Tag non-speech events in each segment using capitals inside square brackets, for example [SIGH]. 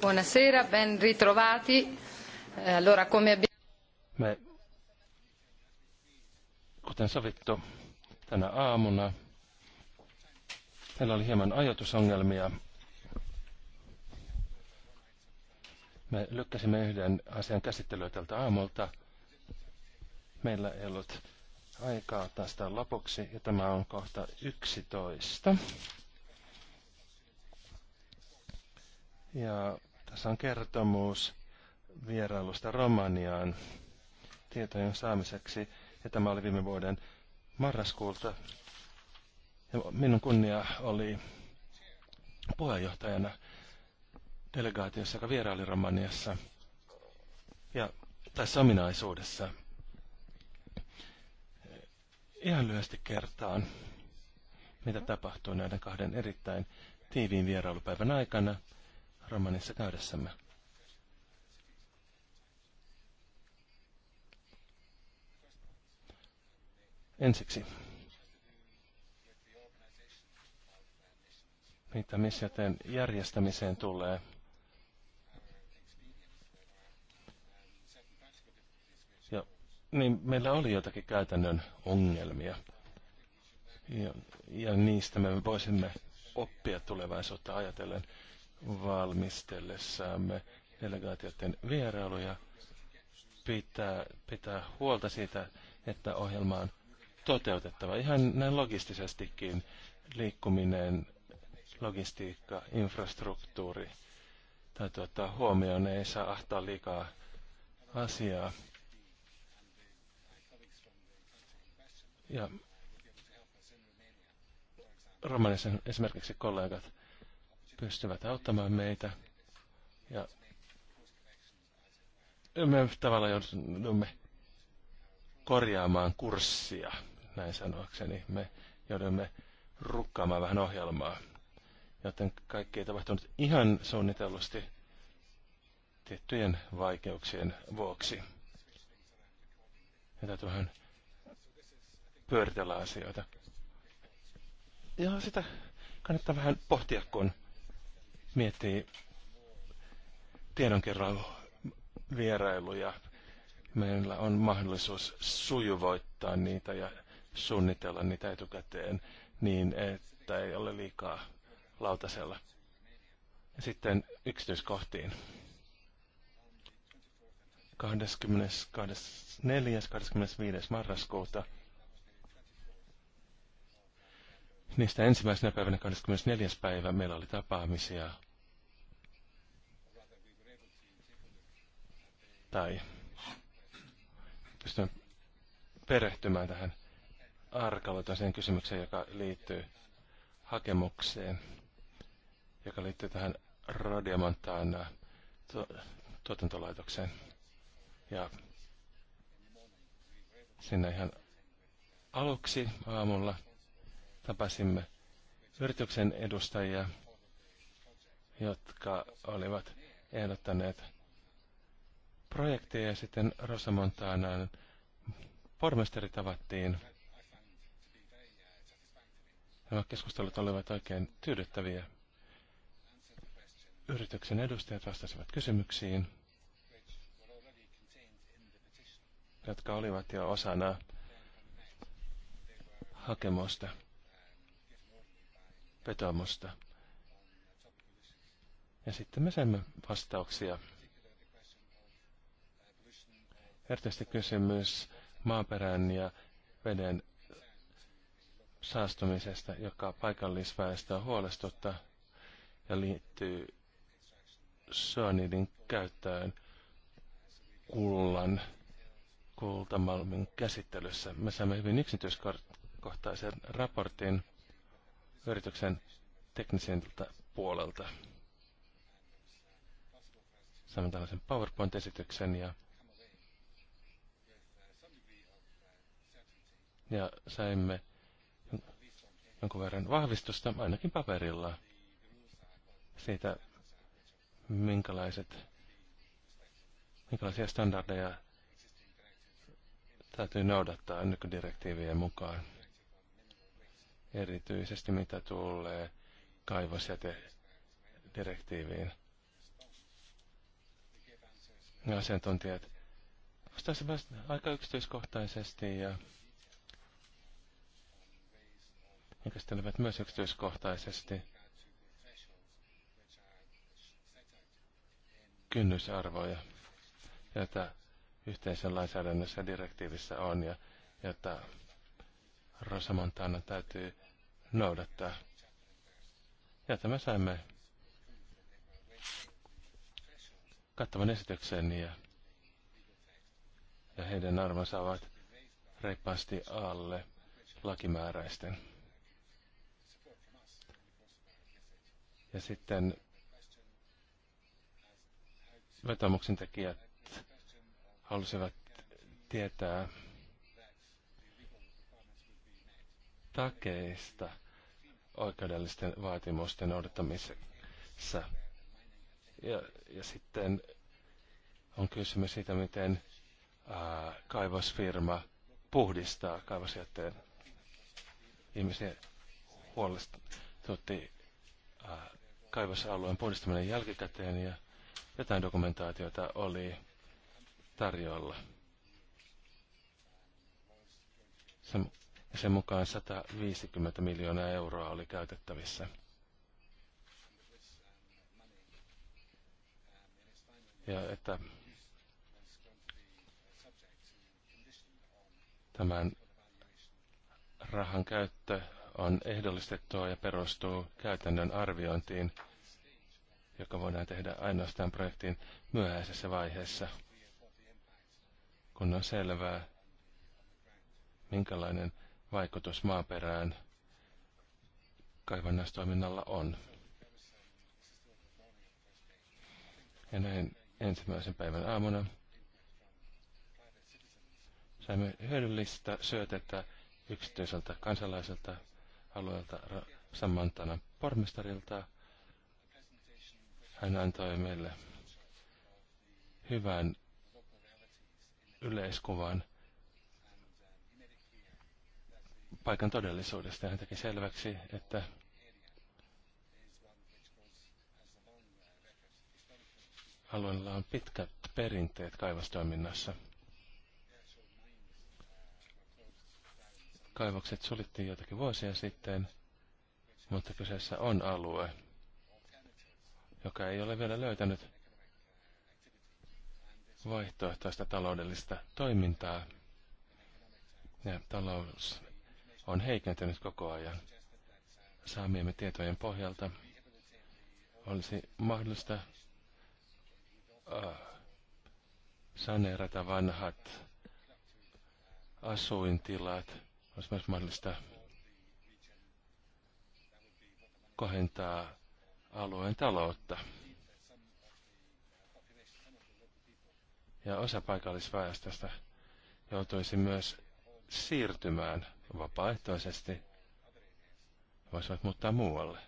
Buonasera, ben ritrovati. Eh, allora, come Me, kuten sovittu tänä aamuna, meillä oli hieman ajoitusongelmia. Me lykkäsimme yhden asian käsittelyä tältä aamulta. Meillä ei ollut aikaa tästä lopuksi, ja tämä on kohta 11. Ja tässä on kertomus vierailusta Romaniaan tietojen saamiseksi, ja tämä oli viime vuoden marraskuulta. Ja minun kunnia oli puheenjohtajana delegaatiossa, joka vieraili Romaniassa. Ja tässä ominaisuudessa ihan lyhyesti kertaan, mitä tapahtui näiden kahden erittäin tiiviin vierailupäivän aikana – romanissa käydessämme. Ensiksi. Mitä missioiden järjestämiseen tulee, ja, niin meillä oli jotakin käytännön ongelmia. Ja, ja niistä me voisimme oppia tulevaisuutta ajatellen valmistellessamme delegaatioiden vierailuja pitää, pitää huolta siitä, että ohjelma on toteutettava. Ihan näin logistisestikin liikkuminen, logistiikka, infrastruktuuri täytyy ottaa huomioon. ei saa ahtaa liikaa asiaa. Ja romanisen esimerkiksi kollegat pystyvät auttamaan meitä. Ja me tavallaan joudumme korjaamaan kurssia, näin sanoakseni. Me joudumme rukkaamaan vähän ohjelmaa, joten kaikki ei tapahtunut ihan suunnitellusti tiettyjen vaikeuksien vuoksi. Ja täytyy vähän pyöritellä asioita. Ja sitä kannattaa vähän pohtia, kun miettii tiedonkerran vierailuja, meillä on mahdollisuus sujuvoittaa niitä ja suunnitella niitä etukäteen niin, että ei ole liikaa lautasella. Ja sitten yksityiskohtiin. 24. 25. marraskuuta – Niistä ensimmäisenä päivänä 24. päivä meillä oli tapaamisia. Tai pystyn perehtymään tähän arkaluontoiseen kysymykseen, joka liittyy hakemukseen, joka liittyy tähän Radiomontaan äh, tuotantolaitokseen. Ja sinne ihan aluksi aamulla – Tapasimme yrityksen edustajia, jotka olivat ehdottaneet projekteja ja sitten Rosamontaanan pormesteri tavattiin. Nämä keskustelut olivat oikein tyydyttäviä. Yrityksen edustajat vastasivat kysymyksiin, jotka olivat jo osana hakemusta petoamusta. Ja sitten me saimme vastauksia. Erityisesti kysymys maaperän ja veden saastumisesta, joka paikallisväestöä huolestuttaa ja liittyy syöniidin käyttöön kullan kultamalmin käsittelyssä. Me saimme hyvin yksityiskohtaisen raportin yrityksen teknisen puolelta. Saamme tällaisen PowerPoint-esityksen ja, ja saimme jonkun verran vahvistusta, ainakin paperilla, siitä, minkälaiset, minkälaisia standardeja täytyy noudattaa nykydirektiivien mukaan erityisesti mitä tulee kaivosjätedirektiiviin. Ja asiantuntijat vastasivat aika yksityiskohtaisesti ja käsittelevät myös yksityiskohtaisesti kynnysarvoja, joita yhteisön lainsäädännössä ja direktiivissä on ja jota Rosa täytyy noudattaa. Ja tämä saimme kattavan esityksen ja, ja heidän arvonsa ovat reippaasti alle lakimääräisten. Ja sitten vetomuksen tekijät halusivat tietää, takeista oikeudellisten vaatimusten noudattamisessa. Ja, ja sitten on kysymys siitä, miten ää, kaivosfirma puhdistaa kaivosjätteen. Ihmisiä huolestutti kaivosalueen puhdistaminen jälkikäteen ja jotain dokumentaatiota oli tarjolla. Sam ja sen mukaan 150 miljoonaa euroa oli käytettävissä. Ja että tämän rahan käyttö on ehdollistettua ja perustuu käytännön arviointiin, joka voidaan tehdä ainoastaan projektin myöhäisessä vaiheessa, kun on selvää, minkälainen vaikutus maaperään kaivannaistoiminnalla on. Ja näin ensimmäisen päivän aamuna saimme hyödyllistä syötettä yksityiseltä kansalaiselta alueelta Samantana pormestarilta. Hän antoi meille hyvän yleiskuvan paikan todellisuudesta. Ja hän teki selväksi, että alueella on pitkät perinteet kaivostoiminnassa. Kaivokset sulittiin jotakin vuosia sitten, mutta kyseessä on alue, joka ei ole vielä löytänyt vaihtoehtoista taloudellista toimintaa ja talous on heikentynyt koko ajan. Saamiemme tietojen pohjalta olisi mahdollista uh, saneerata vanhat asuintilat. Olisi myös mahdollista kohentaa alueen taloutta. Ja osa paikallisväestöstä joutuisi myös siirtymään – vapaaehtoisesti voisivat muuttaa muualle.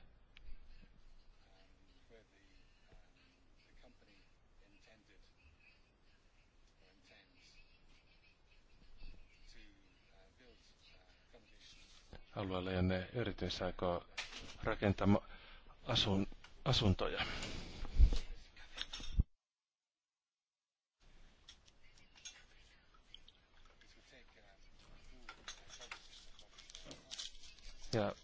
alueelle, jonne yritys aikoo rakentaa asun, asuntoja. Ja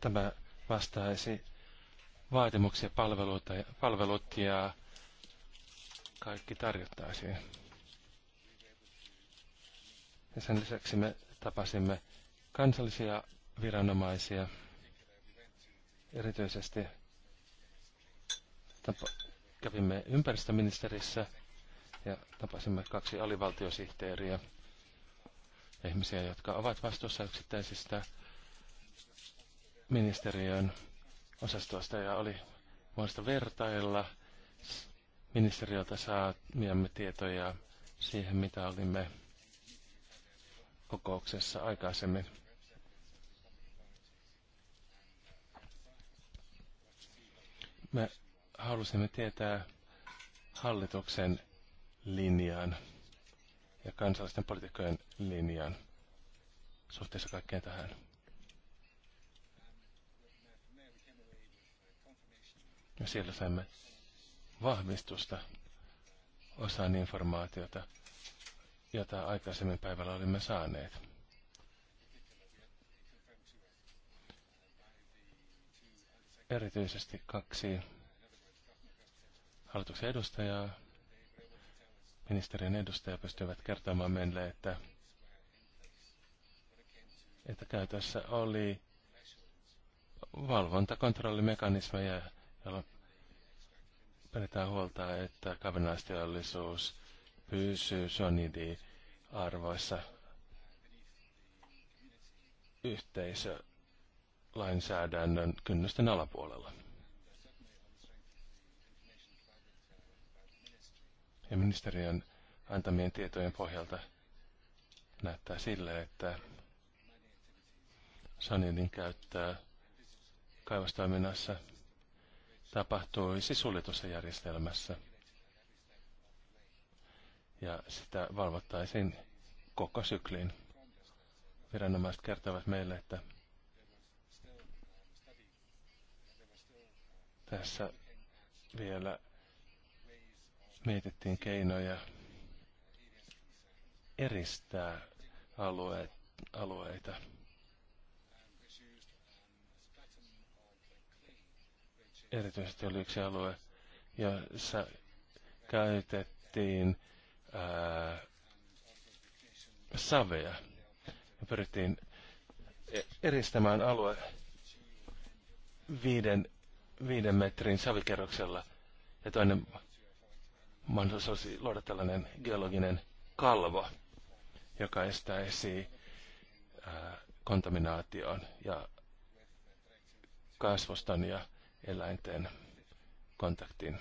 tämä vastaisi vaatimuksia palveluita, palvelut ja kaikki tarjottaisiin. Ja sen lisäksi me tapasimme kansallisia viranomaisia, erityisesti tapa, kävimme ympäristöministerissä ja tapasimme kaksi alivaltiosihteeriä, ihmisiä, jotka ovat vastuussa yksittäisistä ministeriön osastosta ja oli muista vertailla ministeriöltä saamiamme tietoja siihen, mitä olimme kokouksessa aikaisemmin. Me halusimme tietää hallituksen linjan ja kansallisten poliitikkojen linjan suhteessa kaikkeen tähän. Ja siellä saimme vahvistusta osaan informaatiota, jota aikaisemmin päivällä olimme saaneet. Erityisesti kaksi hallituksen edustajaa, ministerin edustaja pystyivät kertomaan meille, että, että käytössä oli valvontakontrollimekanismeja, joilla pidetään huolta, että kaivannaisteollisuus pysyy sonidi arvoissa yhteisölainsäädännön kynnysten alapuolella. Ja ministeriön antamien tietojen pohjalta näyttää sille, että Sanidin käyttää kaivostoiminnassa – Tapahtui suljetussa järjestelmässä. Ja sitä valvottaisiin koko sykliin. Viranomaiset kertovat meille, että tässä vielä mietittiin keinoja eristää alueet, alueita. erityisesti oli yksi alue, jossa käytettiin ää, savea. Me pyrittiin eristämään alue viiden, viiden metrin savikerroksella. Ja toinen mahdollisuus olisi luoda tällainen geologinen kalvo, joka estäisi ää, kontaminaation ja kasvoston ja eläinten kontaktiin.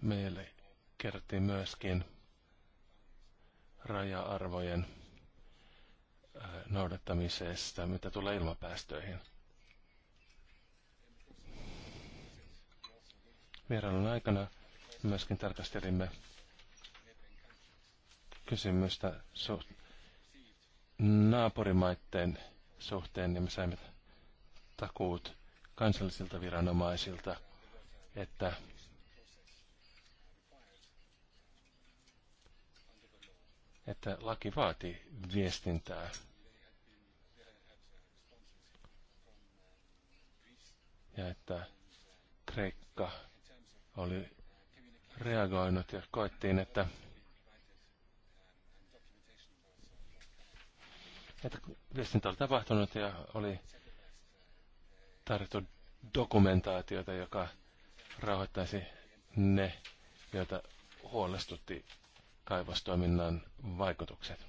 Meille kerrottiin myöskin raja-arvojen noudattamisesta, mitä tulee ilmapäästöihin. Vierailun aikana myöskin tarkastelimme kysymystä suht, naapurimaiden suhteen, niin me saimme takuut kansallisilta viranomaisilta, että että laki vaati viestintää. Ja että Kreikka oli reagoinut ja koettiin, että että viestintä oli tapahtunut ja oli tarjottu dokumentaatiota, joka rauhoittaisi ne, joita huolestutti kaivostoiminnan vaikutukset.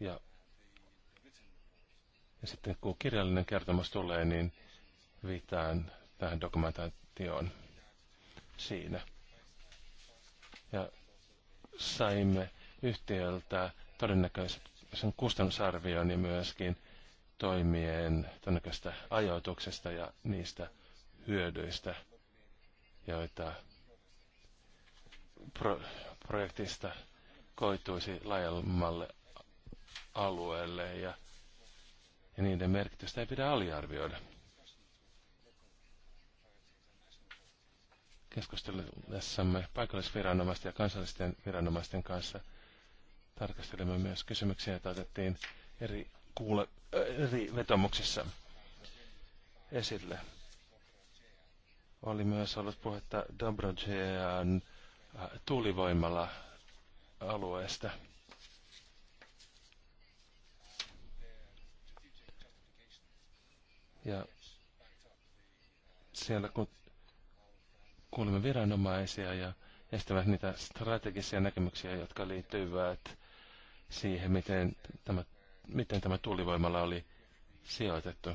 Ja, ja sitten kun kirjallinen kertomus tulee, niin viittaan tähän dokumentaatioon siinä ja saimme yhtiöltä todennäköisen kustannusarvion ja myöskin toimien todennäköistä ajoituksesta ja niistä hyödyistä, joita pro- projektista koituisi laajemmalle alueelle ja, ja niiden merkitystä ei pidä aliarvioida. keskustellessamme paikallisviranomaisten ja kansallisten viranomaisten kanssa tarkastelimme myös kysymyksiä, joita otettiin eri, kuule, äh, eri vetomuksissa esille. Oli myös ollut puhetta Dobrojean äh, tuulivoimalla alueesta. Ja siellä kun kuulemme viranomaisia ja estävät niitä strategisia näkemyksiä, jotka liittyvät siihen, miten tämä, miten tämä tuulivoimalla oli sijoitettu.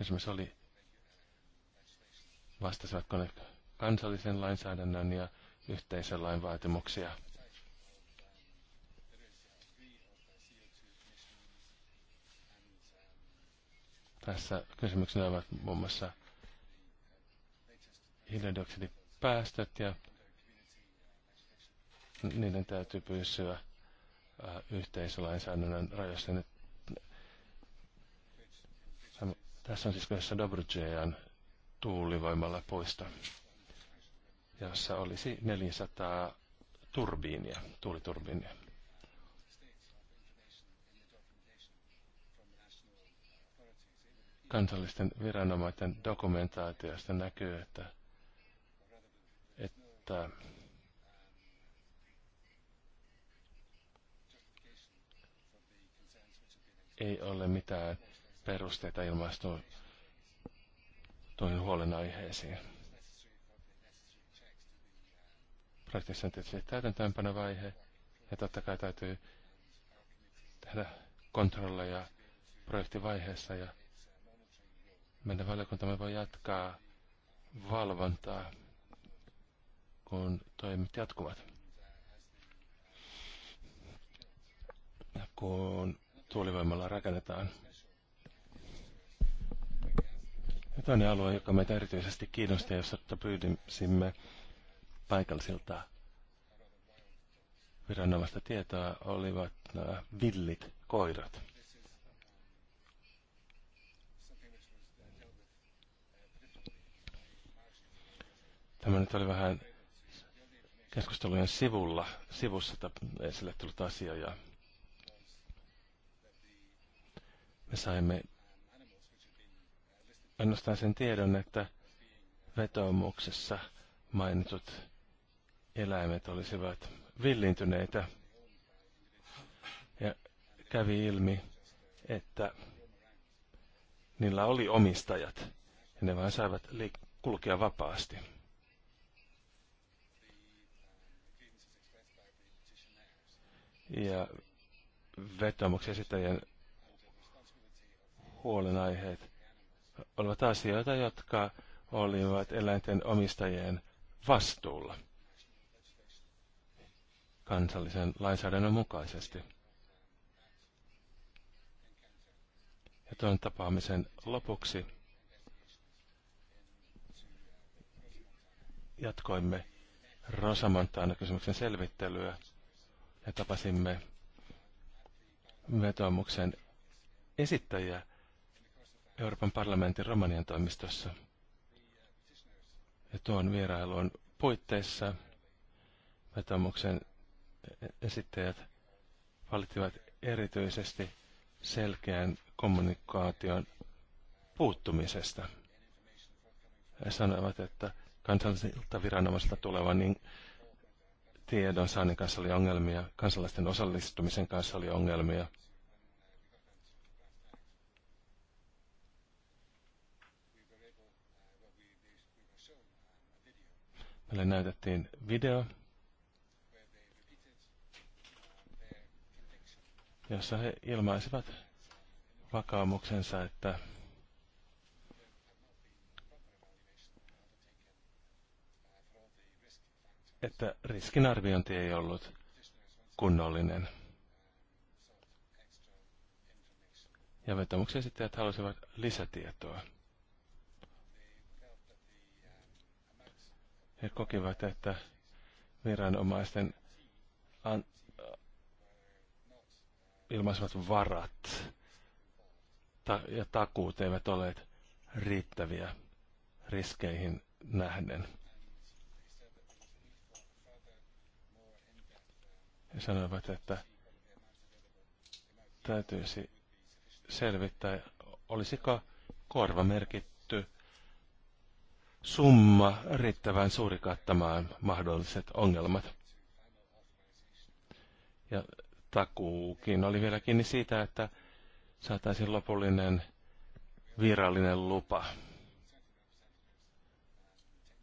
Esimerkiksi oli, vastasivatko ne kansallisen lainsäädännön ja yhteisen lain vaatimuksia. Tässä kysymyksenä ovat muun muassa hiilidioksidipäästöt ja niiden täytyy pysyä yhteisölainsäädännön rajoissa. tässä on siis kyseessä Dobrujean tuulivoimalla poista, jossa olisi 400 turbiinia, tuuliturbiinia. Kansallisten viranomaisten dokumentaatiosta näkyy, että että ei ole mitään perusteita ilmaistua tuohon huolenaiheisiin. Projektissa on tietysti vaihe, ja totta kai täytyy tehdä kontrolleja projektivaiheessa, ja meidän valiokuntamme voi jatkaa valvontaa kun toimet jatkuvat. kun tuulivoimalla rakennetaan. Ja toinen alue, joka meitä erityisesti kiinnosti, jos pyydimme paikallisilta viranomaista tietoa, olivat nämä villit koirat. Tämä nyt oli vähän keskustelujen sivulla, sivussa esille tullut asia. Ja me saimme ainoastaan sen tiedon, että vetoomuksessa mainitut eläimet olisivat villintyneitä. Ja kävi ilmi, että niillä oli omistajat ja ne vain saivat kulkea vapaasti. ja vetomuksen esittäjien huolenaiheet olivat asioita, jotka olivat eläinten omistajien vastuulla kansallisen lainsäädännön mukaisesti. Ja tuon tapaamisen lopuksi jatkoimme Rosamontaan kysymyksen selvittelyä ja tapasimme vetoomuksen esittäjiä Euroopan parlamentin Romanian toimistossa. Ja tuon vierailun puitteissa vetoomuksen esittäjät valittivat erityisesti selkeän kommunikaation puuttumisesta. He sanovat, että kansallisilta viranomaisilta tuleva niin tiedonsaannin kanssa oli ongelmia, kansalaisten osallistumisen kanssa oli ongelmia. Meille näytettiin video, jossa he ilmaisivat vakaumuksensa, että että riskinarviointi ei ollut kunnollinen. Ja vetomuksen esittäjät halusivat lisätietoa. He kokivat, että viranomaisten an- ilmaisivat varat ta- ja takuut eivät ole riittäviä riskeihin nähden. ja sanoivat, että täytyisi selvittää, olisiko korva merkitty summa riittävän suuri kattamaan mahdolliset ongelmat. Ja takuukin oli vielä kiinni siitä, että saataisiin lopullinen virallinen lupa.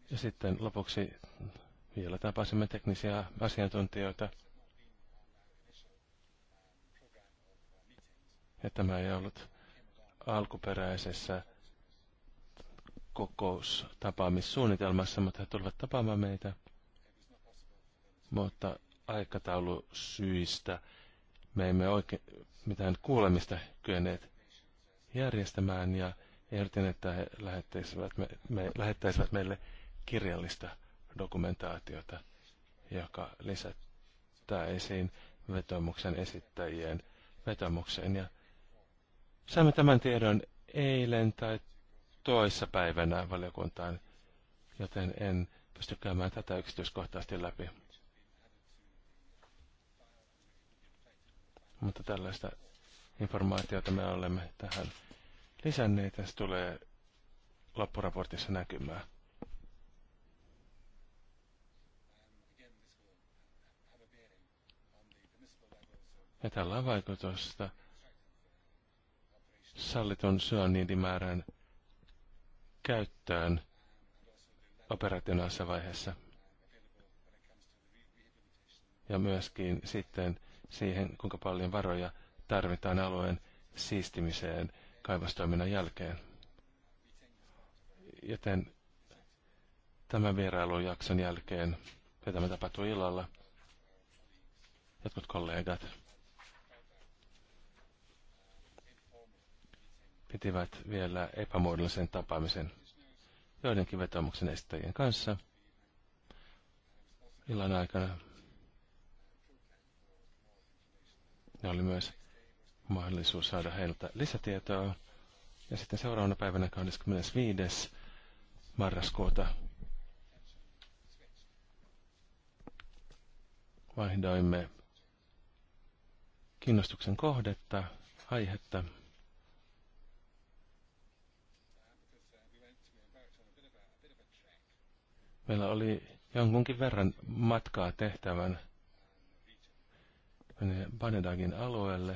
Ja sitten lopuksi vielä tapasimme teknisiä asiantuntijoita – Ja tämä ei ollut alkuperäisessä kokoustapaamissuunnitelmassa, mutta he tulivat tapaamaan meitä. Mutta aikataulusyistä me emme oikein mitään kuulemista kyenneet järjestämään ja ehdotin, että he lähettäisivät, me, me, lähettäisivät meille kirjallista dokumentaatiota, joka lisättäisiin vetomuksen esittäjien vetomukseen ja Saimme tämän tiedon eilen tai toissa päivänä valiokuntaan, joten en pysty käymään tätä yksityiskohtaisesti läpi. Mutta tällaista informaatiota me olemme tähän lisänneet. Tässä tulee loppuraportissa näkymään. Ja tällä on vaikutusta salliton syanidimäärän käyttöön operationaalisessa vaiheessa. Ja myöskin sitten siihen, kuinka paljon varoja tarvitaan alueen siistimiseen kaivostoiminnan jälkeen. Joten tämän vierailujakson jälkeen, ja tämä tapahtui illalla, jotkut kollegat pitivät vielä epämuodollisen tapaamisen joidenkin vetomuksen estäjien kanssa illan aikana. Ja oli myös mahdollisuus saada heiltä lisätietoa. Ja sitten seuraavana päivänä 25. marraskuuta vaihdoimme kiinnostuksen kohdetta, aihetta. Meillä oli jonkunkin verran matkaa tehtävän Banedagin alueelle.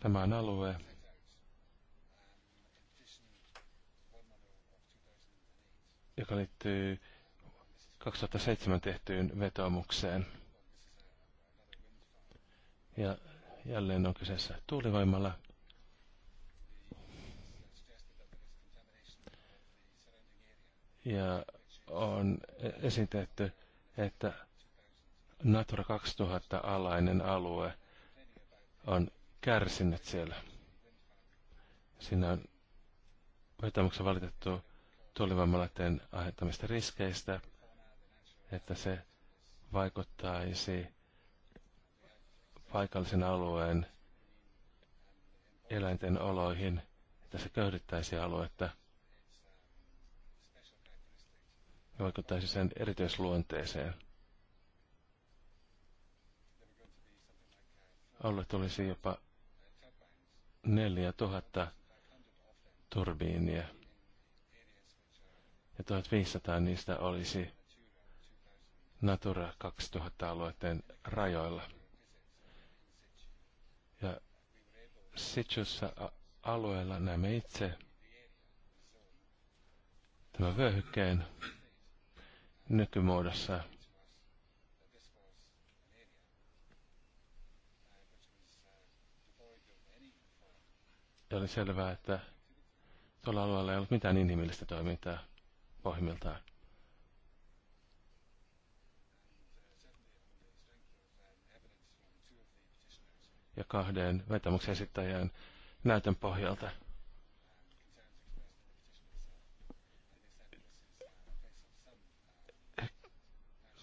Tämä on alue, joka liittyy 2007 tehtyyn vetoomukseen. Ja jälleen on kyseessä tuulivoimalla. ja on esitetty, että Natura 2000-alainen alue on kärsinyt siellä. Siinä on vetämyksen valitettu tuulivoimalaitteen aiheuttamista riskeistä, että se vaikuttaisi paikallisen alueen eläinten oloihin, että se köyhdyttäisi aluetta – vaikuttaisi sen erityisluonteeseen. Alle tulisi jopa 4000 turbiinia ja 1500 niistä olisi Natura 2000-alueiden rajoilla. Ja Sitsussa alueella näemme itse tämän vyöhykkeen nykymuodossa. Ja oli selvää, että tuolla alueella ei ollut mitään inhimillistä toimintaa pohjimmiltaan. Ja kahden vetämuksen esittäjän näytön pohjalta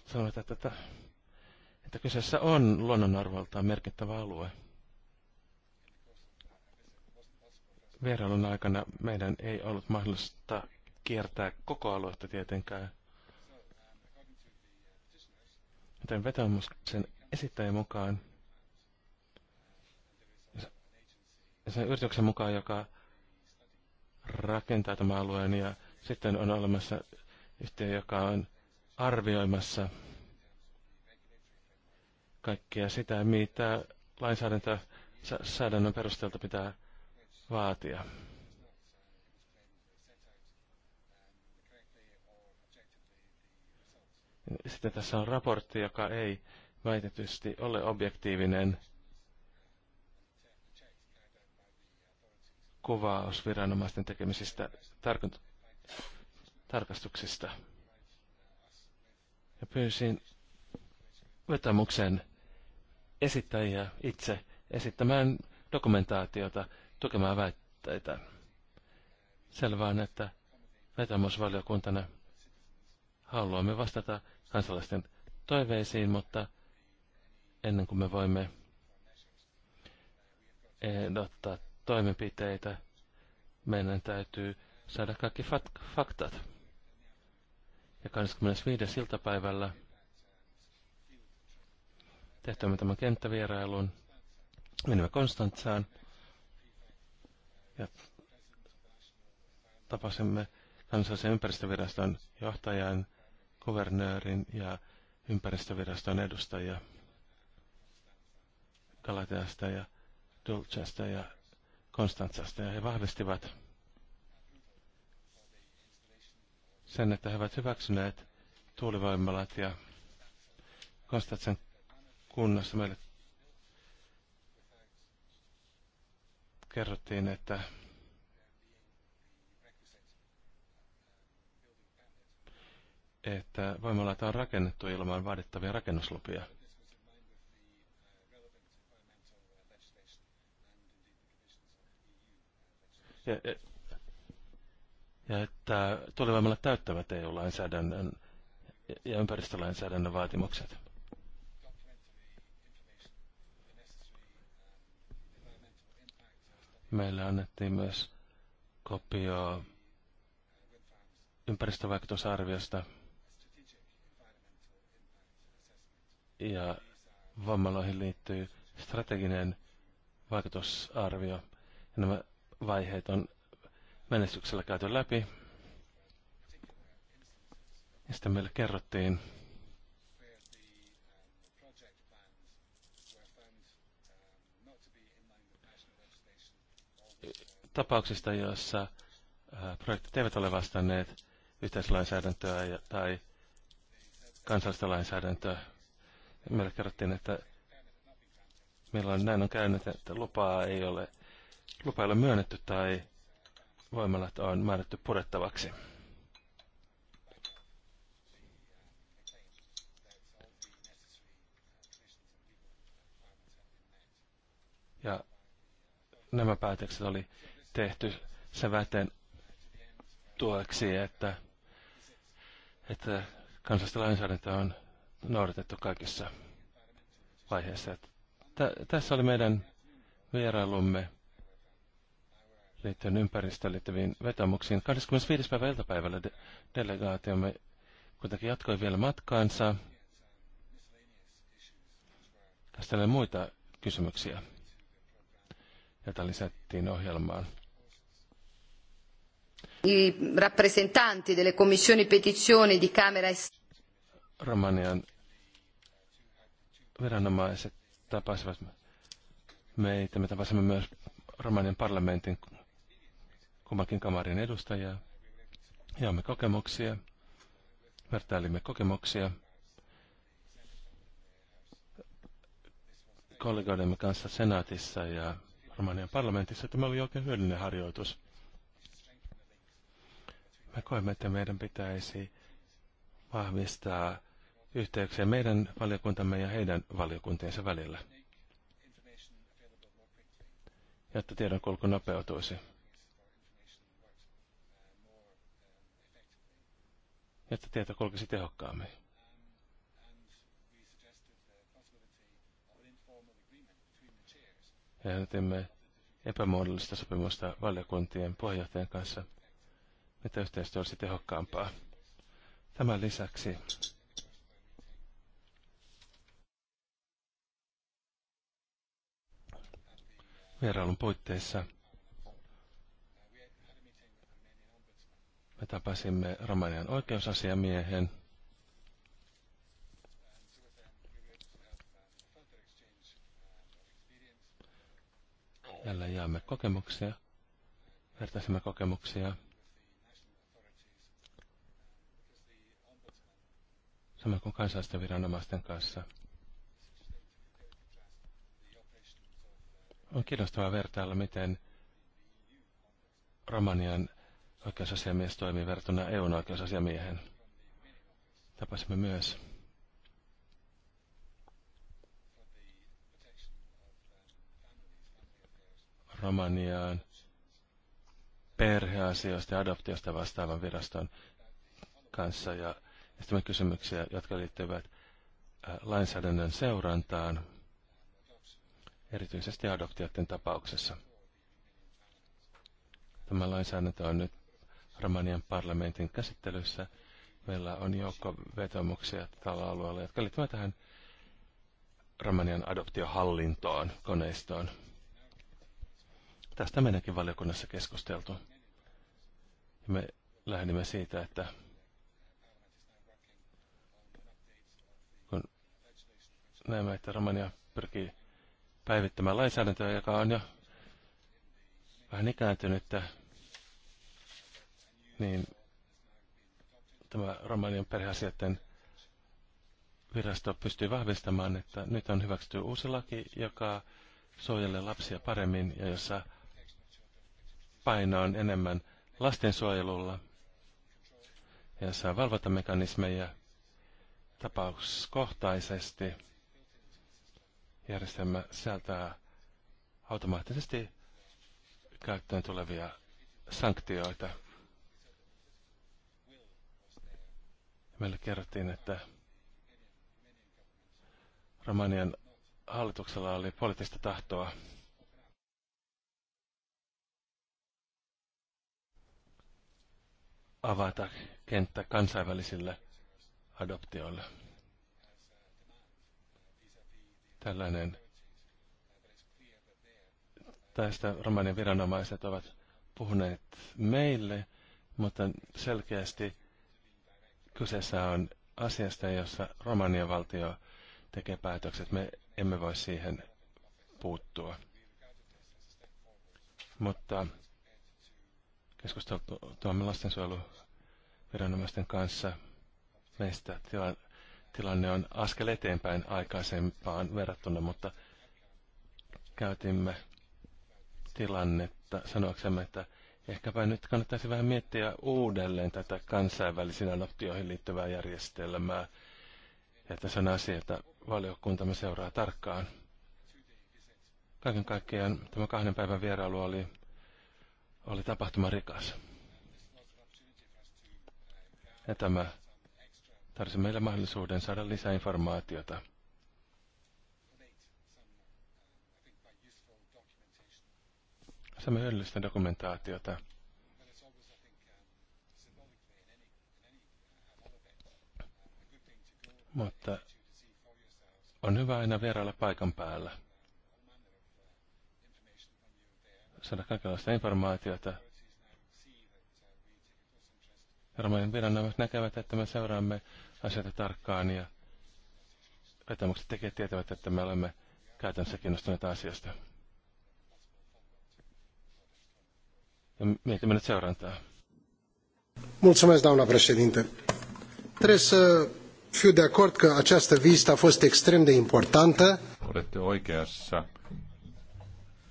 sanoit että, että, että kyseessä on luonnonarvoltaan merkittävä alue. Vierailun aikana meidän ei ollut mahdollista kiertää koko aluetta tietenkään. Joten vetomuksen esittäjän mukaan sen yrityksen mukaan, joka rakentaa tämän alueen ja sitten on olemassa yhtiö, joka on arvioimassa kaikkea sitä, mitä säädännön perusteelta pitää vaatia. Sitten tässä on raportti, joka ei väitetysti ole objektiivinen kuvaus viranomaisten tekemisistä tarkastuksista ja pyysin vetämuksen esittäjiä itse esittämään dokumentaatiota tukemaan väitteitä. Selvää on, että vetämusvaliokuntana haluamme vastata kansalaisten toiveisiin, mutta ennen kuin me voimme ehdottaa toimenpiteitä, meidän täytyy saada kaikki faktat. Ja 25. iltapäivällä tehtävämme tämän kenttävierailun. Menimme Konstantsaan ja tapasimme kansallisen ympäristöviraston johtajan, kuvernöörin ja ympäristöviraston edustajia Galateasta ja Dulcesta ja Konstantsasta ja he vahvistivat sen, että he ovat hyväksyneet tuulivoimalat ja Konstantin kunnassa meille kerrottiin, että että voimalaita on rakennettu ilman vaadittavia rakennuslupia. ja ja että tulivoimalla täyttävät EU-lainsäädännön ja ympäristölainsäädännön vaatimukset. Meille annettiin myös kopio ympäristövaikutusarviosta ja vammaloihin liittyy strateginen vaikutusarvio. Ja nämä vaiheet on menestyksellä käyty läpi. Ja sitten meille kerrottiin, tapauksista, joissa projektit eivät ole vastanneet yhteislainsäädäntöä tai kansallista lainsäädäntöä. Meille kerrottiin, että meillä on näin on käynyt, että lupaa ei ole, lupa ei ole myönnetty tai voimalat on määrätty purettavaksi. Ja nämä päätökset oli tehty sen väitteen tueksi, että, että kansallista lainsäädäntöä on noudatettu kaikissa vaiheissa. tässä oli meidän vierailumme liittyen ympäristöön liittyviin vetomuksiin. 25. päivä iltapäivällä de- delegaatiomme kuitenkin jatkoi vielä matkaansa. Käsitellään muita kysymyksiä, joita lisättiin ohjelmaan. I rappresentanti delle commissioni petizioni di Camera e Romanian viranomaiset tapasivat meitä. Me tapasimme myös Romanian parlamentin kummakin kamarin edustajaa. Jaamme kokemuksia, vertailimme kokemuksia kollegoidemme kanssa senaatissa ja Romanian parlamentissa. Tämä oli oikein hyödyllinen harjoitus. Me koemme, että meidän pitäisi vahvistaa yhteyksiä meidän valiokuntamme ja heidän valiokuntiensa välillä, jotta tiedonkulku nopeutuisi. että tieto kulkisi tehokkaammin. Ja teemme epämuodollista sopimusta valiokuntien puheenjohtajan kanssa, että yhteistyö olisi tehokkaampaa. Tämän lisäksi vierailun puitteissa Me tapasimme Romanian oikeusasiamiehen. Jälleen jaamme kokemuksia, vertaisimme kokemuksia. Sama kuin kansallisten viranomaisten kanssa. On kiinnostavaa vertailla, miten Romanian oikeusasiamies toimii verrattuna EUn oikeusasiamiehen. Tapasimme myös Romaniaan perheasioista ja adoptiosta vastaavan viraston kanssa ja esitämme kysymyksiä, jotka liittyvät lainsäädännön seurantaan, erityisesti adoptioiden tapauksessa. Tämä lainsäädäntö on nyt Romanian parlamentin käsittelyssä. Meillä on joukko vetomuksia tällä alueella, jotka liittyvät tähän Romanian adoptiohallintoon, koneistoon. Tästä meidänkin valiokunnassa keskusteltu. Ja me lähdimme siitä, että kun näemme, että Romania pyrkii päivittämään lainsäädäntöä, joka on jo vähän ikääntynyttä, niin tämä Romanian perheasioiden virasto pystyy vahvistamaan, että nyt on hyväksytty uusi laki, joka suojelee lapsia paremmin ja jossa paino on enemmän lastensuojelulla ja jossa valvontamekanismeja tapauskohtaisesti järjestelmä sisältää automaattisesti käyttöön tulevia sanktioita. meille kerrottiin, että Romanian hallituksella oli poliittista tahtoa avata kenttä kansainvälisille adoptioille. Tällainen tästä romanian viranomaiset ovat puhuneet meille, mutta selkeästi Kyseessä on asiasta, jossa Romanian valtio tekee päätökset. Me emme voi siihen puuttua. Mutta tuomme lastensuojeluviranomaisten kanssa meistä tila, tilanne on askel eteenpäin aikaisempaan verrattuna, mutta käytimme tilannetta sanoaksemme, että Ehkäpä nyt kannattaisi vähän miettiä uudelleen tätä kansainvälisiin adoptioihin liittyvää järjestelmää. Ja tässä on asia, että valiokuntamme seuraa tarkkaan. Kaiken kaikkiaan tämä kahden päivän vierailu oli, oli tapahtuma rikas. Ja tämä tarvitsi meille mahdollisuuden saada lisää informaatiota Katsomme hyödyllistä dokumentaatiota. Mutta on hyvä aina vierailla paikan päällä. Saada kaikenlaista informaatiota. Romanin viranomaiset näkevät, että me seuraamme asioita tarkkaan ja vetämukset tekijät tietävät, että me olemme käytännössä kiinnostuneita asiasta. mietimme nyt seurantaa. Mulțumesc, doamna președinte. Trebuie să fiu de acord că această vizită a fost extrem de importantă. Olette oikeassa.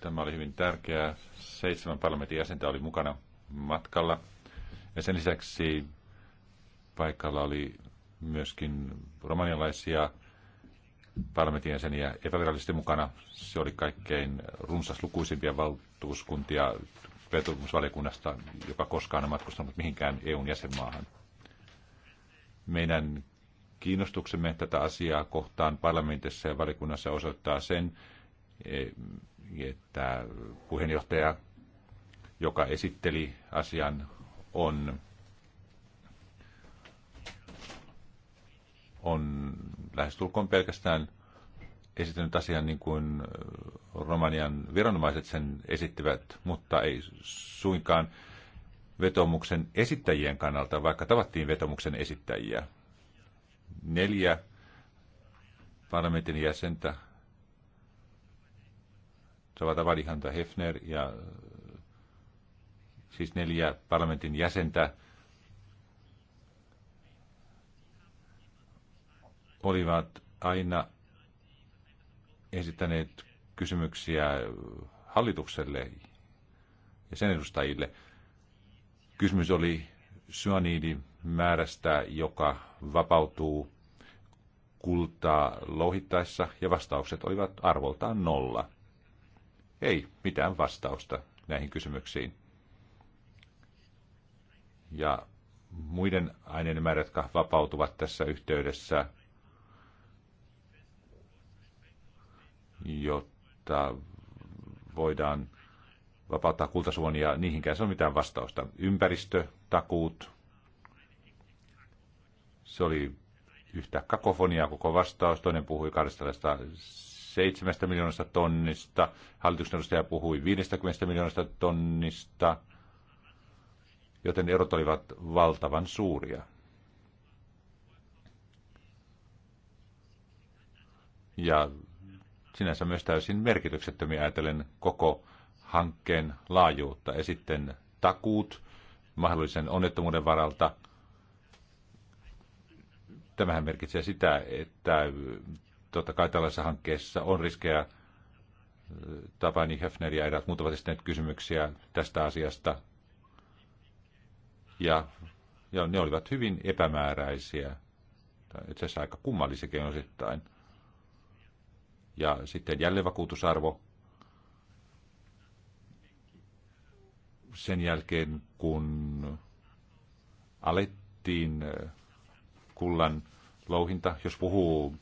Tämä oli hyvin tärkeää. Seitsemän parlamentin jäsentä oli mukana matkalla. Ja sen lisäksi paikalla oli myöskin romanialaisia parlamentin jäseniä epävirallisesti mukana. Se oli kaikkein runsaslukuisimpia valtuuskuntia perusoikeusvaliokunnasta, joka koskaan on matkustanut mihinkään EUn jäsenmaahan. Meidän kiinnostuksemme tätä asiaa kohtaan parlamentissa ja valikunnassa osoittaa sen, e, että puheenjohtaja, joka esitteli asian, on, on lähestulkoon pelkästään esittänyt asian niin kuin Romanian viranomaiset sen esittivät, mutta ei suinkaan vetomuksen esittäjien kannalta, vaikka tavattiin vetomuksen esittäjiä. Neljä parlamentin jäsentä, Savata Valihanta Hefner ja siis neljä parlamentin jäsentä, olivat aina esittäneet kysymyksiä hallitukselle ja sen edustajille. Kysymys oli määrästä, joka vapautuu kultaa louhittaessa, ja vastaukset olivat arvoltaan nolla. Ei mitään vastausta näihin kysymyksiin. Ja muiden aineiden määrät, jotka vapautuvat tässä yhteydessä, jotta voidaan vapauttaa kultasuonia, niihinkään se on mitään vastausta. Ympäristötakuut, se oli yhtä kakofoniaa koko vastaus. Toinen puhui 27 miljoonasta tonnista, hallituksen edustaja puhui 50 miljoonasta tonnista, joten erot olivat valtavan suuria. Ja sinänsä myös täysin merkityksettömiä ajatellen koko hankkeen laajuutta. Ja sitten takuut mahdollisen onnettomuuden varalta. Tämähän merkitsee sitä, että totta kai tällaisessa hankkeessa on riskejä. Tapani Hefner ja eräät muut ovat esittäneet kysymyksiä tästä asiasta. Ja, ja ne olivat hyvin epämääräisiä, itse asiassa aika kummallisikin osittain – ja sitten jälleenvakuutusarvo. Sen jälkeen, kun alettiin äh, kullan louhinta, jos puhuu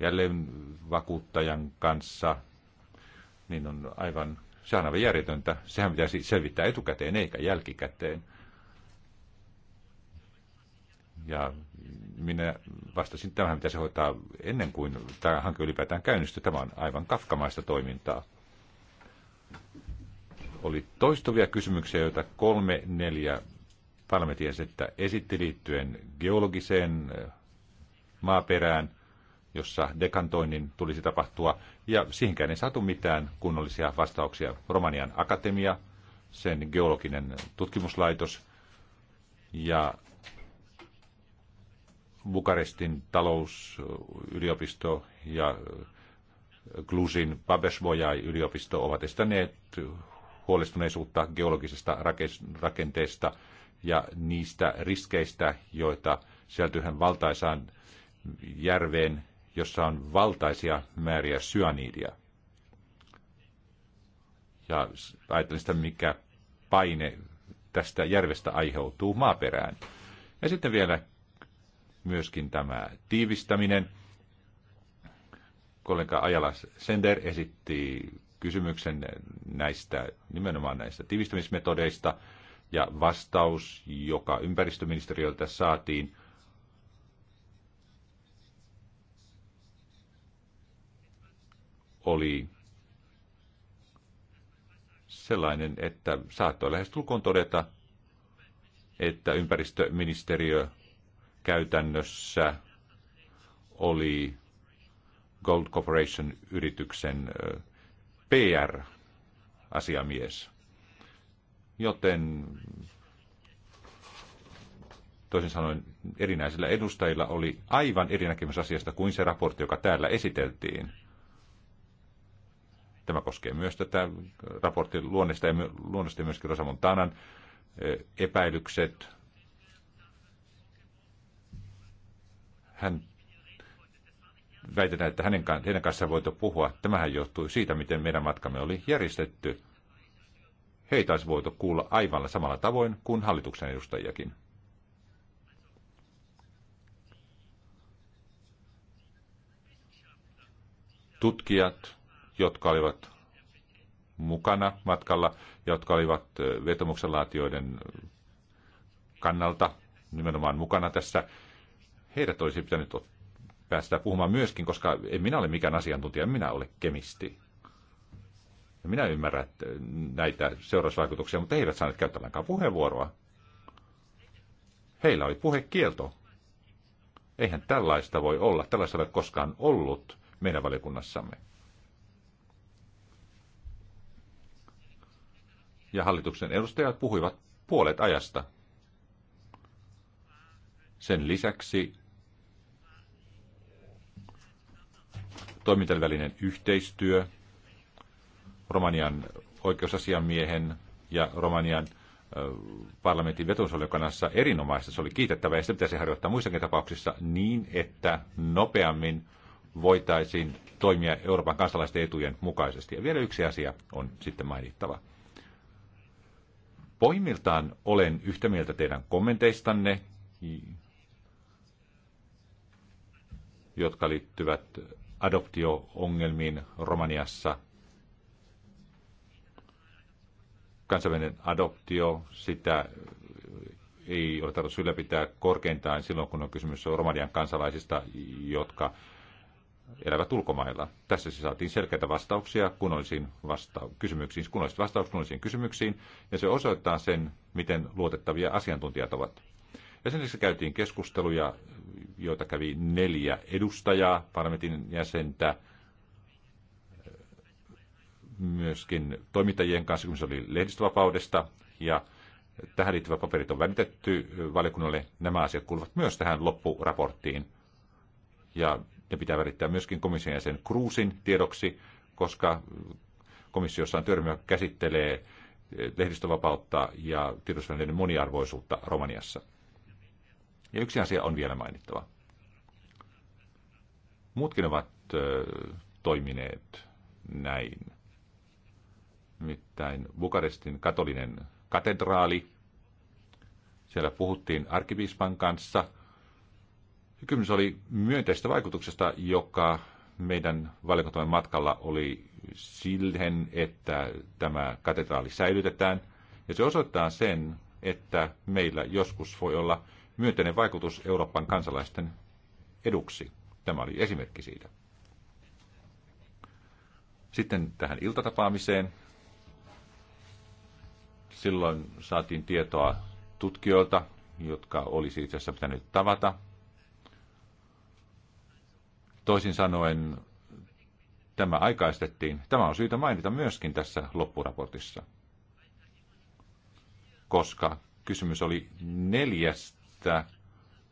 jälleenvakuuttajan kanssa, niin on aivan, se on aivan järjetöntä. Sehän pitäisi selvittää etukäteen eikä jälkikäteen. Ja minä vastasin tähän, mitä se hoitaa ennen kuin tämä hanke ylipäätään käynnistyi. Tämä on aivan kafkamaista toimintaa. Oli toistuvia kysymyksiä, joita kolme, neljä parlamentin esitti liittyen geologiseen eh, maaperään, jossa dekantoinnin tulisi tapahtua, ja siihenkään ei saatu mitään kunnollisia vastauksia. Romanian akatemia, sen geologinen tutkimuslaitos ja Bukarestin talousyliopisto ja Klusin Babesvojai yliopisto ovat estäneet huolestuneisuutta geologisesta rakenteesta ja niistä riskeistä, joita sieltyhän valtaisaan järveen, jossa on valtaisia määriä syaniidia. Ja ajattelin sitä, mikä paine tästä järvestä aiheutuu maaperään. Ja sitten vielä myöskin tämä tiivistäminen. Kollega Ajala Sender esitti kysymyksen näistä, nimenomaan näistä tiivistämismetodeista, ja vastaus, joka ympäristöministeriöltä saatiin, oli sellainen, että saattoi lähestulkoon todeta, että ympäristöministeriö käytännössä oli Gold Corporation-yrityksen PR-asiamies. Joten toisin sanoen erinäisillä edustajilla oli aivan eri näkemys asiasta kuin se raportti, joka täällä esiteltiin. Tämä koskee myös tätä raportin luonnosta ja, luonnosta ja myöskin Rosamon epäilykset hän väitetään, että hänen, heidän kanssaan voitu puhua. Tämähän johtui siitä, miten meidän matkamme oli järjestetty. Heitä olisi voitu kuulla aivan samalla tavoin kuin hallituksen edustajakin. Tutkijat, jotka olivat mukana matkalla, jotka olivat vetomuksen laatioiden kannalta nimenomaan mukana tässä, heidät olisi pitänyt päästä puhumaan myöskin, koska en minä ole mikään asiantuntija, minä ole kemisti. Ja minä ymmärrän näitä seurausvaikutuksia, mutta he eivät saaneet käyttää puheenvuoroa. Heillä oli puhekielto. Eihän tällaista voi olla. Tällaista ei ole koskaan ollut meidän valiokunnassamme. Ja hallituksen edustajat puhuivat puolet ajasta. Sen lisäksi toimintojen välinen yhteistyö Romanian oikeusasiamiehen ja Romanian parlamentin vetosoliokanassa erinomaista. Se oli kiitettävää ja sitä pitäisi harjoittaa muissakin tapauksissa niin, että nopeammin voitaisiin toimia Euroopan kansalaisten etujen mukaisesti. Ja vielä yksi asia on sitten mainittava. Poimiltaan olen yhtä mieltä teidän kommenteistanne, jotka liittyvät adoptio-ongelmiin Romaniassa. Kansainvälinen adoptio, sitä ei ole tarkoitus ylläpitää korkeintaan silloin, kun on kysymys Romanian kansalaisista, jotka elävät ulkomailla. Tässä siis saatiin selkeitä vastauksia kunnollisiin vasta- kysymyksiin, kunnolliset vastaukset kunnollisiin kysymyksiin, ja se osoittaa sen, miten luotettavia asiantuntijat ovat. Ja sen lisäksi käytiin keskusteluja joita kävi neljä edustajaa, parlamentin jäsentä, myöskin toimittajien kanssa, kun se oli lehdistövapaudesta, ja tähän liittyvät paperit on välitetty valiokunnalle. Nämä asiat kuuluvat myös tähän loppuraporttiin, ja ne pitää välittää myöskin komission jäsen Kruusin tiedoksi, koska komissiossa on työryhmä käsittelee lehdistövapautta ja tiedotusvälineiden moniarvoisuutta Romaniassa. Ja yksi asia on vielä mainittava. Muutkin ovat ö, toimineet näin. Nimittäin Bukarestin katolinen katedraali. Siellä puhuttiin arkkipiispan kanssa. Kysymys oli myönteistä vaikutuksesta, joka meidän valiokuntamme matkalla oli siihen, että tämä katedraali säilytetään. Ja se osoittaa sen, että meillä joskus voi olla myönteinen vaikutus Euroopan kansalaisten eduksi. Tämä oli esimerkki siitä. Sitten tähän iltatapaamiseen. Silloin saatiin tietoa tutkijoilta, jotka olisi itse asiassa pitänyt tavata. Toisin sanoen tämä aikaistettiin. Tämä on syytä mainita myöskin tässä loppuraportissa, koska kysymys oli neljästä kiittää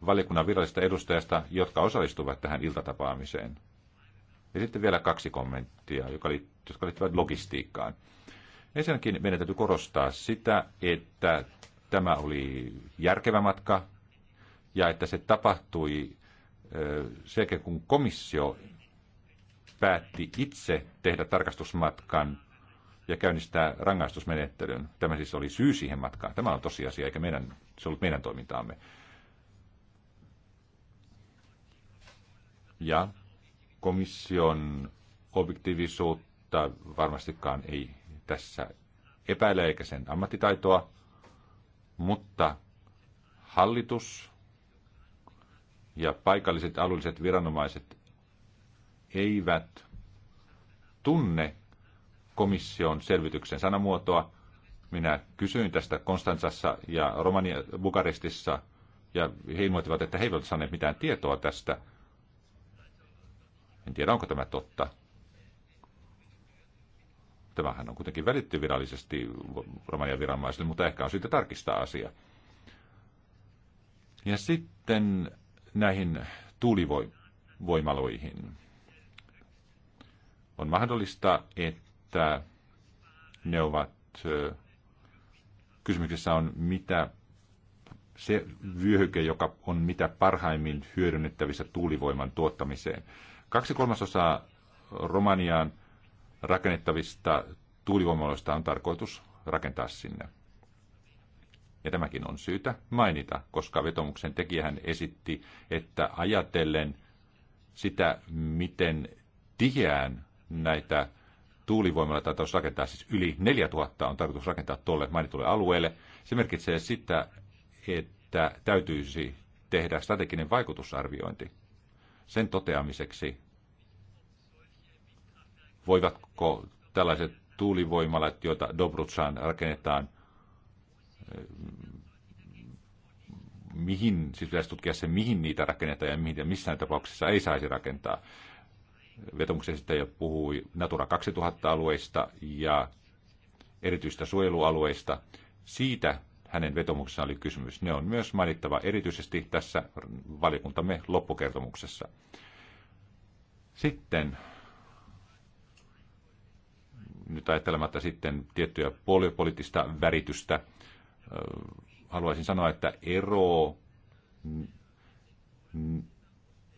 valiokunnan virallisista edustajista, jotka osallistuvat tähän iltatapaamiseen. Ja sitten vielä kaksi kommenttia, jotka liittyvät logistiikkaan. Ensinnäkin meidän täytyy korostaa sitä, että tämä oli järkevä matka ja että se tapahtui sen kun komissio päätti itse tehdä tarkastusmatkan ja käynnistää rangaistusmenettelyn. Tämä siis oli syy siihen matkaan. Tämä on tosiasia, eikä meidän, se ollut meidän toimintaamme. ja komission objektiivisuutta varmastikaan ei tässä epäile eikä sen ammattitaitoa, mutta hallitus ja paikalliset alueelliset viranomaiset eivät tunne komission selvityksen sanamuotoa. Minä kysyin tästä Konstantsassa ja Romania Bukarestissa ja he ilmoittivat, että he eivät saaneet mitään tietoa tästä – en tiedä, onko tämä totta. Tämähän on kuitenkin välitty virallisesti Romanian viranomaisille, mutta ehkä on syytä tarkistaa asia. Ja sitten näihin tuulivoimaloihin. On mahdollista, että ne ovat, kysymyksessä on mitä se vyöhyke, joka on mitä parhaimmin hyödynnettävissä tuulivoiman tuottamiseen – Kaksi kolmasosaa Romaniaan rakennettavista tuulivoimaloista on tarkoitus rakentaa sinne. Ja tämäkin on syytä mainita, koska vetomuksen tekijähän esitti, että ajatellen sitä, miten tiheään näitä tuulivoimaloita tarkoitus rakentaa, siis yli 4000 on tarkoitus rakentaa tuolle mainitulle alueelle. Se merkitsee sitä, että täytyisi tehdä strateginen vaikutusarviointi sen toteamiseksi, voivatko tällaiset tuulivoimalat, joita Dobrutsaan rakennetaan, mihin, siis pitäisi tutkia se, mihin niitä rakennetaan ja mihin ja missään tapauksessa ei saisi rakentaa. Vetomuksen sitten jo puhui Natura 2000-alueista ja erityistä suojelualueista. Siitä hänen vetomuksessaan oli kysymys. Ne on myös mainittava erityisesti tässä valiokuntamme loppukertomuksessa. Sitten, nyt ajattelematta sitten tiettyä poliittista väritystä, haluaisin sanoa, että ero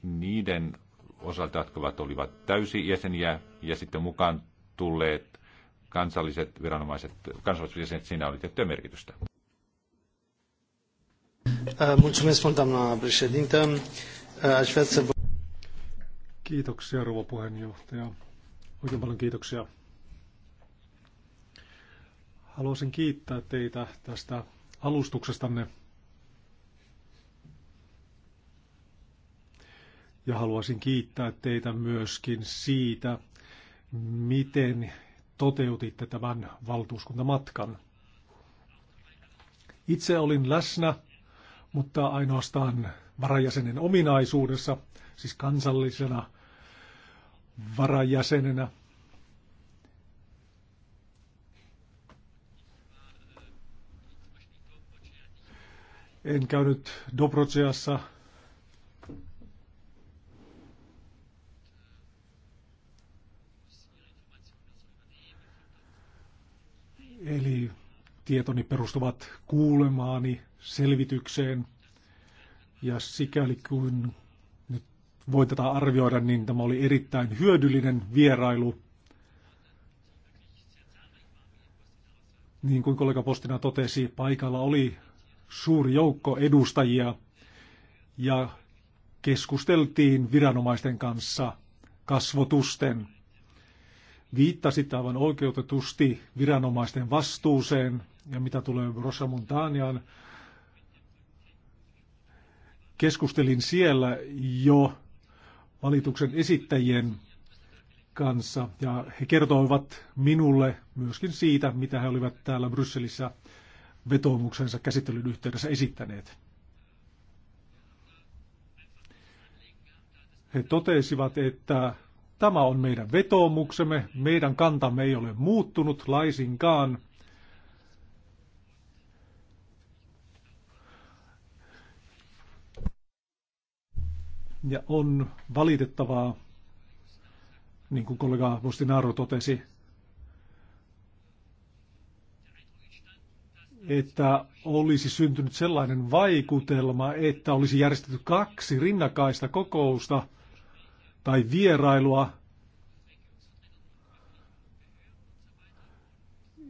niiden osalta, jotka ovat olivat täysi jäseniä, ja sitten mukaan tulleet kansalliset viranomaiset, kansalliset jäsenet, siinä oli tiettyä merkitystä. Uh, mulțumesc mult, doamna președintă. Uh, aș vrea să vă... Kiitoksia, rouva puheenjohtaja. Oikein paljon kiitoksia. Haluaisin kiittää teitä tästä alustuksestanne. Ja haluaisin kiittää teitä myöskin siitä, miten toteutitte tämän valtuuskuntamatkan. Itse olin läsnä mutta ainoastaan varajäsenen ominaisuudessa, siis kansallisena varajäsenenä. En käynyt Dobroceassa Eli tietoni perustuvat kuulemaani selvitykseen. Ja sikäli kuin nyt voi tätä arvioida, niin tämä oli erittäin hyödyllinen vierailu. Niin kuin kollega Postina totesi, paikalla oli suuri joukko edustajia ja keskusteltiin viranomaisten kanssa kasvotusten. Viittasit aivan oikeutetusti viranomaisten vastuuseen ja mitä tulee Rosa keskustelin siellä jo valituksen esittäjien kanssa ja he kertoivat minulle myöskin siitä, mitä he olivat täällä Brysselissä vetoomuksensa käsittelyn yhteydessä esittäneet. He totesivat, että tämä on meidän vetoomuksemme, meidän kantamme ei ole muuttunut laisinkaan – Ja on valitettavaa, niin kuin kollega Vostinaaro totesi, että olisi syntynyt sellainen vaikutelma, että olisi järjestetty kaksi rinnakkaista kokousta tai vierailua.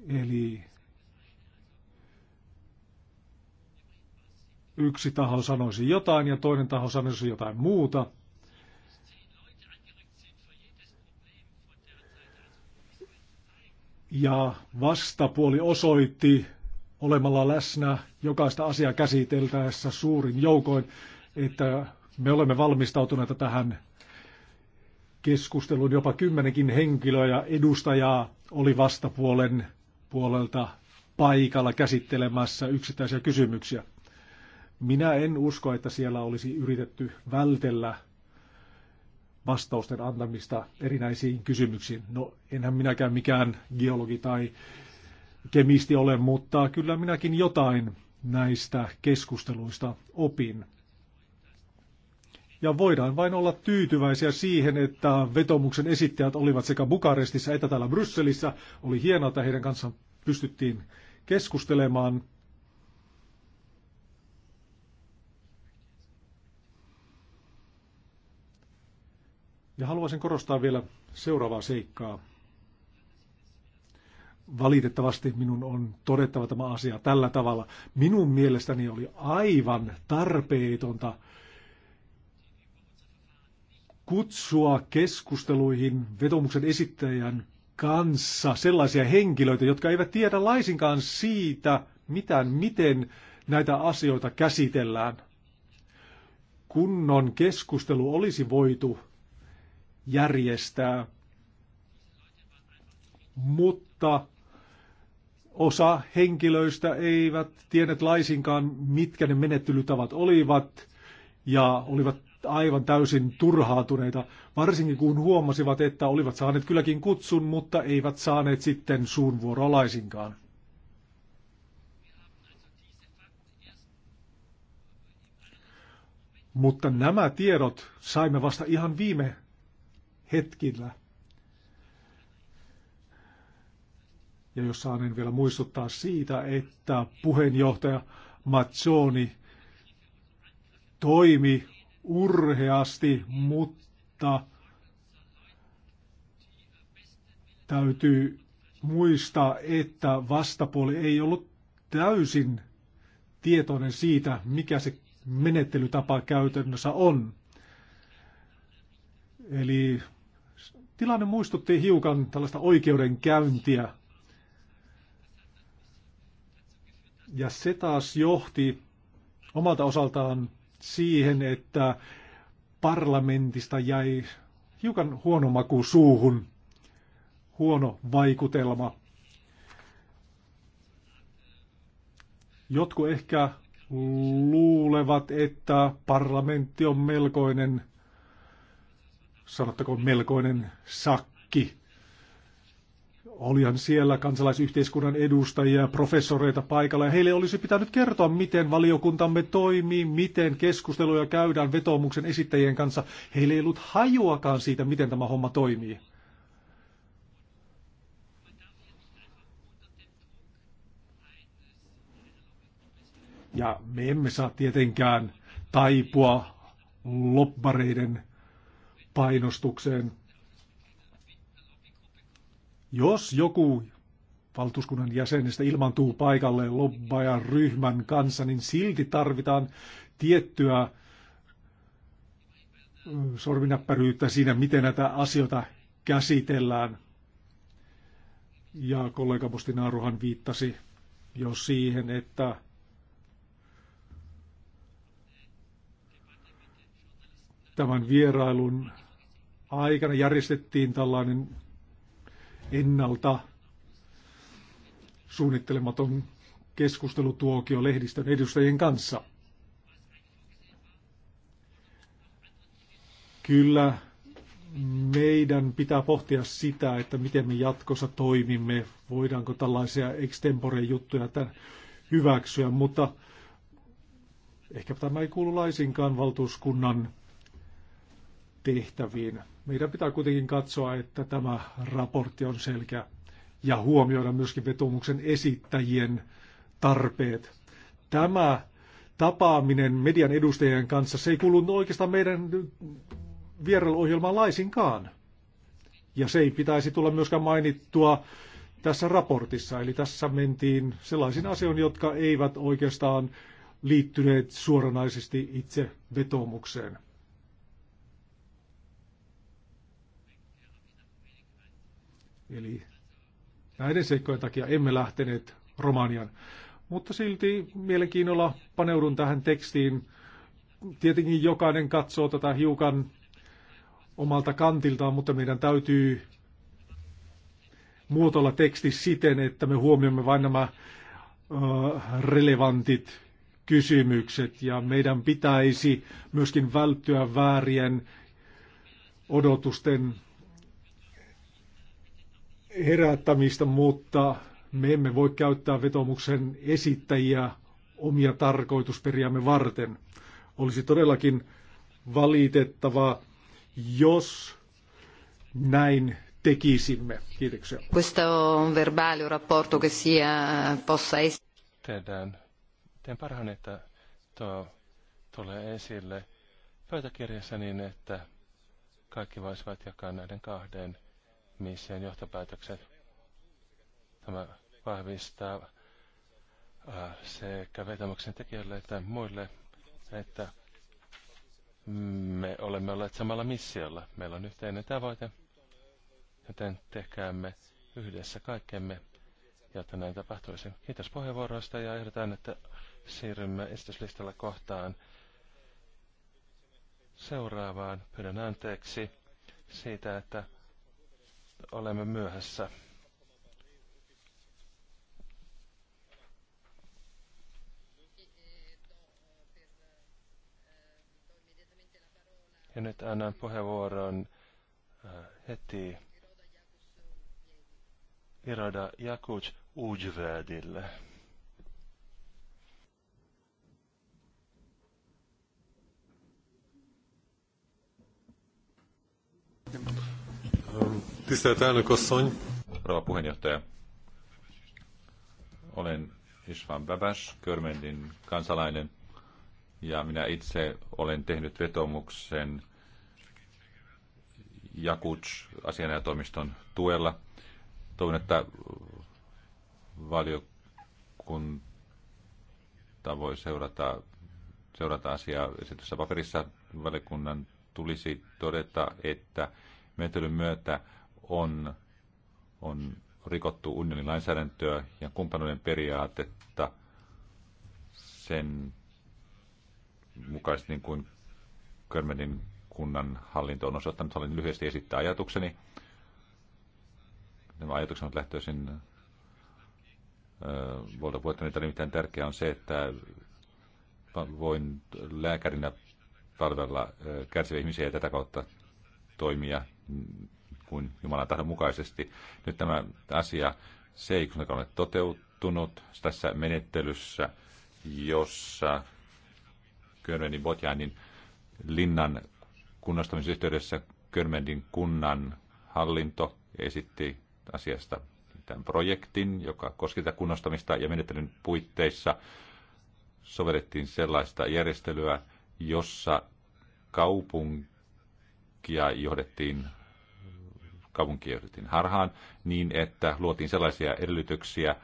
Eli yksi taho sanoisi jotain ja toinen taho sanoisi jotain muuta. Ja vastapuoli osoitti olemalla läsnä jokaista asiaa käsiteltäessä suurin joukoin, että me olemme valmistautuneita tähän keskusteluun. Jopa kymmenenkin henkilöä ja edustajaa oli vastapuolen puolelta paikalla käsittelemässä yksittäisiä kysymyksiä. Minä en usko, että siellä olisi yritetty vältellä vastausten antamista erinäisiin kysymyksiin. No, enhän minäkään mikään geologi tai kemisti ole, mutta kyllä minäkin jotain näistä keskusteluista opin. Ja voidaan vain olla tyytyväisiä siihen, että vetomuksen esittäjät olivat sekä Bukarestissa että täällä Brysselissä. Oli hienoa, että heidän kanssaan pystyttiin keskustelemaan. Ja haluaisin korostaa vielä seuraavaa seikkaa. Valitettavasti minun on todettava tämä asia tällä tavalla. Minun mielestäni oli aivan tarpeetonta kutsua keskusteluihin vetomuksen esittäjän kanssa sellaisia henkilöitä, jotka eivät tiedä laisinkaan siitä, mitään, miten näitä asioita käsitellään. Kunnon keskustelu olisi voitu järjestää. Mutta osa henkilöistä eivät tienneet laisinkaan, mitkä ne menettelytavat olivat, ja olivat aivan täysin turhaatuneita, varsinkin kun huomasivat, että olivat saaneet kylläkin kutsun, mutta eivät saaneet sitten suun vuoroa Mutta nämä tiedot saimme vasta ihan viime hetkillä. Ja jos niin vielä muistuttaa siitä, että puheenjohtaja Mazzoni toimi urheasti, mutta täytyy muistaa, että vastapuoli ei ollut täysin tietoinen siitä, mikä se menettelytapa käytännössä on. Eli Tilanne muistutti hiukan tällaista oikeudenkäyntiä. Ja se taas johti omalta osaltaan siihen, että parlamentista jäi hiukan huono maku suuhun, huono vaikutelma. Jotkut ehkä luulevat, että parlamentti on melkoinen sanottako melkoinen sakki. Olihan siellä kansalaisyhteiskunnan edustajia, professoreita paikalla ja heille olisi pitänyt kertoa, miten valiokuntamme toimii, miten keskusteluja käydään vetoomuksen esittäjien kanssa. Heille ei ollut hajuakaan siitä, miten tämä homma toimii. Ja me emme saa tietenkään taipua loppareiden painostukseen. Jos joku valtuuskunnan jäsenistä ilmantuu paikalle lobbajan ryhmän kanssa, niin silti tarvitaan tiettyä sorminäppäryyttä siinä, miten näitä asioita käsitellään. Ja kollega Postinaaruhan viittasi jo siihen, että tämän vierailun aikana järjestettiin tällainen ennalta suunnittelematon keskustelutuokio lehdistön edustajien kanssa. Kyllä meidän pitää pohtia sitä, että miten me jatkossa toimimme, voidaanko tällaisia extempore-juttuja hyväksyä, mutta ehkä tämä ei kuulu laisinkaan valtuuskunnan tehtäviin meidän pitää kuitenkin katsoa, että tämä raportti on selkeä ja huomioida myöskin vetomuksen esittäjien tarpeet. Tämä tapaaminen median edustajien kanssa, se ei kuulu oikeastaan meidän vierailuohjelmaan laisinkaan. Ja se ei pitäisi tulla myöskään mainittua tässä raportissa. Eli tässä mentiin sellaisiin asioihin, jotka eivät oikeastaan liittyneet suoranaisesti itse vetomukseen. Eli näiden seikkojen takia emme lähteneet Romanian. Mutta silti mielenkiinnolla paneudun tähän tekstiin. Tietenkin jokainen katsoo tätä hiukan omalta kantiltaan, mutta meidän täytyy muotoilla teksti siten, että me huomioimme vain nämä relevantit kysymykset ja meidän pitäisi myöskin välttyä väärien odotusten herättämistä, mutta me emme voi käyttää vetomuksen esittäjiä omia tarkoitusperiämme varten. Olisi todellakin valitettavaa, jos näin tekisimme. Kiitoksia. Questo verbale rapporto che sia possa essere. Tehdään. Teen parhaan, että tuo tulee esille pöytäkirjassa niin, että kaikki voisivat jakaa näiden kahden komission johtopäätökset. Tämä vahvistaa äh, sekä vetämyksen tekijöille että muille, että me olemme olleet samalla missiolla. Meillä on yhteinen tavoite, joten tehkäämme yhdessä kaikkemme, jotta näin tapahtuisi. Kiitos puheenvuoroista ja ehdotan, että siirrymme esityslistalla kohtaan seuraavaan. Pyydän anteeksi siitä, että olemme myöhässä. Ja nyt annan puheenvuoron äh, heti irada Jakuc Ujvedille. Um, Tisztelt elnök asszony! puheenjohtaja, olen Isvan Babas, Körmendin kansalainen, ja minä itse olen tehnyt vetomuksen Jakuts asianajatoimiston tuella. Toivon, että valiokunta voi seurata, seurata asiaa esityssä paperissa. Valiokunnan tulisi todeta, että menettelyn myötä on, on rikottu unionin lainsäädäntöä ja kumppanuuden periaatetta sen mukaisesti niin kuin Körmenin kunnan hallinto on osoittanut. Haluan lyhyesti esittää ajatukseni. Nämä ajatukset ovat lähtöisin vuodelta vuotta, nimittäin tärkeää on se, että voin lääkärinä palvella kärsiviä ihmisiä ja tätä kautta toimia kuin Jumalan tahdon mukaisesti. Nyt tämä asia, se ei kuitenkaan ole toteutunut tässä menettelyssä, jossa Körmendin Botjanin linnan kunnostamisyhteydessä yhteydessä Körmendin kunnan hallinto esitti asiasta tämän projektin, joka koski tätä kunnostamista ja menettelyn puitteissa sovellettiin sellaista järjestelyä, jossa kaupunkia johdettiin kaupunki harhaan, niin että luotiin sellaisia edellytyksiä,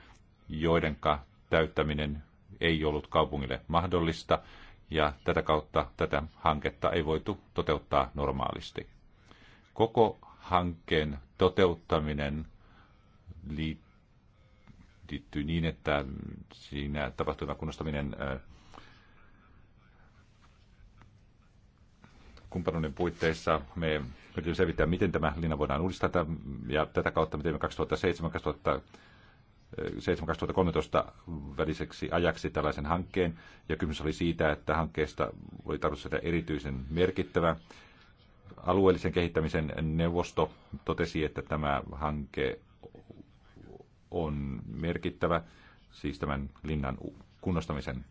joidenka täyttäminen ei ollut kaupungille mahdollista, ja tätä kautta tätä hanketta ei voitu toteuttaa normaalisti. Koko hankkeen toteuttaminen liittyy niin, että siinä tapahtuvan kunnostaminen kumppanuuden puitteissa me pyrimme selvittää, miten tämä linja voidaan uudistaa. Ja tätä kautta me teemme 2007-2013 väliseksi ajaksi tällaisen hankkeen. Ja kysymys oli siitä, että hankkeesta oli tarkoitus tehdä erityisen merkittävä. Alueellisen kehittämisen neuvosto totesi, että tämä hanke on merkittävä, siis tämän linnan kunnostamisen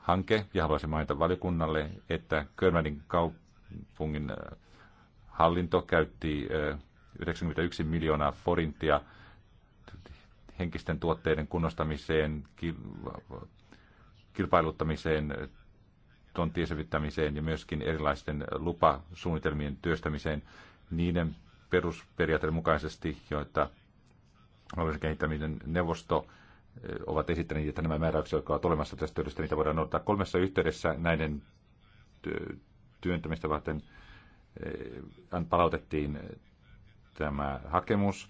hanke, ja haluaisin mainita valiokunnalle, että Körmänin kaupungin äh, hallinto käytti 91 äh, miljoonaa forintia henkisten tuotteiden kunnostamiseen, kilpailuttamiseen, tonttien selvittämiseen ja myöskin erilaisten lupasuunnitelmien työstämiseen niiden perusperiaatteiden mukaisesti, joita alueellisen kehittäminen neuvosto ovat esittäneet, että nämä määräykset, jotka ovat olemassa tästä työstä, niitä voidaan ottaa kolmessa yhteydessä näiden työntämistä varten eh, palautettiin tämä hakemus.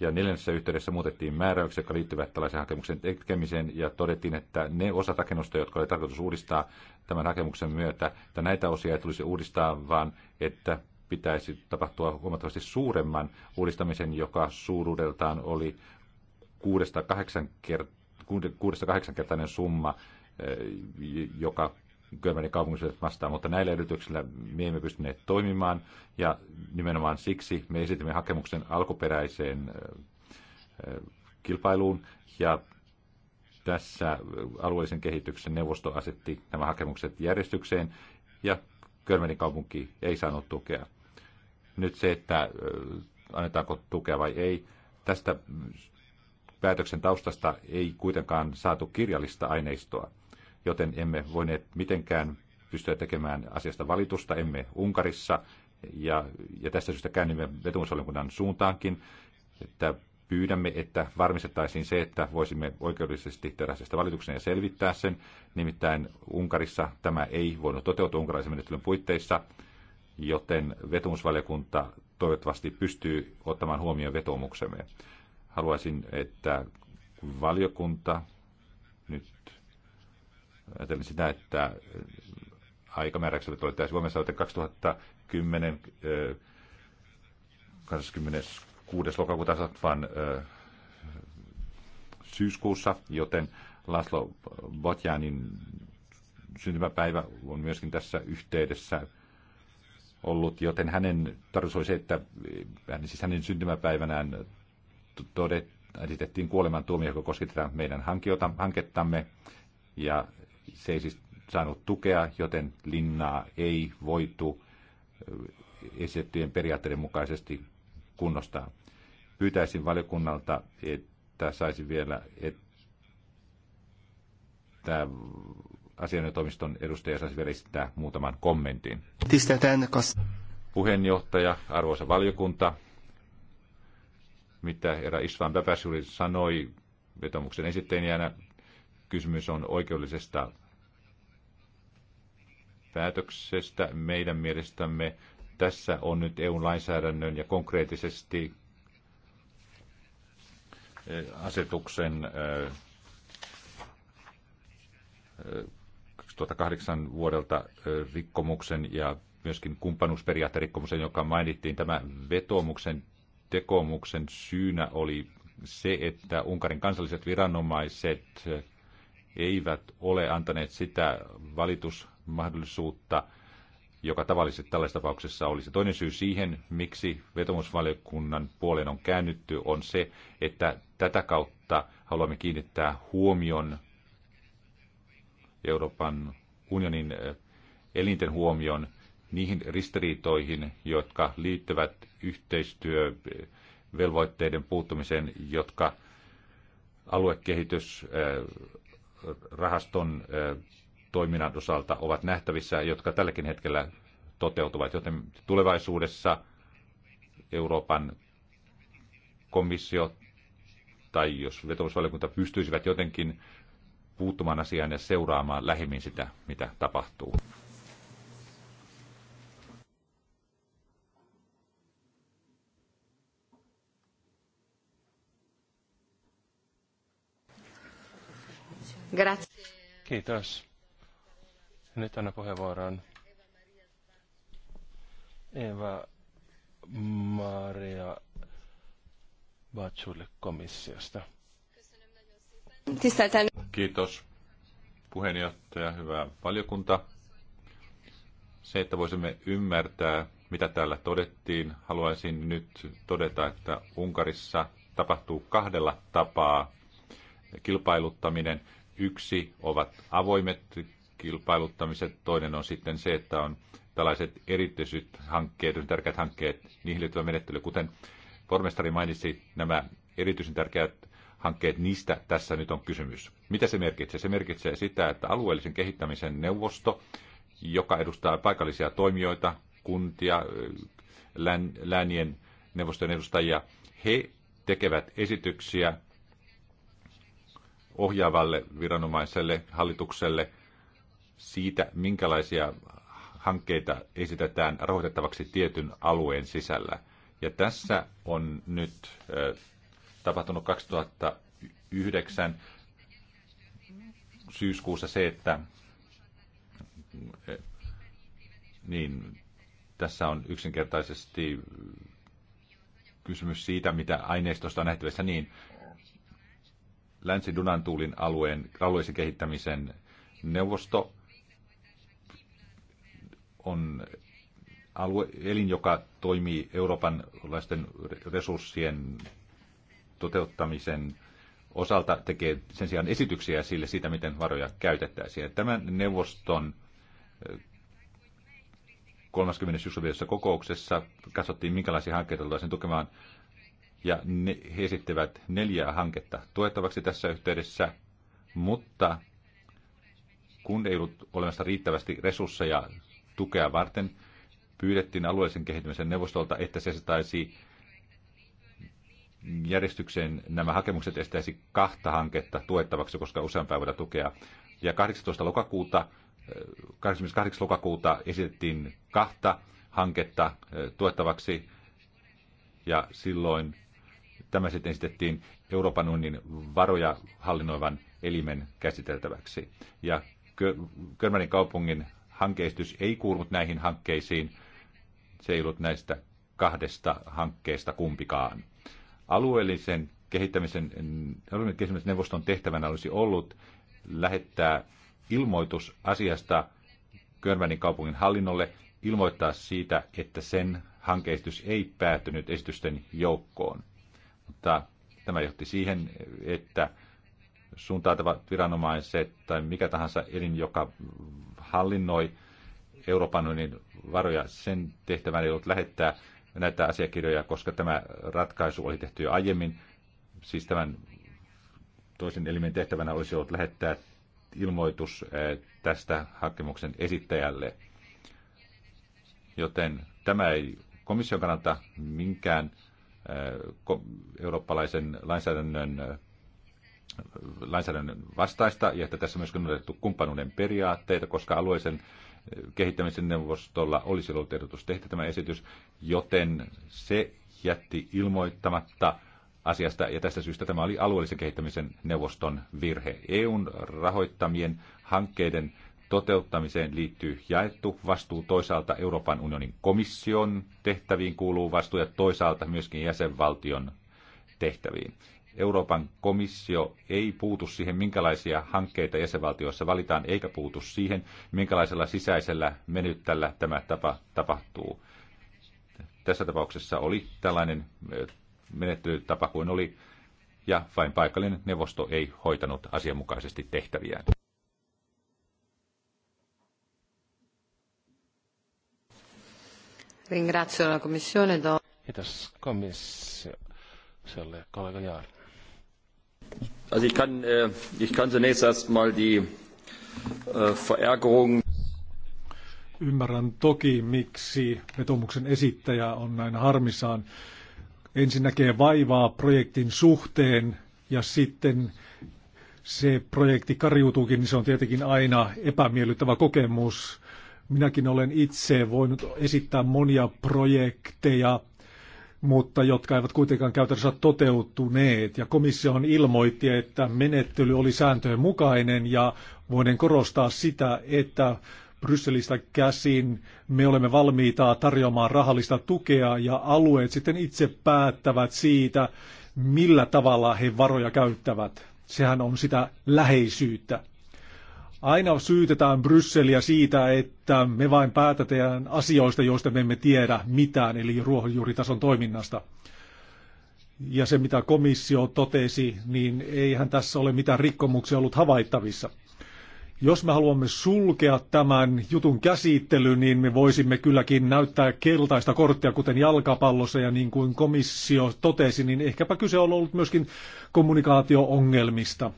Ja neljännessä yhteydessä muutettiin määräyksiä, jotka liittyvät tällaisen hakemuksen tekemiseen, ja todettiin, että ne osat rakennusta, jotka oli tarkoitus uudistaa tämän hakemuksen myötä, että näitä osia ei tulisi uudistaa, vaan että pitäisi tapahtua huomattavasti suuremman uudistamisen, joka suuruudeltaan oli kuudesta kahdeksan kert- kertainen summa, eh, joka Kölmärin kaupungissa vastaa, mutta näillä edellytyksillä me emme pystyneet toimimaan ja nimenomaan siksi me esitimme hakemuksen alkuperäiseen eh, kilpailuun ja tässä alueellisen kehityksen neuvosto asetti nämä hakemukset järjestykseen ja Kölmärin kaupunki ei saanut tukea. Nyt se, että eh, annetaanko tukea vai ei, tästä Päätöksen taustasta ei kuitenkaan saatu kirjallista aineistoa, joten emme voineet mitenkään pystyä tekemään asiasta valitusta, emme Unkarissa. Ja, ja tästä syystä käännimme vetumusvaliokunnan suuntaankin, että pyydämme, että varmistettaisiin se, että voisimme oikeudellisesti tehdä sitä valituksen ja selvittää sen. Nimittäin Unkarissa tämä ei voinut toteutua unkarilaisen menettelyn puitteissa, joten vetumusvaliokunta toivottavasti pystyy ottamaan huomioon vetoomuksemme. Haluaisin, että valiokunta nyt ajatellen sitä, että aikamääräksi tulee tässä Suomessa joten 2010 26. lokakuuta vaan syyskuussa, joten Laslo Botjanin syntymäpäivä on myöskin tässä yhteydessä ollut, joten hänen tarkoitus oli se, että hän, siis hänen syntymäpäivänään esitettiin kuolemantuomio, joka koski tätä meidän hankiota, hankettamme, ja se ei siis saanut tukea, joten linnaa ei voitu esitettyjen periaatteiden mukaisesti kunnostaa. Pyytäisin valiokunnalta, että saisi vielä, että asianajotoimiston edustaja saisi vielä esittää muutaman kommentin. Puheenjohtaja, arvoisa valiokunta, mitä herra Isvan Bäpäsuri sanoi vetomuksen esittäjänä. Kysymys on oikeudellisesta päätöksestä meidän mielestämme. Tässä on nyt EU-lainsäädännön ja konkreettisesti eh, asetuksen 2008 eh, eh, vuodelta rikkomuksen ja myöskin kumppanuusperiaatterikkomuksen, joka mainittiin. Tämä vetoomuksen tekomuksen syynä oli se, että Unkarin kansalliset viranomaiset eivät ole antaneet sitä valitusmahdollisuutta, joka tavallisesti tällaisessa tapauksessa olisi. Toinen syy siihen, miksi vetomusvaliokunnan puoleen on käännytty, on se, että tätä kautta haluamme kiinnittää huomion Euroopan unionin eh, elinten huomion niihin ristiriitoihin, jotka liittyvät yhteistyövelvoitteiden puuttumiseen, jotka aluekehitysrahaston äh, äh, toiminnan osalta ovat nähtävissä, jotka tälläkin hetkellä toteutuvat. Joten tulevaisuudessa Euroopan komissio tai jos vetomusvaliokunta pystyisivät jotenkin puuttumaan asiaan ja seuraamaan lähimmin sitä, mitä tapahtuu. Kiitos. Nyt anna puheenvuoron Eva Maria Batsulle komissiosta. Kiitos puheenjohtaja, hyvä valiokunta. Se, että voisimme ymmärtää, mitä täällä todettiin, haluaisin nyt todeta, että Unkarissa tapahtuu kahdella tapaa kilpailuttaminen – Yksi ovat avoimet kilpailuttamiset, toinen on sitten se, että on tällaiset erityiset hankkeet, tärkeät hankkeet, niihin liittyvä menettely. Kuten pormestari mainitsi, nämä erityisen tärkeät hankkeet, niistä tässä nyt on kysymys. Mitä se merkitsee? Se merkitsee sitä, että alueellisen kehittämisen neuvosto, joka edustaa paikallisia toimijoita, kuntia, län, läänien neuvoston edustajia, he tekevät esityksiä ohjaavalle viranomaiselle, hallitukselle siitä, minkälaisia hankkeita esitetään rahoitettavaksi tietyn alueen sisällä. Ja tässä on nyt tapahtunut 2009 syyskuussa se, että niin, tässä on yksinkertaisesti kysymys siitä, mitä aineistosta on nähtävissä niin, Länsi-Dunantuulin alueen alueisen kehittämisen neuvosto on alue, elin, joka toimii laisten resurssien toteuttamisen osalta, tekee sen sijaan esityksiä sille siitä, miten varoja käytettäisiin. Tämän neuvoston 31. Eh, kokouksessa katsottiin, minkälaisia hankkeita tullaan tukemaan ja ne, he esittivät neljää hanketta tuettavaksi tässä yhteydessä, mutta kun ei ollut olemassa riittävästi resursseja tukea varten, pyydettiin alueellisen kehittämisen neuvostolta, että se saisi järjestykseen nämä hakemukset estäisi kahta hanketta tuettavaksi, koska useampaa voida tukea. Ja 18. lokakuuta, 28. Äh, lokakuuta esitettiin kahta hanketta äh, tuettavaksi, ja silloin Tämä sitten esitettiin Euroopan unionin varoja hallinnoivan elimen käsiteltäväksi. Ja Körmänin kaupungin hankeistys ei kuulunut näihin hankkeisiin. Se ei ollut näistä kahdesta hankkeesta kumpikaan. Alueellisen kehittämisen, alueellisen kehittämisen neuvoston tehtävänä olisi ollut lähettää ilmoitus asiasta Körmänin kaupungin hallinnolle, ilmoittaa siitä, että sen hankkeistus ei päätynyt esitysten joukkoon mutta tämä johti siihen, että suuntautuvat viranomaiset tai mikä tahansa elin, joka hallinnoi Euroopan unionin varoja, sen tehtävän ei ollut lähettää näitä asiakirjoja, koska tämä ratkaisu oli tehty jo aiemmin. Siis tämän toisen elimen tehtävänä olisi ollut lähettää ilmoitus eh, tästä hakemuksen esittäjälle. Joten tämä ei komission kannalta minkään Äh, eurooppalaisen lainsäädännön äh, lainsäädännön vastaista ja että tässä myöskin on otettu kumppanuuden periaatteita, koska alueisen äh, kehittämisen neuvostolla olisi ollut ehdotus tehdä tämä esitys, joten se jätti ilmoittamatta asiasta ja tästä syystä tämä oli alueellisen kehittämisen neuvoston virhe. EUn rahoittamien hankkeiden toteuttamiseen liittyy jaettu vastuu toisaalta Euroopan unionin komission tehtäviin kuuluu vastuu ja toisaalta myöskin jäsenvaltion tehtäviin. Euroopan komissio ei puutu siihen, minkälaisia hankkeita jäsenvaltioissa valitaan, eikä puutu siihen, minkälaisella sisäisellä menyttällä tämä tapa tapahtuu. Tässä tapauksessa oli tällainen menettelytapa kuin oli, ja vain paikallinen neuvosto ei hoitanut asianmukaisesti tehtäviään. Ringrazio la Commissione. Do... Kiitos komissiolle, kollega Jaar. Also ich kann, äh, ich kann zunächst erstmal die äh, Verärgerung. Ymmärrän toki, miksi vetomuksen esittäjä on näin harmissaan. Ensin näkee vaivaa projektin suhteen ja sitten se projekti karjuutuukin, niin se on tietenkin aina epämiellyttävä kokemus Minäkin olen itse voinut esittää monia projekteja, mutta jotka eivät kuitenkaan käytännössä toteutuneet. Ja komissio on ilmoitti, että menettely oli sääntöjen mukainen ja voinen korostaa sitä, että Brysselistä käsin me olemme valmiita tarjoamaan rahallista tukea ja alueet sitten itse päättävät siitä, millä tavalla he varoja käyttävät. Sehän on sitä läheisyyttä. Aina syytetään Brysseliä siitä, että me vain päätetään asioista, joista me emme tiedä mitään, eli ruohonjuuritason toiminnasta. Ja se, mitä komissio totesi, niin eihän tässä ole mitään rikkomuksia ollut havaittavissa. Jos me haluamme sulkea tämän jutun käsittelyn, niin me voisimme kylläkin näyttää keltaista korttia, kuten jalkapallossa ja niin kuin komissio totesi, niin ehkäpä kyse on ollut myöskin kommunikaatio-ongelmista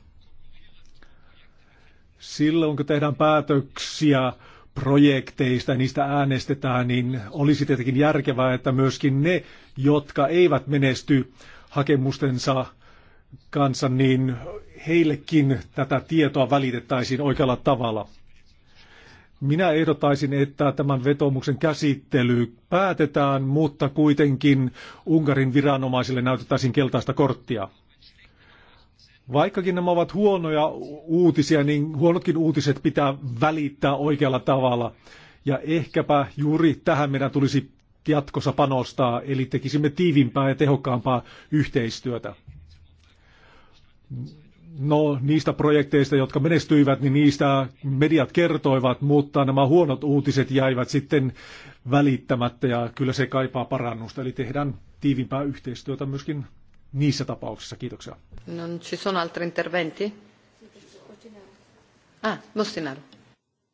silloin kun tehdään päätöksiä projekteista ja niistä äänestetään, niin olisi tietenkin järkevää, että myöskin ne, jotka eivät menesty hakemustensa kanssa, niin heillekin tätä tietoa välitettäisiin oikealla tavalla. Minä ehdottaisin, että tämän vetomuksen käsittely päätetään, mutta kuitenkin Unkarin viranomaisille näytettäisiin keltaista korttia. Vaikkakin nämä ovat huonoja uutisia, niin huonotkin uutiset pitää välittää oikealla tavalla. Ja ehkäpä juuri tähän meidän tulisi jatkossa panostaa, eli tekisimme tiivimpää ja tehokkaampaa yhteistyötä. No, niistä projekteista, jotka menestyivät, niin niistä mediat kertoivat, mutta nämä huonot uutiset jäivät sitten välittämättä ja kyllä se kaipaa parannusta. Eli tehdään tiivimpää yhteistyötä myöskin niissä tapauksissa. Kiitoksia. Non ci sono altri interventi? Ah, Bostinaro.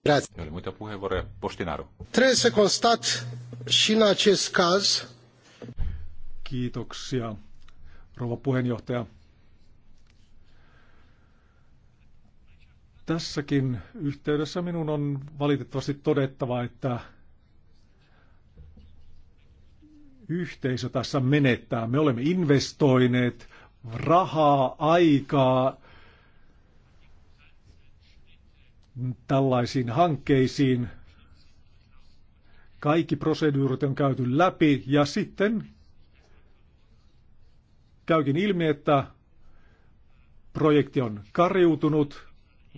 Grazie. Oli muita puheenvuoroja. Bostinaro. Trebuie constat și în acest caz... Kiitoksia, rouva puheenjohtaja. Tässäkin yhteydessä minun on valitettavasti todettava, että yhteisö tässä menettää. Me olemme investoineet rahaa, aikaa tällaisiin hankkeisiin. Kaikki proseduurit on käyty läpi ja sitten käykin ilmi, että projekti on kariutunut,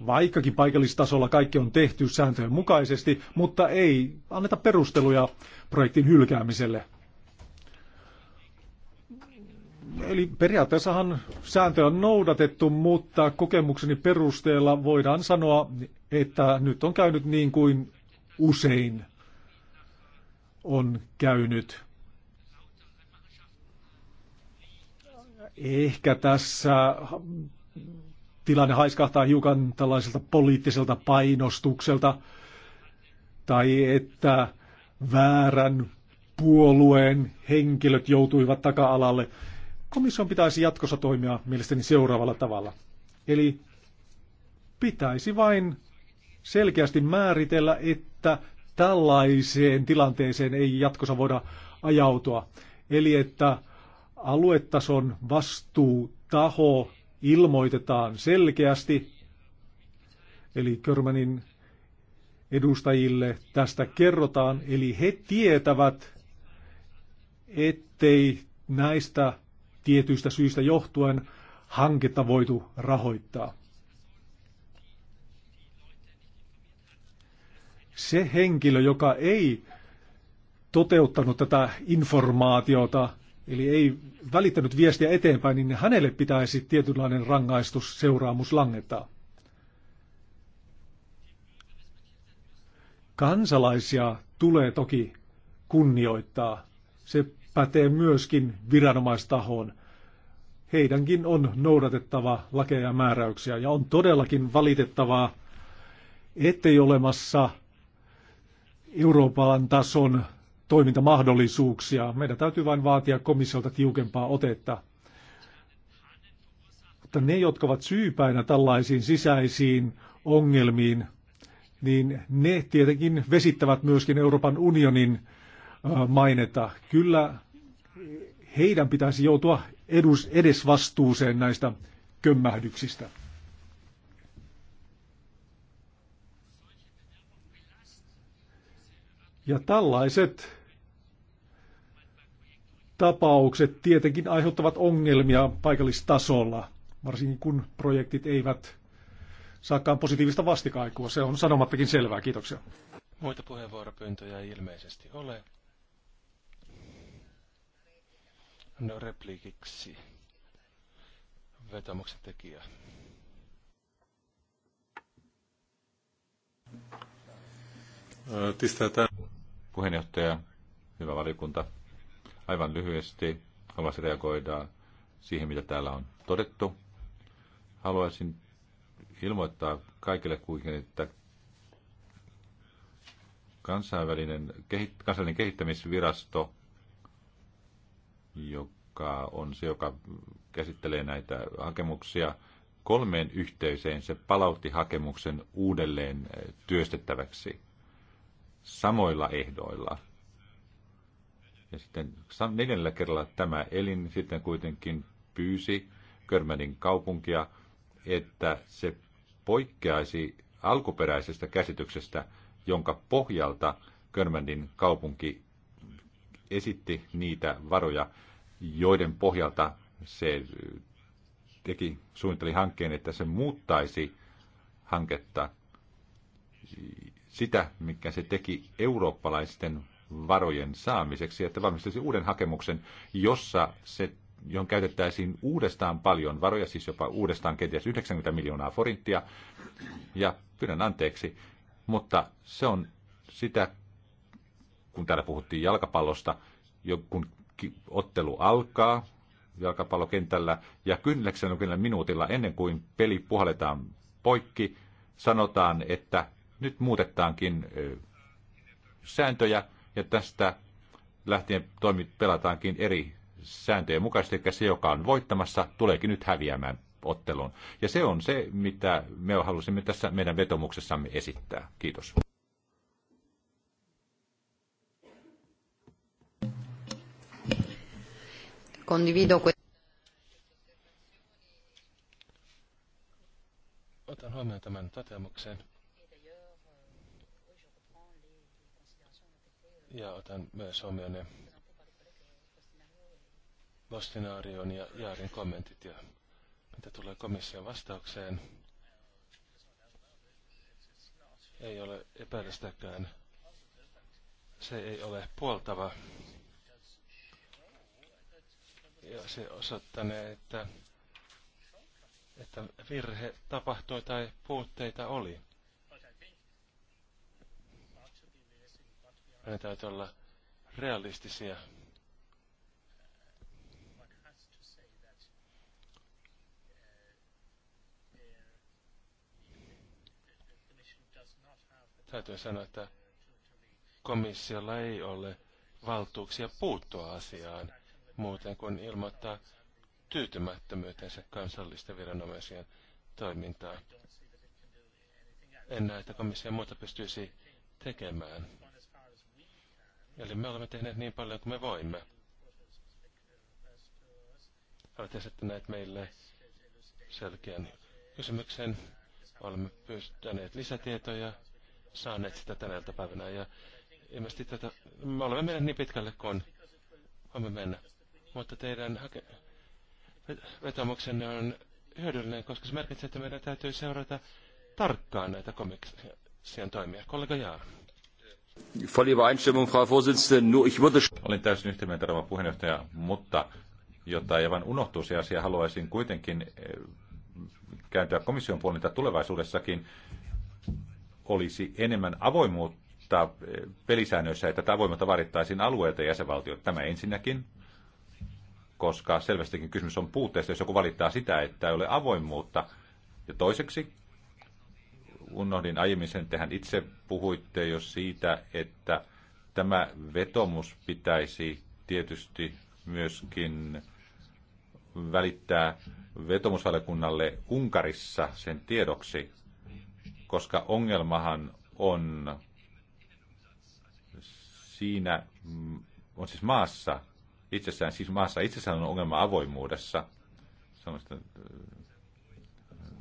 vaikkakin paikallistasolla kaikki on tehty sääntöjen mukaisesti, mutta ei anneta perusteluja projektin hylkäämiselle. Eli periaatteessahan sääntöä on noudatettu, mutta kokemukseni perusteella voidaan sanoa, että nyt on käynyt niin kuin usein on käynyt. Ehkä tässä tilanne haiskahtaa hiukan tällaiselta poliittiselta painostukselta, tai että väärän puolueen henkilöt joutuivat taka-alalle. Komission pitäisi jatkossa toimia mielestäni seuraavalla tavalla. Eli pitäisi vain selkeästi määritellä, että tällaiseen tilanteeseen ei jatkossa voida ajautua. Eli että aluetason vastuutaho ilmoitetaan selkeästi, eli Körmänin edustajille tästä kerrotaan, eli he tietävät, ettei näistä tietyistä syistä johtuen hanketta voitu rahoittaa. Se henkilö, joka ei toteuttanut tätä informaatiota, eli ei välittänyt viestiä eteenpäin, niin hänelle pitäisi tietynlainen seuraamus langettaa. Kansalaisia tulee toki kunnioittaa. Se pätee myöskin viranomaistahoon. Heidänkin on noudatettava lakeja ja määräyksiä ja on todellakin valitettavaa, ettei olemassa Euroopan tason toimintamahdollisuuksia. Meidän täytyy vain vaatia komissiolta tiukempaa otetta. Mutta ne, jotka ovat syypäinä tällaisiin sisäisiin ongelmiin, niin ne tietenkin vesittävät myöskin Euroopan unionin Äh, mainetta. Kyllä heidän pitäisi joutua edus, edesvastuuseen näistä kömmähdyksistä. Ja tällaiset tapaukset tietenkin aiheuttavat ongelmia paikallistasolla, varsinkin kun projektit eivät saakaan positiivista vastikaikua. Se on sanomattakin selvää. Kiitoksia. Muita puheenvuoropyyntöjä ei ilmeisesti ole. No repliikiksi vetomuksen tekijä. Tistetä. Puheenjohtaja, hyvä valiokunta. Aivan lyhyesti haluaisin reagoida siihen, mitä täällä on todettu. Haluaisin ilmoittaa kaikille kuitenkin, että kansainvälinen, kansainvälinen kehittämisvirasto joka on se, joka käsittelee näitä hakemuksia kolmeen yhteiseen, se palautti hakemuksen uudelleen eh, työstettäväksi samoilla ehdoilla. Ja sitten neljällä kerralla tämä elin sitten kuitenkin pyysi Körmänin kaupunkia, että se poikkeaisi alkuperäisestä käsityksestä, jonka pohjalta Körmänin kaupunki esitti niitä varoja, joiden pohjalta se teki, suunnitteli hankkeen, että se muuttaisi hanketta sitä, mikä se teki eurooppalaisten varojen saamiseksi, että valmistaisi uuden hakemuksen, jossa se, johon käytettäisiin uudestaan paljon varoja, siis jopa uudestaan kenties 90 miljoonaa forinttia, ja pyydän anteeksi, mutta se on sitä, kun täällä puhuttiin jalkapallosta, jo kun ottelu alkaa jalkapallokentällä ja 90 minuutilla ennen kuin peli puhaletaan poikki, sanotaan, että nyt muutetaankin sääntöjä ja tästä lähtien toimi, pelataankin eri sääntöjen mukaisesti, eli se, joka on voittamassa, tuleekin nyt häviämään ottelun. Ja se on se, mitä me halusimme tässä meidän vetomuksessamme esittää. Kiitos. Condivido questo. Otan huomioon tämän toteamuksen. Ja otan myös huomioon ne Bostinaarion ja Jaarin kommentit ja mitä tulee komission vastaukseen. Ei ole epäilystäkään. Se ei ole puoltava ja se osoittanee, että, että virhe tapahtui tai puutteita oli. ne täytyy olla realistisia. Täytyy sanoa, että komissiolla ei ole valtuuksia puuttua asiaan muuten kuin ilmoittaa tyytymättömyytensä kansallisten viranomaisien toimintaan. En näe, että komissio muuta pystyisi tekemään. Eli me olemme tehneet niin paljon kuin me voimme. Olette esittäneet meille selkeän kysymyksen. Olemme pystyneet lisätietoja, saaneet sitä tänä päivänä ja ilmeisesti tätä, me olemme menneet niin pitkälle kuin voimme mennä mutta teidän hake- vetomuksenne on hyödyllinen, koska se merkitsee, että meidän täytyy seurata tarkkaan näitä komiksien toimia. Kollega Jaa. Voll Übereinstimmung, Frau Vorsitzende. Nur ich würde... Olin täysin yhtä mieltä, rouva puheenjohtaja, mutta jotta ei vain unohtuu se asia, haluaisin kuitenkin eh, kääntyä komission puolelta tulevaisuudessakin olisi enemmän avoimuutta eh, pelisäännöissä, että tätä avoimuutta vaadittaisiin ja jäsenvaltiot. Tämä ensinnäkin koska selvästikin kysymys on puutteesta, jos joku valittaa sitä, että ei ole avoimuutta. Ja toiseksi, unohdin aiemmin sen, hän itse puhuitte jo siitä, että tämä vetomus pitäisi tietysti myöskin välittää vetomusvaliokunnalle Unkarissa sen tiedoksi, koska ongelmahan on siinä, mm, on siis maassa, itsessään, siis maassa itsessään on ongelma avoimuudessa. Sellaista, äh,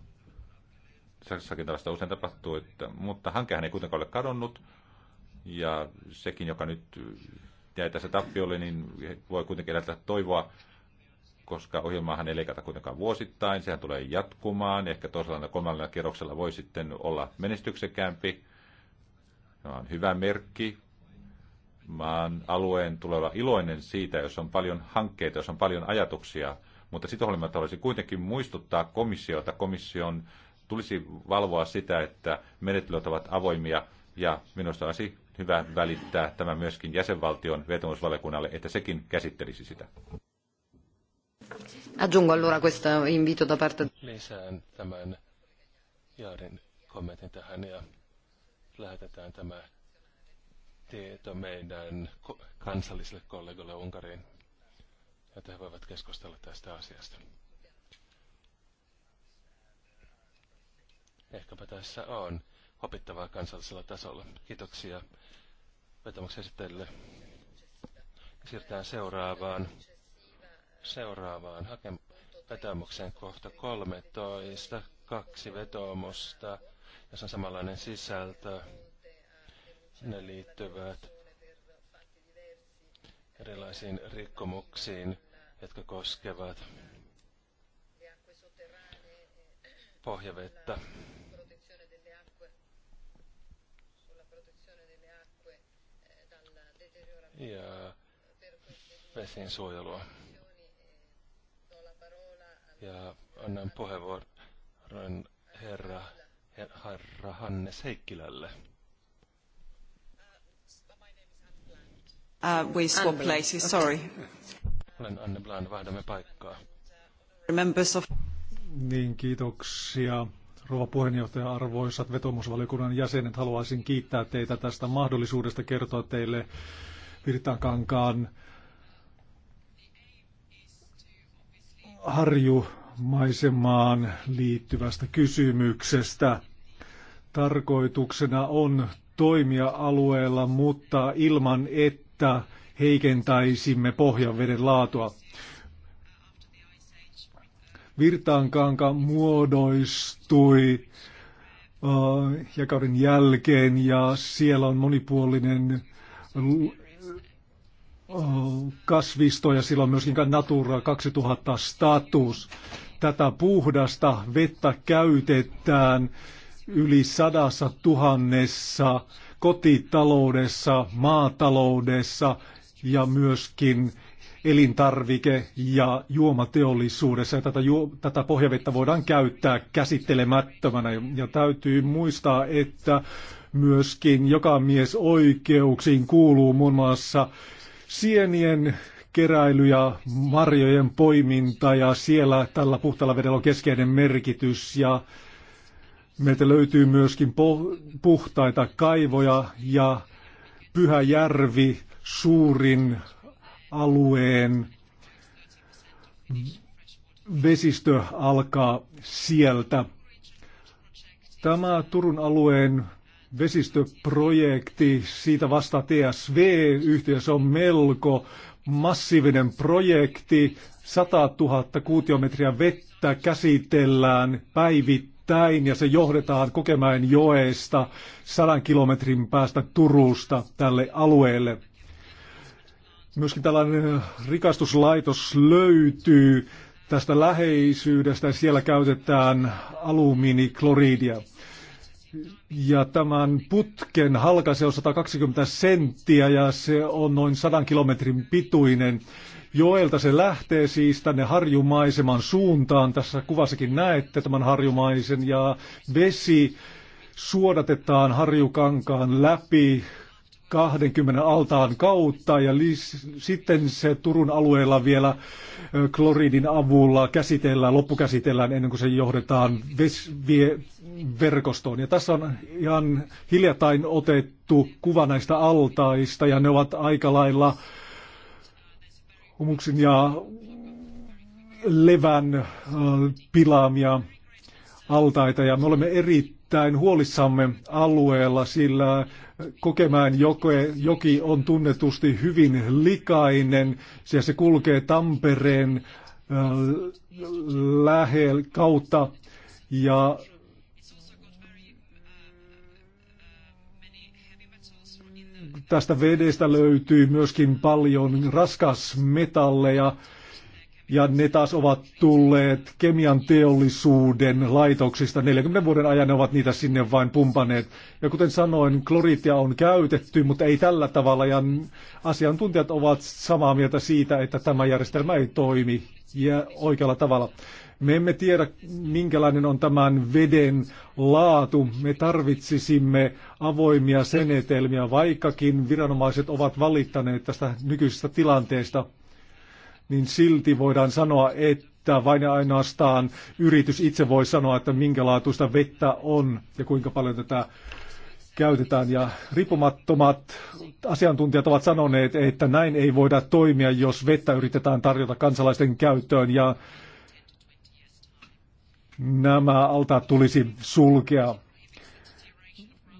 Saksassakin tällaista usein tapahtuu, että, mutta hankehän ei kuitenkaan ole kadonnut. Ja sekin, joka nyt jäi tässä tappiolle, niin voi kuitenkin elätä toivoa, koska ohjelmaahan ei leikata kuitenkaan vuosittain. Sehän tulee jatkumaan. Ehkä toisella ja kolmannella kerroksella voi sitten olla menestyksekkäämpi. Se on hyvä merkki, maan alueen tulee olla iloinen siitä, jos on paljon hankkeita, jos on paljon ajatuksia, mutta sitä huolimatta olisi kuitenkin muistuttaa komissiota. Komission tulisi valvoa sitä, että menettelyt ovat avoimia ja minusta olisi hyvä välittää tämä myöskin jäsenvaltion vetomusvaliokunnalle, että sekin käsittelisi sitä. Aggiungo allora questo invito da parte... Lisään tämän Jaarin kommentin tähän ja lähetetään tämä tieto meidän kansallisille kollegoille Unkariin, että he voivat keskustella tästä asiasta. Ehkäpä tässä on opittavaa kansallisella tasolla. Kiitoksia vetomuksen esittelylle. Siirrytään seuraavaan, seuraavaan hakemukseen vetomuksen kohta 13, kaksi vetomusta, jossa on samanlainen sisältö ne liittyvät erilaisiin rikkomuksiin, jotka koskevat pohjavettä. Ja vesien suojelua. Ja annan puheenvuoron herra, herra Hannes Heikkilälle. Uh, we swap places, sorry. Olen Anne vaihdamme paikkaa. Members of... Niin, kiitoksia. Rouva puheenjohtaja, arvoisat vetomusvaliokunnan jäsenet, haluaisin kiittää teitä tästä mahdollisuudesta kertoa teille Virtakankaan harjumaisemaan liittyvästä kysymyksestä. Tarkoituksena on toimia alueella, mutta ilman, että että heikentäisimme pohjanveden laatua. virtaankaanka muodostui uh, äh, jakauden jälkeen ja siellä on monipuolinen äh, kasvisto ja sillä on myöskin Natura 2000 status. Tätä puhdasta vettä käytetään yli sadassa tuhannessa kotitaloudessa, maataloudessa ja myöskin elintarvike- ja juomateollisuudessa. Ja tätä, juo, tätä pohjavettä voidaan käyttää käsittelemättömänä. Ja täytyy muistaa, että myöskin joka mies oikeuksiin kuuluu muun muassa sienien keräily ja marjojen poiminta ja siellä tällä puhtaalla vedellä on keskeinen merkitys ja Meiltä löytyy myöskin puhtaita kaivoja ja pyhä järvi suurin alueen vesistö alkaa sieltä. Tämä Turun alueen vesistöprojekti, siitä vastaa TSV-yhteys on melko massiivinen projekti. 100 000 kuutiometriä vettä käsitellään päivittäin päin ja se johdetaan Kokemäen joesta sadan kilometrin päästä Turusta tälle alueelle. Myöskin tällainen rikastuslaitos löytyy tästä läheisyydestä. Siellä käytetään alumiinikloriidia. Ja tämän putken halka se on 120 senttiä ja se on noin 100 kilometrin pituinen. Joelta se lähtee siis tänne harjumaiseman suuntaan. Tässä kuvassakin näette tämän harjumaisen ja vesi suodatetaan harjukankaan läpi 20 altaan kautta ja sitten se Turun alueella vielä kloridin avulla käsitellään, loppukäsitellään ennen kuin se johdetaan verkostoon. Ja tässä on ihan hiljattain otettu kuva näistä altaista ja ne ovat aika lailla äh, humuksen ja levän äh, pilaamia altaita ja me olemme erittäin huolissamme alueella, sillä Kokemään joke, joki on tunnetusti hyvin likainen ja se kulkee Tampereen äh, lähellä kautta ja tästä vedestä löytyy myöskin paljon raskasmetalleja, ja ne taas ovat tulleet kemian teollisuuden laitoksista. 40 vuoden ajan ne ovat niitä sinne vain pumpaneet. Ja kuten sanoin, kloriittia on käytetty, mutta ei tällä tavalla. Ja asiantuntijat ovat samaa mieltä siitä, että tämä järjestelmä ei toimi ja oikealla tavalla. Me emme tiedä, minkälainen on tämän veden laatu. Me tarvitsisimme avoimia senetelmiä, vaikkakin viranomaiset ovat valittaneet tästä nykyisestä tilanteesta, niin silti voidaan sanoa, että vain ja ainoastaan yritys itse voi sanoa, että minkälaatuista vettä on ja kuinka paljon tätä käytetään. Ja riippumattomat asiantuntijat ovat sanoneet, että näin ei voida toimia, jos vettä yritetään tarjota kansalaisten käyttöön. Ja nämä altaat tulisi sulkea.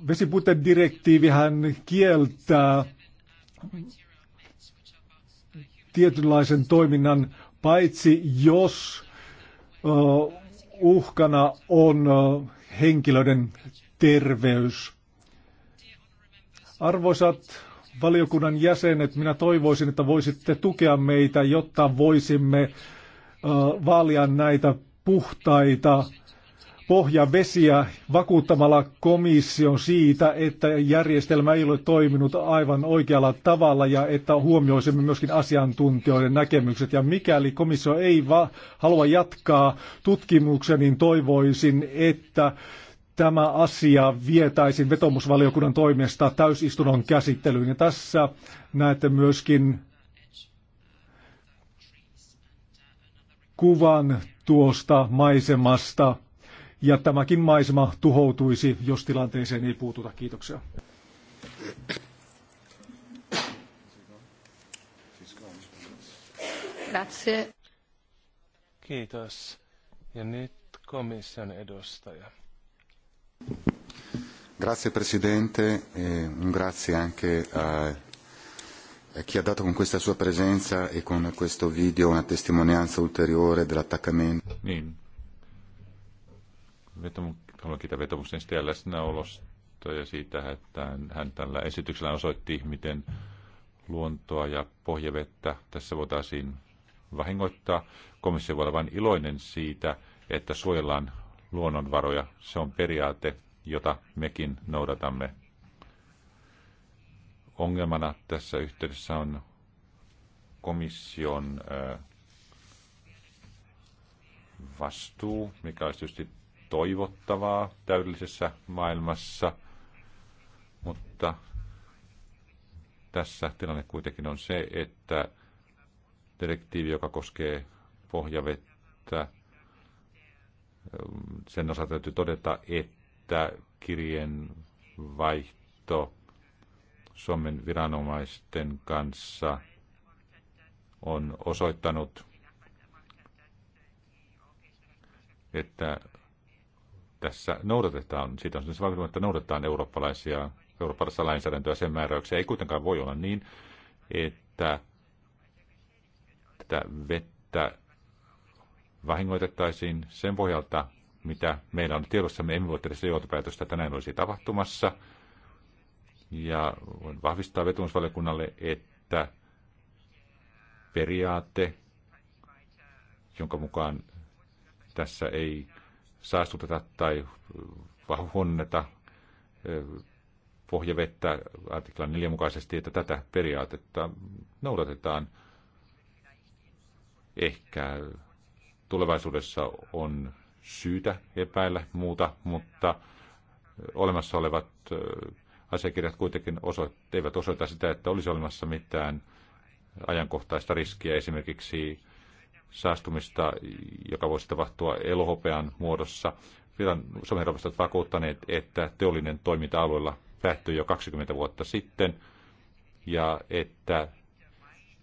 Vesipuitteiden direktiivihän kieltää tietynlaisen toiminnan, paitsi jos uhkana on henkilöiden terveys. Arvoisat valiokunnan jäsenet, minä toivoisin, että voisitte tukea meitä, jotta voisimme vaalia näitä puhtaita pohjavesiä vakuuttamalla komission siitä, että järjestelmä ei ole toiminut aivan oikealla tavalla ja että huomioisimme myöskin asiantuntijoiden näkemykset. Ja mikäli komissio ei halua jatkaa tutkimuksia, niin toivoisin, että tämä asia vietäisiin vetomusvaliokunnan toimesta täysistunnon käsittelyyn. Ja tässä näette myöskin kuvan tuosta maisemasta. Ja tämäkin maisema tuhoutuisi, jos tilanteeseen ei puututa. Kiitoksia. Grazie. Kiitos. Ja nyt komission edustaja. Grazie Presidente, e un grazie anche a eh, chi ha dato con questa sua presenza e con questo video una testimonianza ulteriore dell'attaccamento. Niin. haluan kiittää läsnäolosta ja siitä, että hän tällä esityksellä osoitti, miten luontoa ja pohjavettä tässä voitaisiin vahingoittaa. Komissio voi olla vain iloinen siitä, että suojellaan luonnonvaroja. Se on periaate, jota mekin noudatamme Ongelmana tässä yhteydessä on komission vastuu, mikä olisi tietysti toivottavaa täydellisessä maailmassa, mutta tässä tilanne kuitenkin on se, että direktiivi, joka koskee pohjavettä, sen osalta täytyy todeta, että kirjeen vaihto Suomen viranomaisten kanssa on osoittanut, että tässä noudatetaan, siitä on siis valmiina, että noudatetaan eurooppalaisia, eurooppalaisia lainsäädäntöä sen määräyksiä. Ei kuitenkaan voi olla niin, että tätä vettä vahingoitettaisiin sen pohjalta, mitä meillä on me Emme voi tehdä sitä johtopäätöstä, että näin olisi tapahtumassa – ja voin vahvistaa vetomusvaliokunnalle, että periaate, jonka mukaan tässä ei saastuteta tai vahvonneta pohjavettä artiklan 4 mukaisesti, että tätä periaatetta noudatetaan. Ehkä tulevaisuudessa on syytä epäillä muuta, mutta olemassa olevat asiakirjat kuitenkin osoit, eivät osoita sitä, että olisi olemassa mitään ajankohtaista riskiä, esimerkiksi saastumista, joka voisi tapahtua elohopean muodossa. Suomen ovat vakuuttaneet, että teollinen toiminta alueella päättyi jo 20 vuotta sitten ja että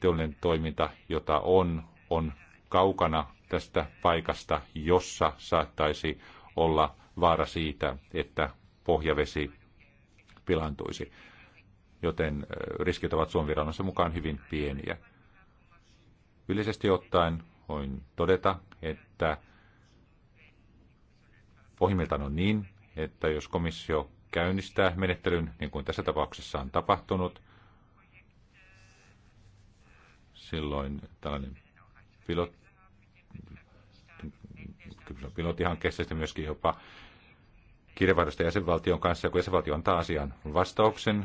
teollinen toiminta, jota on, on kaukana tästä paikasta, jossa saattaisi olla vaara siitä, että pohjavesi pilantuisi. Joten riskit ovat Suomen viranomaisen mukaan hyvin pieniä. Yleisesti ottaen voin todeta, että pohjimmiltaan on niin, että jos komissio käynnistää menettelyn, niin kuin tässä tapauksessa on tapahtunut, silloin tällainen pilot, pilotihankkeessa sitten myöskin jopa kirjavaihdosta jäsenvaltion kanssa, ja kun jäsenvaltio antaa asian vastauksen,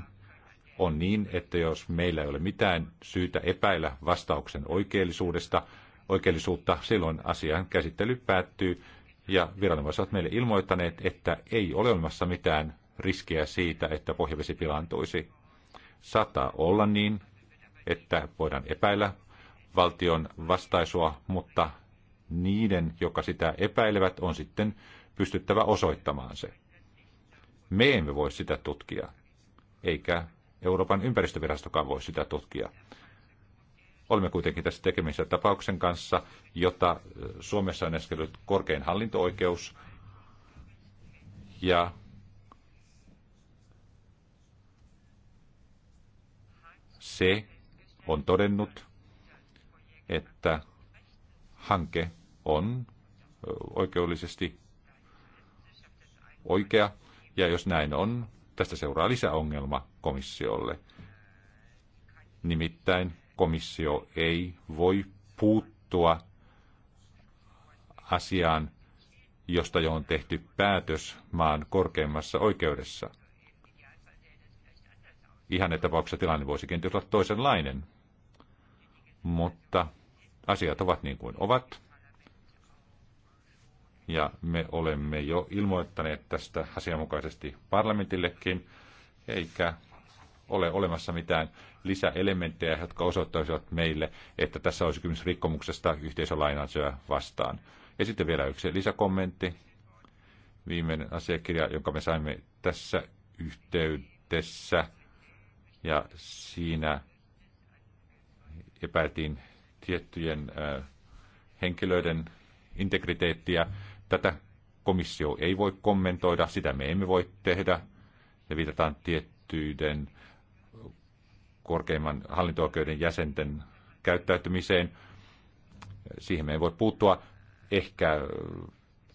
on niin, että jos meillä ei ole mitään syytä epäillä vastauksen oikeellisuudesta, oikeellisuutta, silloin asian käsittely päättyy ja viranomaiset ovat meille ilmoittaneet, että ei ole olemassa mitään riskiä siitä, että pohjavesi pilaantuisi. Saattaa olla niin, että voidaan epäillä valtion vastaisua, mutta niiden, jotka sitä epäilevät, on sitten pystyttävä osoittamaan se. Me emme voi sitä tutkia, eikä Euroopan ympäristövirastokaan voi sitä tutkia. Olemme kuitenkin tässä tekemisessä tapauksen kanssa, jota Suomessa on eskellyt korkein hallinto-oikeus. Ja se on todennut, että hanke on oikeudellisesti oikea ja jos näin on, tästä seuraa lisäongelma komissiolle. Nimittäin komissio ei voi puuttua asiaan, josta jo on tehty päätös maan korkeimmassa oikeudessa. Ihan tapauksessa tilanne voisi kenties olla toisenlainen, mutta asiat ovat niin kuin ovat ja me olemme jo ilmoittaneet tästä asianmukaisesti parlamentillekin, eikä ole olemassa mitään lisäelementtejä, jotka osoittaisivat meille, että tässä olisi kysymys rikkomuksesta yhteisölainansyöä vastaan. Ja sitten vielä yksi lisäkommentti. Viimeinen asiakirja, jonka me saimme tässä yhteydessä, ja siinä epäiltiin tiettyjen henkilöiden integriteettiä. Tätä komissio ei voi kommentoida, sitä me emme voi tehdä. Ja viitataan tiettyiden korkeimman hallinto jäsenten käyttäytymiseen. Siihen me ei voi puuttua. Ehkä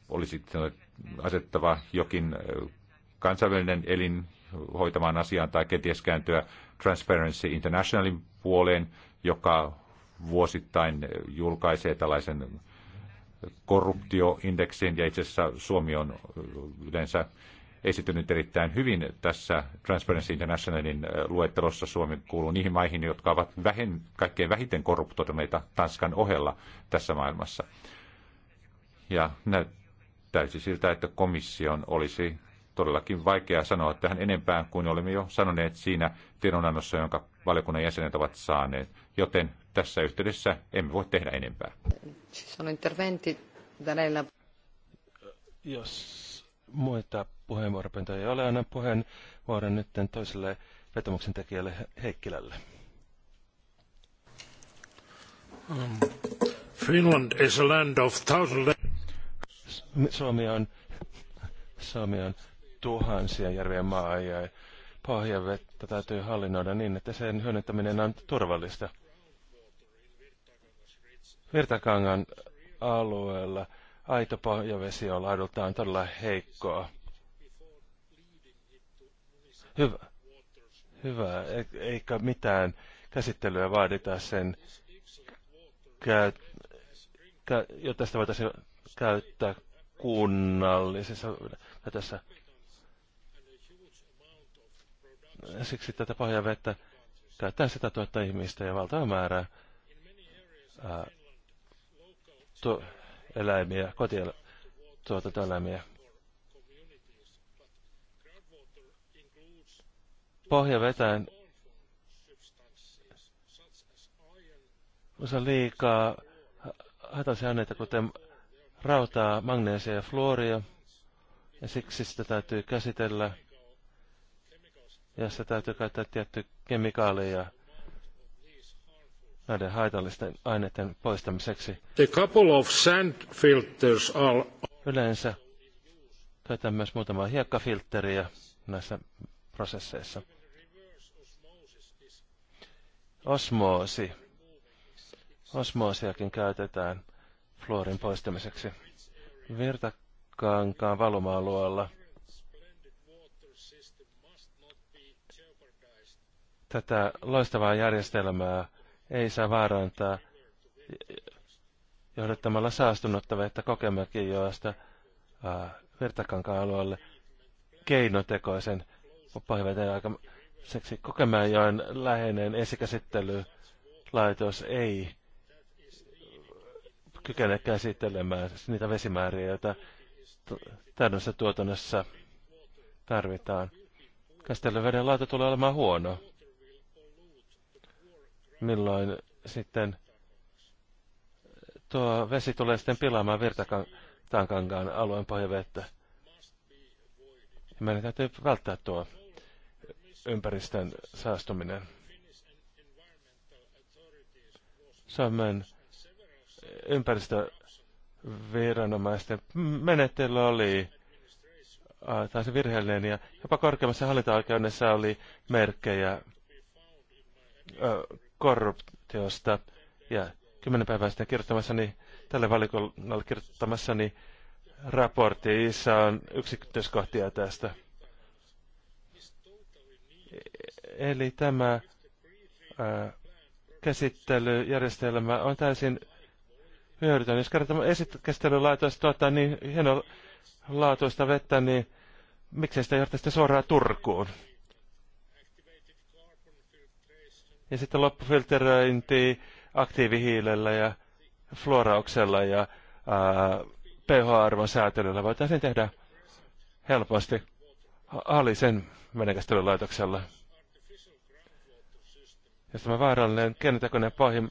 olisi asettava jokin kansainvälinen elin hoitamaan asiaan tai kenties kääntyä Transparency Internationalin puoleen, joka vuosittain julkaisee tällaisen korruptioindeksiin, ja itse asiassa Suomi on yleensä esitynyt erittäin hyvin tässä Transparency Internationalin luettelossa. Suomi kuuluu niihin maihin, jotka ovat vähen, kaikkein vähiten korruptoituneita Tanskan ohella tässä maailmassa. Ja näyttäisi siltä, että komission olisi todellakin vaikea sanoa tähän enempää kuin olemme jo sanoneet siinä tiedonannossa, jonka valiokunnan jäsenet ovat saaneet. Joten tässä yhteydessä emme voi tehdä enempää. interventi Jos muita puheenvuoropöntöjä ei ole, annan puheenvuoron nyt toiselle vetomuksen tekijälle Heikkilälle. Um, Finland is a land of thousand... Suomi on, Suomi on tuhansia järvien maa ja pohjavettä täytyy hallinnoida niin, että sen hyödyntäminen on turvallista. Virtakangan alueella aito pohjavesi on laadultaan todella heikkoa. Hyvä. Hyvä. E- eikä mitään käsittelyä vaadita sen, käyt, jotta sitä voitaisiin käyttää kunnallisessa tässä. Siksi tätä pohjavettä käyttää sitä tuhatta ihmistä ja valtava määrää. To eläimiä, kotieläimiä. Pohja vetäen on liikaa hätäisiä aineita, kuten rautaa, magneesia ja fluoria, ja siksi sitä täytyy käsitellä, ja sitä täytyy käyttää tiettyä kemikaaleja näiden haitallisten aineiden poistamiseksi. couple of sand filters are... Yleensä käytän myös muutamaa hiekkafiltteriä näissä prosesseissa. Osmoosi. Osmoosiakin käytetään fluorin poistamiseksi. Virtakankaan valuma-alueella tätä loistavaa järjestelmää ei saa vaarantaa johdattamalla saastunutta vettä Kokemäkin joasta Virtakankaan alueelle keinotekoisen pahiveteen aikaiseksi Kokemäenjoen läheinen esikäsittelylaitos ei kykene käsittelemään niitä vesimääriä, joita täydessä tuotannossa tarvitaan. Käsitellyn veden laatu tulee olemaan huono milloin sitten tuo vesi tulee sitten pilaamaan Virtatankankaan alueen pohjavettä. meidän täytyy välttää tuo ympäristön saastuminen. Suomen ympäristöviranomaisten menettely oli taisi virheellinen ja jopa hallinto-oikeudessa oli merkkejä korruptiosta ja kymmenen päivää sitten kirjoittamassani, niin tälle valikolle kirjoittamassani niin raportissa on yksityiskohtia tästä. Eli tämä ää, käsittelyjärjestelmä on täysin hyödytön. Jos kerran tämä käsittelylaitoista tuottaa niin hienolaatuista vettä, niin miksei sitä johtaa sitten suoraan Turkuun? Ja sitten loppufilteröinti aktiivihiilellä ja fluorauksella ja pH-arvon säätelyllä voitaisiin tehdä helposti alisen vedenkäsittelylaitoksella. Ja tämä vaarallinen keinotekoinen pohja,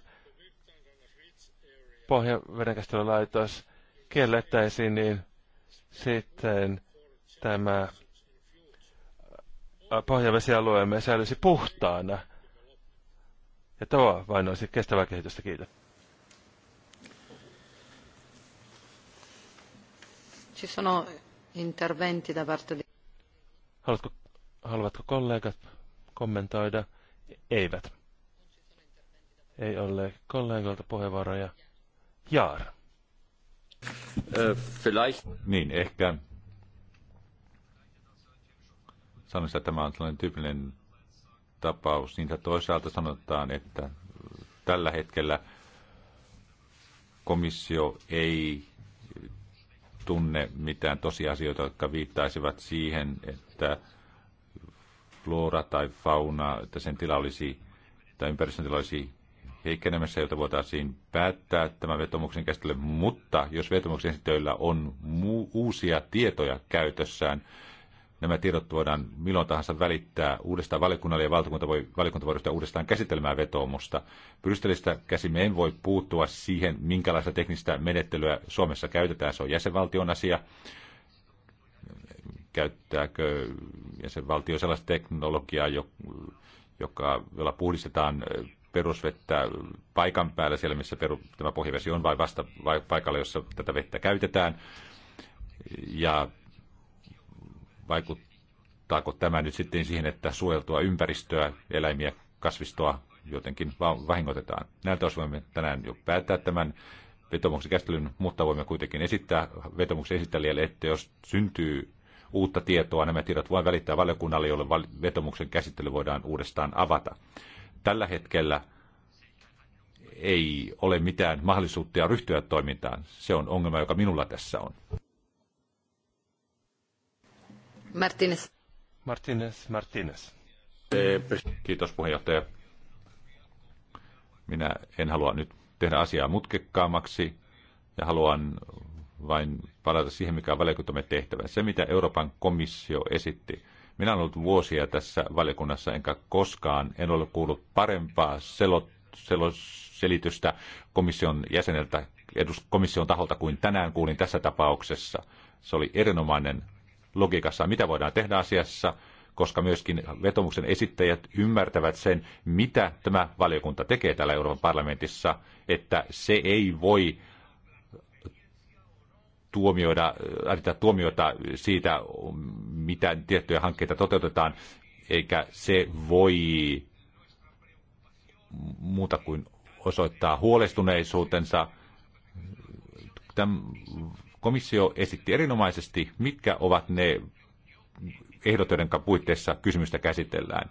pohjavedenkäsittelylaitos kiellettäisiin, niin sitten tämä pohjavesialueemme säilyisi puhtaana – ja tuo vain olisi kestävää kehitystä. Kiitos. Ci sono interventi da parte di... Haluatko, haluatko kollegat kommentoida? Eivät. Ei ole kollegoilta puheenvuoroja. Jaar. Äh, Niin, ehkä sanoisin, että tämä on sellainen tyypillinen tapaus, niin toisaalta sanotaan, että tällä hetkellä komissio ei tunne mitään tosiasioita, jotka viittaisivat siihen, että flora tai fauna, että sen tila olisi, tai ympäristön tila olisi heikkenemässä, jota voitaisiin päättää tämän vetomuksen käsittelylle. mutta jos vetomuksen esitöillä on uusia tietoja käytössään, nämä tiedot voidaan milloin tahansa välittää uudestaan valiokunnalle ja valtakunta voi, valiokunta voi uudestaan käsittelemään vetoomusta. Brysselistä käsi me en voi puuttua siihen, minkälaista teknistä menettelyä Suomessa käytetään. Se on jäsenvaltion asia. Käyttääkö jäsenvaltio sellaista teknologiaa, joka, jolla puhdistetaan perusvettä paikan päällä siellä, missä peru, tämä pohjavesi on, vai vasta vai paikalla, jossa tätä vettä käytetään. Ja Vaikuttaako tämä nyt sitten siihen, että suojeltua ympäristöä, eläimiä, kasvistoa jotenkin vahingoitetaan? Näiltä osin voimme tänään jo päättää tämän vetomuksen käsittelyn, mutta voimme kuitenkin esittää vetomuksen esittelijälle, että jos syntyy uutta tietoa, nämä tiedot voi välittää valiokunnalle, jolle vetomuksen käsittely voidaan uudestaan avata. Tällä hetkellä ei ole mitään mahdollisuutta ryhtyä toimintaan. Se on ongelma, joka minulla tässä on. Martínez. Martínez, Martínez. Eh, Kiitos puheenjohtaja. Minä en halua nyt tehdä asiaa mutkekkaammaksi ja haluan vain palata siihen, mikä on valiokuntamme tehtävä. Se, mitä Euroopan komissio esitti. Minä olen ollut vuosia tässä valiokunnassa, enkä koskaan en ole kuullut parempaa selot, selot, selitystä komission jäseneltä, edus, komission taholta kuin tänään kuulin tässä tapauksessa. Se oli erinomainen logiikassa, mitä voidaan tehdä asiassa, koska myöskin vetomuksen esittäjät ymmärtävät sen, mitä tämä valiokunta tekee täällä Euroopan parlamentissa, että se ei voi tuomioida, tuomiota siitä, mitä tiettyjä hankkeita toteutetaan, eikä se voi muuta kuin osoittaa huolestuneisuutensa. Tämän Komissio esitti erinomaisesti, mitkä ovat ne ehdot, joiden puitteissa kysymystä käsitellään.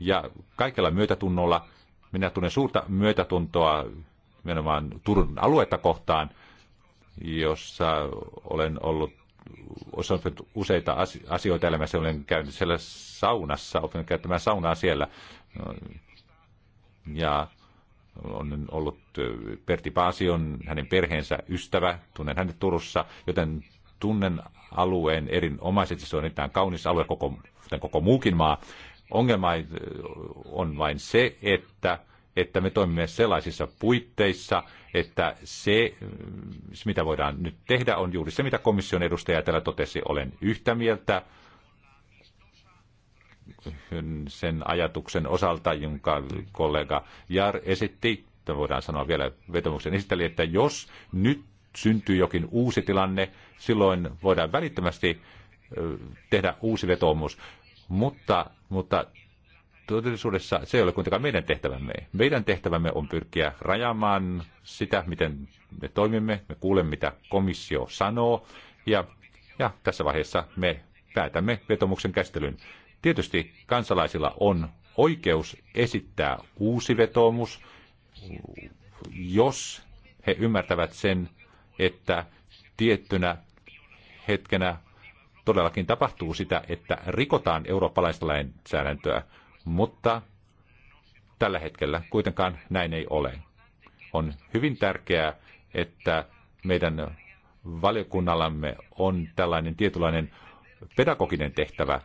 Ja kaikella myötätunnolla, minä tunnen suurta myötätuntoa nimenomaan Turun aluetta kohtaan, jossa olen ollut osannut useita asioita elämässä. Olen käynyt siellä saunassa, olen käyttämään saunaa siellä. Ja on ollut eh, Pertti Paasion, hänen perheensä ystävä, tunnen hänet Turussa, joten tunnen alueen erinomaisesti. Se on erittäin kaunis alue, koko, koko muukin maa. Ongelma eh, on vain se, että että me toimimme sellaisissa puitteissa, että eh, se, mitä voidaan nyt tehdä, on juuri se, mitä komission edustaja täällä totesi. Olen yhtä mieltä sen ajatuksen osalta, jonka kollega Jar esitti, että voidaan sanoa vielä vetomuksen esitteli, että jos nyt syntyy jokin uusi tilanne, silloin voidaan välittömästi tehdä uusi vetoomus. Mutta, mutta todellisuudessa se ei ole kuitenkaan meidän tehtävämme. Meidän tehtävämme on pyrkiä rajaamaan sitä, miten me toimimme, me kuulemme, mitä komissio sanoo, ja, ja tässä vaiheessa me päätämme vetomuksen käsittelyn. Tietysti kansalaisilla on oikeus esittää uusi vetoomus, jos he ymmärtävät sen, että tiettynä hetkenä todellakin tapahtuu sitä, että rikotaan eurooppalaista lainsäädäntöä, mutta tällä hetkellä kuitenkaan näin ei ole. On hyvin tärkeää, että meidän valiokunnallamme on tällainen tietynlainen pedagoginen tehtävä,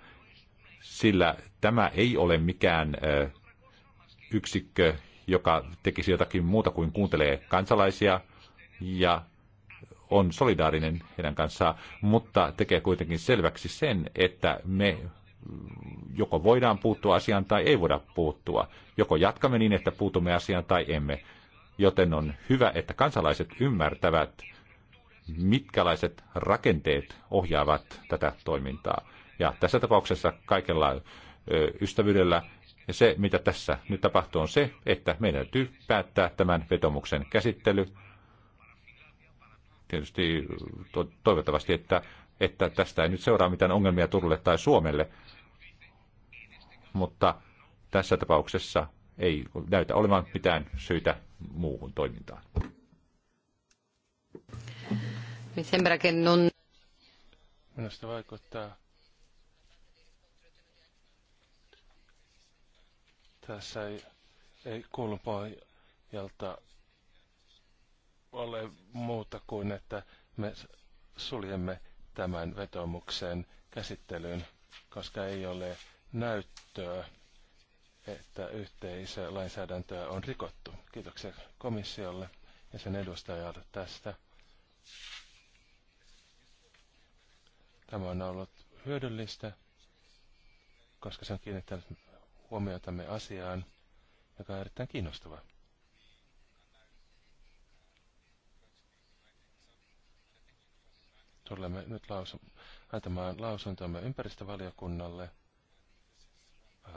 sillä tämä ei ole mikään yksikkö, joka tekisi jotakin muuta kuin kuuntelee kansalaisia ja on solidaarinen heidän kanssaan, mutta tekee kuitenkin selväksi sen, että me joko voidaan puuttua asiaan tai ei voida puuttua. Joko jatkamme niin, että puutumme asiaan tai emme. Joten on hyvä, että kansalaiset ymmärtävät, mitkälaiset rakenteet ohjaavat tätä toimintaa. Ja tässä tapauksessa kaikella ystävyydellä ja se, mitä tässä nyt tapahtuu, on se, että meidän täytyy päättää tämän vetomuksen käsittely. Tietysti to- toivottavasti, että, että tästä ei nyt seuraa mitään ongelmia Turulle tai Suomelle, mutta tässä tapauksessa ei näytä olevan mitään syytä muuhun toimintaan. Minusta vaikuttaa Tässä ei, ei kuulun pohjalta ole muuta kuin, että me suljemme tämän vetomuksen käsittelyyn, koska ei ole näyttöä, että yhteisölainsäädäntöä on rikottu. Kiitoksia komissiolle ja sen edustajalle tästä. Tämä on ollut hyödyllistä, koska se on kiinnittänyt huomiotamme asiaan, joka on erittäin kiinnostava. Tulemme nyt laus- antamaan lausuntomme ympäristövaliokunnalle äh,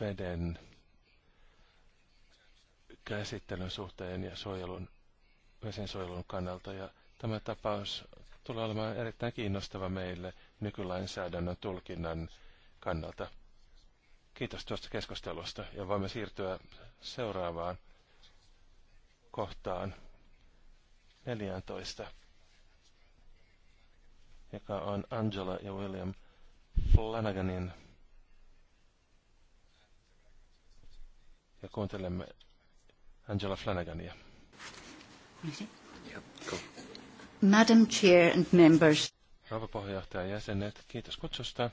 veden käsittelyn suhteen ja suojelun, suojelun kannalta. Ja tämä tapaus tulee olemaan erittäin kiinnostava meille nykylainsäädännön tulkinnan kannalta. Kiitos tuosta keskustelusta ja voimme siirtyä seuraavaan kohtaan 14, joka on Angela ja William Flanaganin. Ja kuuntelemme Angela Flanagania. Madam Chair and members. Rouva puheenjohtaja jäsenet, kiitos kutsusta.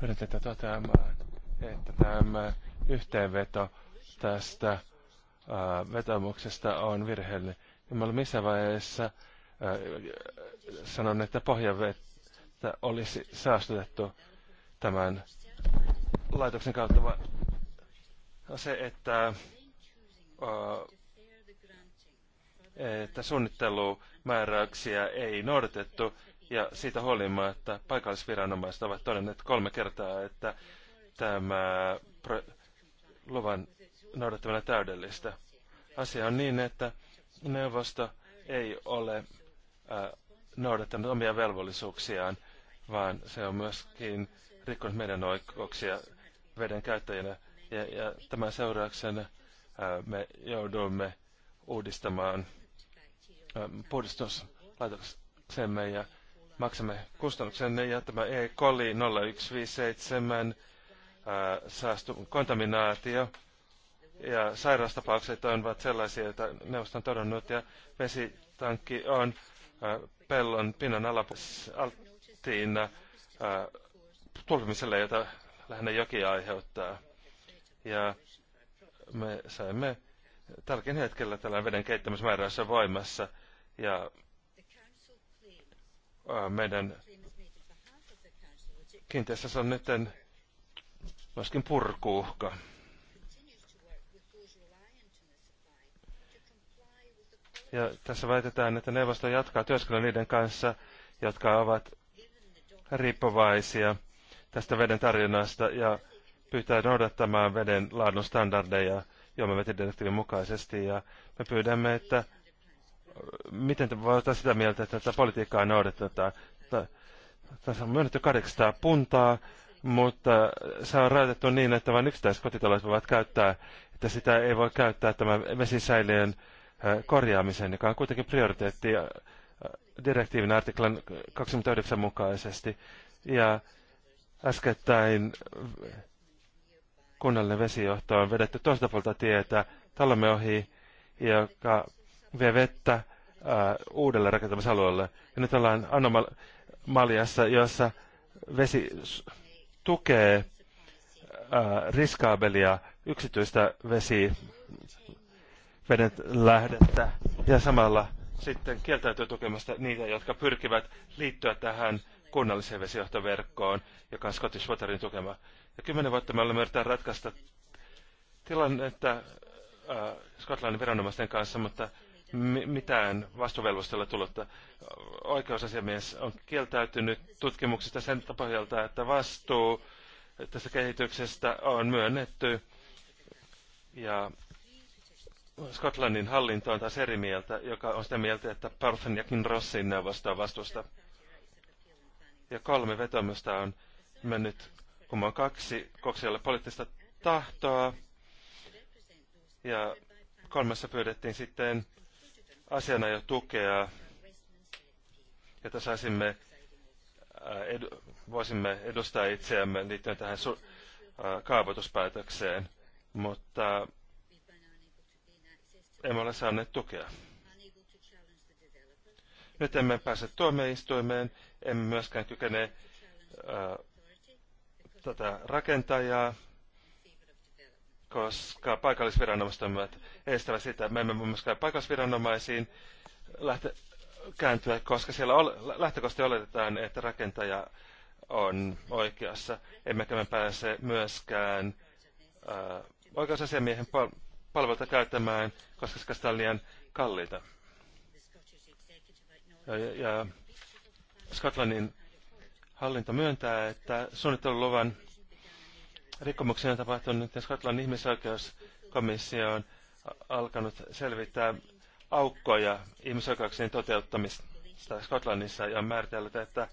Pyydän toteamaan, että tämä yhteenveto tästä vetomuksesta on virheellinen. En ole missään vaiheessa sanon, että pohjavettä olisi saastutettu tämän laitoksen kautta, vaan se, että, että suunnittelumääräyksiä ei noudatettu ja siitä huolimatta paikallisviranomaiset ovat todenneet kolme kertaa, että tämä luvan noudattaminen täydellistä. Asia on niin, että neuvosto ei ole äh, noudattanut omia velvollisuuksiaan, vaan se on myöskin rikkonut meidän oikeuksia veden käyttäjänä. Ja, ja tämän seurauksena äh, me joudumme uudistamaan äh, puhdistuslaitoksemme ja maksamme kustannuksenne ja tämä E-koli 0157 ää, saastu, kontaminaatio ja sairaustapaukset ovat sellaisia, joita neuvosto on todennut ja vesitankki on ää, äh, pellon pinnan alapuolella äh, tulvimiselle, jota lähinnä joki aiheuttaa. Ja me saimme tälläkin hetkellä tällainen veden keittämismääräys voimassa ja Äh, meidän kiinteistössä on nyt myöskin purkuuhka. Ja tässä väitetään, että neuvosto jatkaa työskennellä niiden kanssa, jotka ovat riippuvaisia tästä veden tarjonnasta ja pyytää noudattamaan veden laadun standardeja juomavetidirektiivin mukaisesti. Ja me pyydämme, että miten te voitte sitä mieltä, että tätä politiikkaa noudatetaan? Tässä on myönnetty 800 puntaa, mutta se on rajoitettu niin, että vain yksittäiskotitaloudet voivat käyttää, että sitä ei voi käyttää tämän vesisäiliön korjaamiseen, joka on kuitenkin prioriteetti direktiivin artiklan 29 mukaisesti. Ja äskettäin kunnallinen vesijohto on vedetty toista puolta tietä talomme ohi, joka vie vettä äh, uudelle rakentamisalueelle. Ja nyt ollaan anomaliassa, jossa vesi tukee äh, riskaabelia yksityistä vesi veden lähdettä ja samalla sitten kieltäytyy tukemasta niitä, jotka pyrkivät liittyä tähän kunnalliseen vesijohtoverkkoon, joka on Scottish Waterin tukema. Ja kymmenen vuotta me olemme yrittäneet ratkaista tilannetta äh, Skotlannin viranomaisten kanssa, mutta mitään vastuvelvoistella tullutta. Oikeusasiamies on kieltäytynyt tutkimuksesta sen pohjalta, että vastuu tästä kehityksestä on myönnetty ja Skotlannin hallinto on taas eri mieltä, joka on sitä mieltä, että Parfen ja Kinrossin neuvosto on vastuusta. Ja kolme vetomusta on mennyt, kun on kaksi, koska ei ole poliittista tahtoa. Ja kolmessa pyydettiin sitten asiana ja tukea, että saisimme, äh, edu, voisimme edustaa itseämme liittyen tähän su- äh, kaavoituspäätökseen, mutta emme ole saaneet tukea. Nyt emme pääse tuomioistuimeen, emme myöskään kykene ää, äh, tätä rakentajaa koska paikallisviranomaiset ovat estävät sitä. Me emme myöskään paikallisviranomaisiin lähte- kääntyä, koska siellä ol- lähtökohtaisesti oletetaan, että rakentaja on oikeassa. Emmekä me pääse myöskään äh, oikeusasiamiehen pal- palveluita käyttämään, koska se on liian kalliita. Ja, ja, ja Skotlannin hallinto myöntää, että suunnitteluluvan rikkomuksia on tapahtunut, ja Skotlannin ihmisoikeuskomissio on alkanut selvittää aukkoja ihmisoikeuksien toteuttamista Skotlannissa ja on määritellyt, että,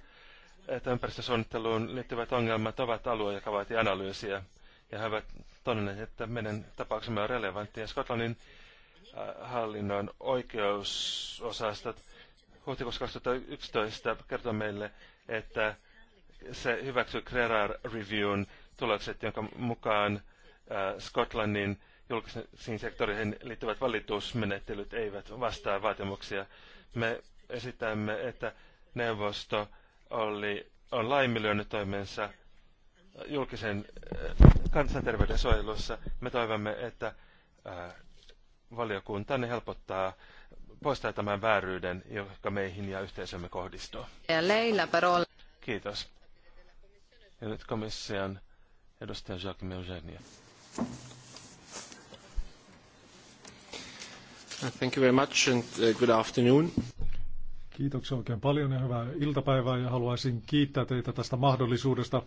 että ympäristösuunnitteluun liittyvät ongelmat ovat alue, joka vaatii analyysiä. Ja he ovat todenneet, että meidän tapauksemme on relevantti. Ja Skotlannin äh, hallinnon oikeusosastot huhtikuussa 2011 kertoi meille, että se hyväksyi Crerar Reviewn tulokset, jonka mukaan äh, Skotlannin julkisiin sektoriin liittyvät valitusmenettelyt eivät vastaa vaatimuksia. Me esitämme, että neuvosto oli, on laiminlyönyt toimensa äh, julkisen äh, kansanterveyden suojelussa. Me toivomme, että valiokunta ne helpottaa poistaa tämän vääryyden, joka meihin ja yhteisömme kohdistuu. Kiitos. Ja nyt komission Edustaja Jacques Eugenia. Thank you very much and uh, good afternoon. Kiitoksia oikein paljon ja hyvää iltapäivää ja haluaisin kiittää teitä tästä mahdollisuudesta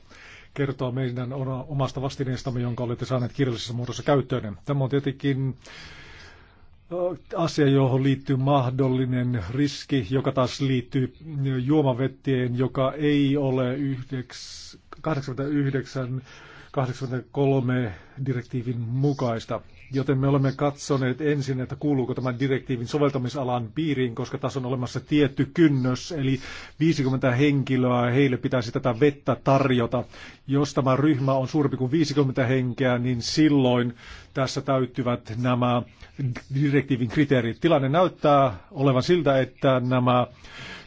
kertoa meidän omasta vastineestamme, jonka olette saaneet kirjallisessa muodossa käyttöön. Tämä on tietenkin asia, johon liittyy mahdollinen riski, joka taas liittyy juomavettien, joka ei ole 89 83 direktiivin mukaista. Joten me olemme katsoneet ensin, että kuuluuko tämän direktiivin soveltamisalan piiriin, koska tässä on olemassa tietty kynnös, eli 50 henkilöä, heille pitäisi tätä vettä tarjota. Jos tämä ryhmä on suurempi kuin 50 henkeä, niin silloin tässä täyttyvät nämä direktiivin kriteerit. Tilanne näyttää olevan siltä, että nämä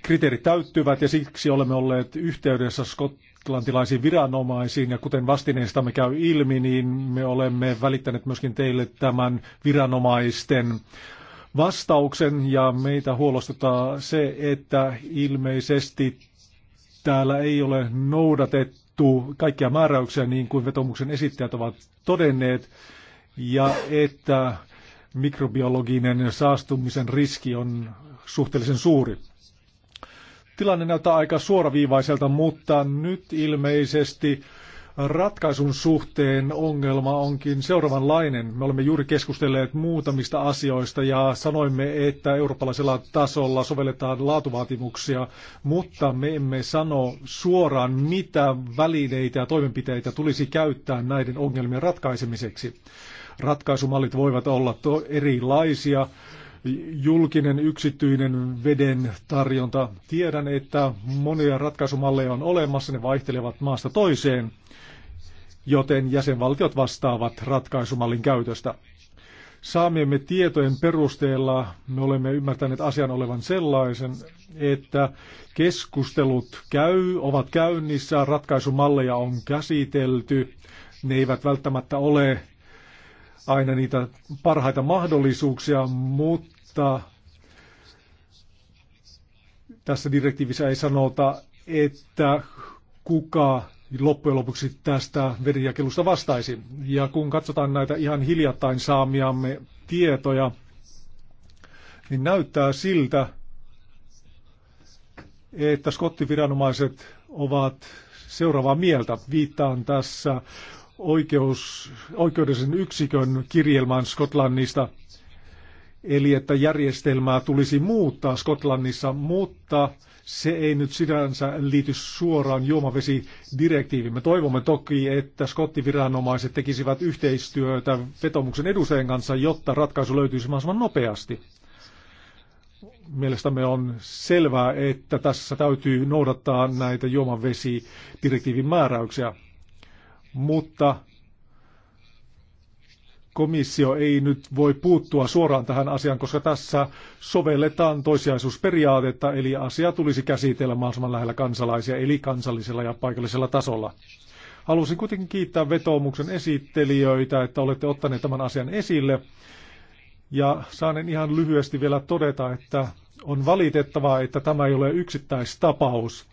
kriteerit täyttyvät ja siksi olemme olleet yhteydessä Scott irlantilaisiin viranomaisiin ja kuten vastineistamme käy ilmi, niin me olemme välittäneet myöskin teille tämän viranomaisten vastauksen ja meitä huolostuttaa se, että ilmeisesti täällä ei ole noudatettu kaikkia määräyksiä niin kuin vetomuksen esittäjät ovat todenneet ja että mikrobiologinen saastumisen riski on suhteellisen suuri. Tilanne näyttää aika suoraviivaiselta, mutta nyt ilmeisesti ratkaisun suhteen ongelma onkin seuraavanlainen. Me olemme juuri keskustelleet muutamista asioista ja sanoimme, että eurooppalaisella tasolla sovelletaan laatuvaatimuksia, mutta me emme sano suoraan, mitä välineitä ja toimenpiteitä tulisi käyttää näiden ongelmien ratkaisemiseksi. Ratkaisumallit voivat olla erilaisia julkinen, yksityinen veden tarjonta. Tiedän, että monia ratkaisumalleja on olemassa, ne vaihtelevat maasta toiseen, joten jäsenvaltiot vastaavat ratkaisumallin käytöstä. Saamiemme tietojen perusteella me olemme ymmärtäneet asian olevan sellaisen, että keskustelut käy, ovat käynnissä, ratkaisumalleja on käsitelty, ne eivät välttämättä ole aina niitä parhaita mahdollisuuksia, mutta tässä direktiivissä ei sanota, että kuka loppujen lopuksi tästä verijakelusta vastaisi. Ja kun katsotaan näitä ihan hiljattain saamiamme tietoja, niin näyttää siltä, että skottiviranomaiset ovat seuraavaa mieltä. Viittaan tässä oikeus, oikeudellisen yksikön kirjelmään Skotlannista, eli että järjestelmää tulisi muuttaa Skotlannissa, mutta se ei nyt sinänsä liity suoraan juomavesidirektiiviin. Me toivomme toki, että skottiviranomaiset tekisivät yhteistyötä vetomuksen edustajien kanssa, jotta ratkaisu löytyisi mahdollisimman nopeasti. Mielestämme on selvää, että tässä täytyy noudattaa näitä juomavesidirektiivin määräyksiä mutta komissio ei nyt voi puuttua suoraan tähän asiaan, koska tässä sovelletaan toisiaisuusperiaatetta, eli asia tulisi käsitellä mahdollisimman lähellä kansalaisia, eli kansallisella ja paikallisella tasolla. Haluaisin kuitenkin kiittää vetoomuksen esittelijöitä, että olette ottaneet tämän asian esille. Ja saanen ihan lyhyesti vielä todeta, että on valitettavaa, että tämä ei ole yksittäistapaus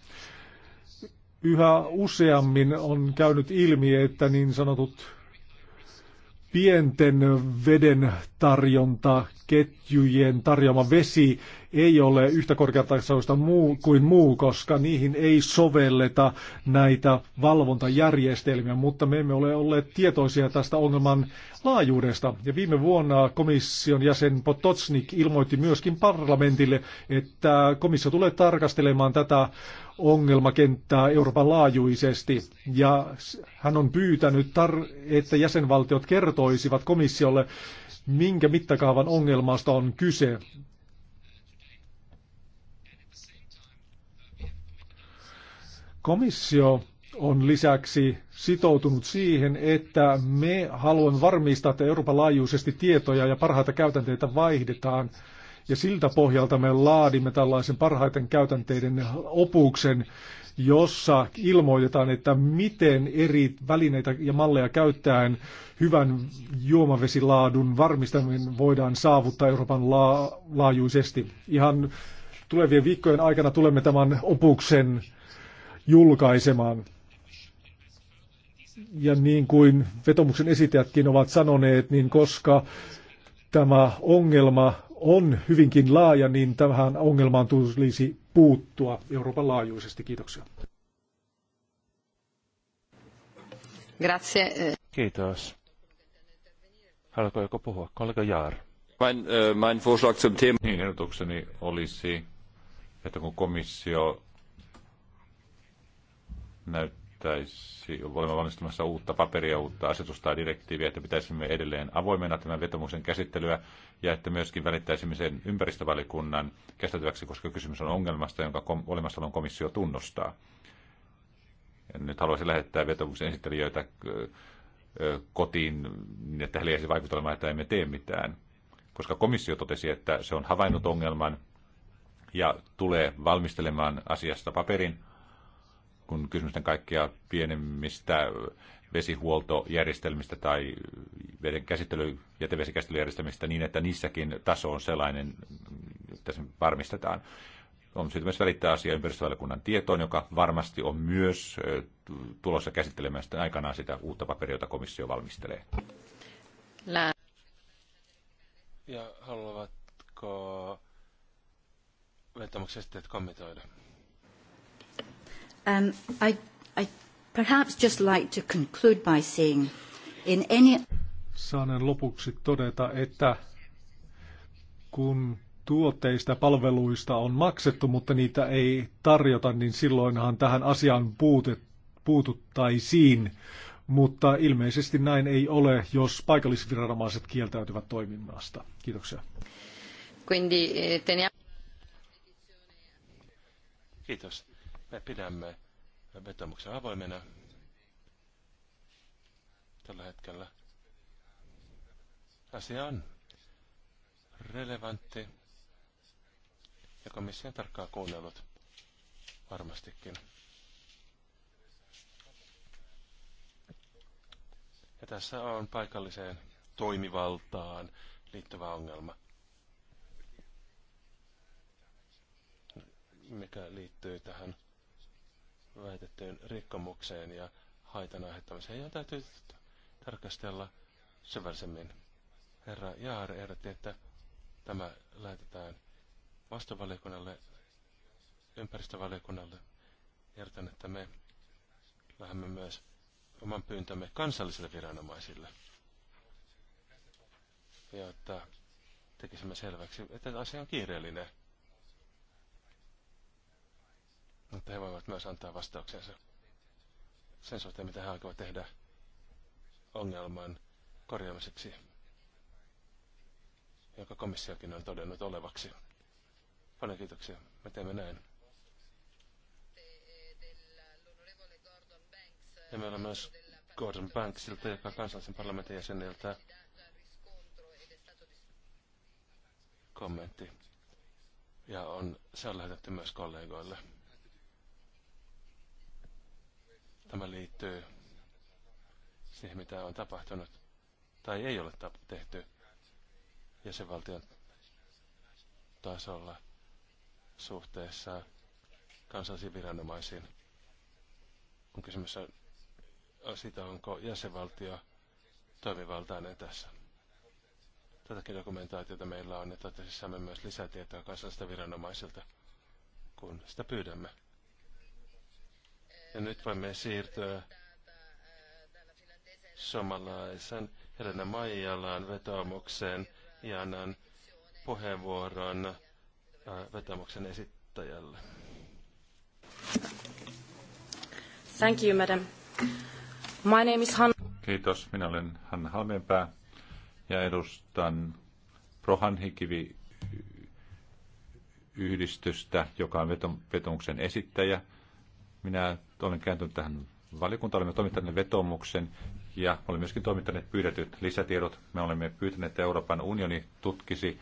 yhä useammin on käynyt ilmi, että niin sanotut pienten veden tarjonta, ketjujen tarjoama vesi ei ole yhtä korkeatasoista muu kuin muu, koska niihin ei sovelleta näitä valvontajärjestelmiä, mutta me emme ole olleet tietoisia tästä ongelman laajuudesta. Ja viime vuonna komission jäsen Potocnik ilmoitti myöskin parlamentille, että komissio tulee tarkastelemaan tätä ongelmakenttää Euroopan laajuisesti ja hän on pyytänyt, että jäsenvaltiot kertoisivat komissiolle, minkä mittakaavan ongelmasta on kyse. Komissio on lisäksi sitoutunut siihen, että me haluamme varmistaa, että Euroopan laajuisesti tietoja ja parhaita käytänteitä vaihdetaan – ja siltä pohjalta me laadimme tällaisen parhaiten käytänteiden opuksen, jossa ilmoitetaan, että miten eri välineitä ja malleja käyttäen hyvän juomavesilaadun varmistaminen voidaan saavuttaa Euroopan la- laajuisesti. Ihan tulevien viikkojen aikana tulemme tämän opuksen julkaisemaan. Ja niin kuin vetomuksen esittäjätkin ovat sanoneet, niin koska tämä ongelma on hyvinkin laaja, niin tähän ongelmaan tulisi puuttua Euroopan laajuisesti. Kiitoksia. Grazie. Kiitos. Haluatko joko puhua? Kollega Jaar. Mein, äh, mein Vorschlag zum Thema. Niin, ehdotukseni olisi, että kun komissio näyttää pitäisi, olemme valmistamassa uutta paperia, uutta asetusta tai direktiiviä, että pitäisimme edelleen avoimena tämän vetomuksen käsittelyä ja että myöskin välittäisimme sen ympäristövalikunnan käsiteltäväksi, koska kysymys on ongelmasta, jonka kom- olemassaolon komissio tunnustaa. Ja nyt haluaisin lähettää vetomuksen esittelijöitä kotiin, niin että heillä jäisi vaikutelma, että emme tee mitään. Koska komissio totesi, että se on havainnut ongelman ja tulee valmistelemaan asiasta paperin, kun kysymys on kaikkia pienemmistä vesihuoltojärjestelmistä tai veden käsittely, jätevesikäsittelyjärjestelmistä niin, että niissäkin taso on sellainen, että se varmistetaan. On syytä myös välittää asia ympäristövaliokunnan tietoon, joka varmasti on myös tulossa käsittelemään sitten aikanaan sitä uutta paperia, jota komissio valmistelee. Ja haluavatko vetomuksen kommentoida? Um, I, I perhaps just like to conclude by saying in any... Saanen lopuksi todeta, että kun tuotteista ja palveluista on maksettu, mutta niitä ei tarjota, niin silloinhan tähän asiaan puutet, puututtaisiin. Mutta ilmeisesti näin ei ole, jos paikallisviranomaiset kieltäytyvät toiminnasta. Kiitoksia. Quindi, eh, tenia... Kiitos. Me pidämme vetomuksen avoimena tällä hetkellä. Asia on relevantti ja komission tarkkaa kuunnellut varmastikin. Ja tässä on paikalliseen toimivaltaan liittyvä ongelma, mikä liittyy tähän väitettyyn rikkomukseen ja haitan aiheuttamiseen. Ja täytyy tarkastella syvällisemmin. Herra Jaar ehdotti, että tämä lähetetään vastavaliokunnalle, ympäristövaliokunnalle. Ehdotan, että me lähemme myös oman pyyntömme kansallisille viranomaisille, ja että tekisimme selväksi, että asia on kiireellinen. Mutta he voivat myös antaa vastauksensa sen suhteen, mitä he alkavat tehdä ongelman korjaamiseksi, joka komissiokin on todennut olevaksi. Paljon kiitoksia. Me teemme näin. Ja meillä on myös Gordon Banksilta, joka on kansallisen parlamentin jäseniltä kommentti. Ja on, se on lähetetty myös kollegoille. Tämä liittyy siihen, mitä on tapahtunut tai ei ole tehty jäsenvaltion tasolla suhteessa kansallisiin viranomaisiin. On kysymys siitä, onko jäsenvaltio toimivaltainen tässä. Tätäkin dokumentaatiota meillä on, ja toivottavasti saamme myös lisätietoa kansallisista viranomaisilta, kun sitä pyydämme. Ja nyt voimme siirtyä suomalaisen Helena Maijalan vetoomukseen ja annan puheenvuoron äh, vetomuksen esittäjälle. Thank you, madam. My name is Han- Kiitos. Minä olen Hanna Halmeenpää ja edustan Prohanhikivi yhdistystä, joka on vetomuksen esittäjä. Minä olen kääntynyt tähän valiokuntaan, olemme toimittaneet vetomuksen ja olemme myöskin toimittaneet pyydetyt lisätiedot. Me olemme pyytäneet, että Euroopan unioni tutkisi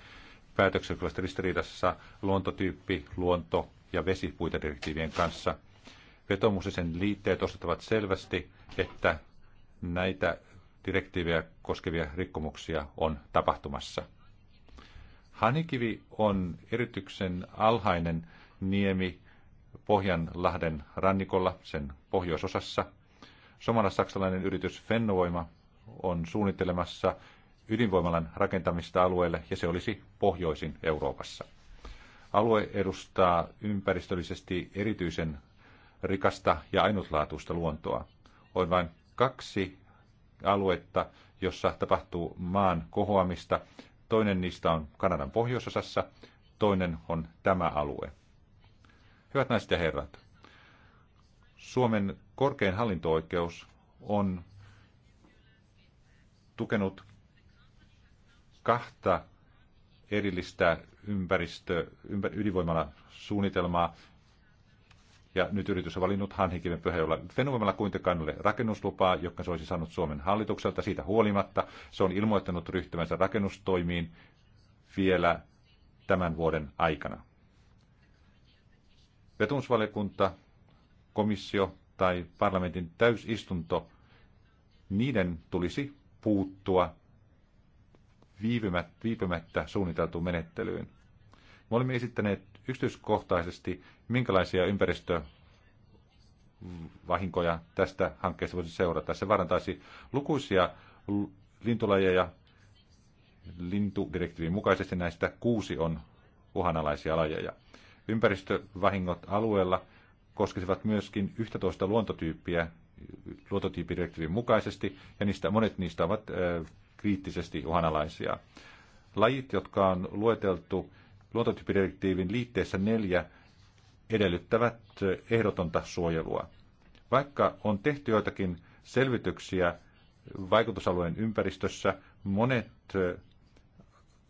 päätöksen ristiriidassa luontotyyppi, luonto ja vesipuitedirektiivien kanssa. Vetomus ja sen liitteet osoittavat selvästi, että näitä direktiivejä koskevia rikkomuksia on tapahtumassa. Hanikivi on erityisen alhainen niemi Pohjanlahden rannikolla, sen pohjoisosassa. Somalasaksalainen yritys Fennovoima on suunnittelemassa ydinvoimalan rakentamista alueelle ja se olisi pohjoisin Euroopassa. Alue edustaa ympäristöllisesti erityisen rikasta ja ainutlaatuista luontoa. On vain kaksi aluetta, jossa tapahtuu maan kohoamista. Toinen niistä on Kanadan pohjoisosassa, toinen on tämä alue. Hyvät naiset ja herrat, Suomen korkein hallinto-oikeus on tukenut kahta erillistä ympäristö, ympär, ydinvoimalla suunnitelmaa, ja nyt yritys on valinnut Hanhikiven pyhäjolla Fennovoimalla kuitenkaan ole rakennuslupaa, joka se olisi saanut Suomen hallitukselta siitä huolimatta. Se on ilmoittanut ryhtymänsä rakennustoimiin vielä tämän vuoden aikana. Vetomusvaliokunta, komissio tai parlamentin täysistunto, niiden tulisi puuttua viipymättä suunniteltuun menettelyyn. Me olemme esittäneet yksityiskohtaisesti, minkälaisia ympäristövahinkoja tästä hankkeesta voisi seurata. Se varantaisi lukuisia lintulajeja lintudirektiivin mukaisesti. Näistä kuusi on uhanalaisia lajeja. Ympäristövahingot alueella koskisivat myöskin 11 luontotyyppiä luontotyyppidirektiivin mukaisesti, ja niistä, monet niistä ovat kriittisesti uhanalaisia. Lajit, jotka on lueteltu luontotyyppidirektiivin liitteessä neljä, edellyttävät ehdotonta suojelua. Vaikka on tehty joitakin selvityksiä vaikutusalueen ympäristössä, monet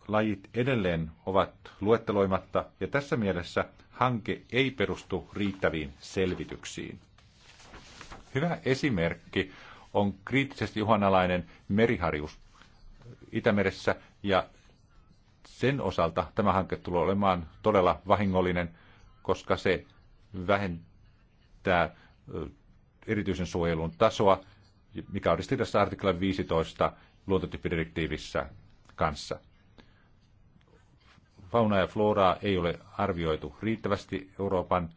lajit edelleen ovat luetteloimatta ja tässä mielessä hanke ei perustu riittäviin selvityksiin. Hyvä esimerkki on kriittisesti uhanalainen meriharjus Itämeressä ja sen osalta tämä hanke tulee olemaan todella vahingollinen, koska se vähentää erityisen suojelun tasoa, mikä on ristiriidassa artikla 15 luontotyyppidirektiivissä kanssa faunaa ja floraa ei ole arvioitu riittävästi Euroopan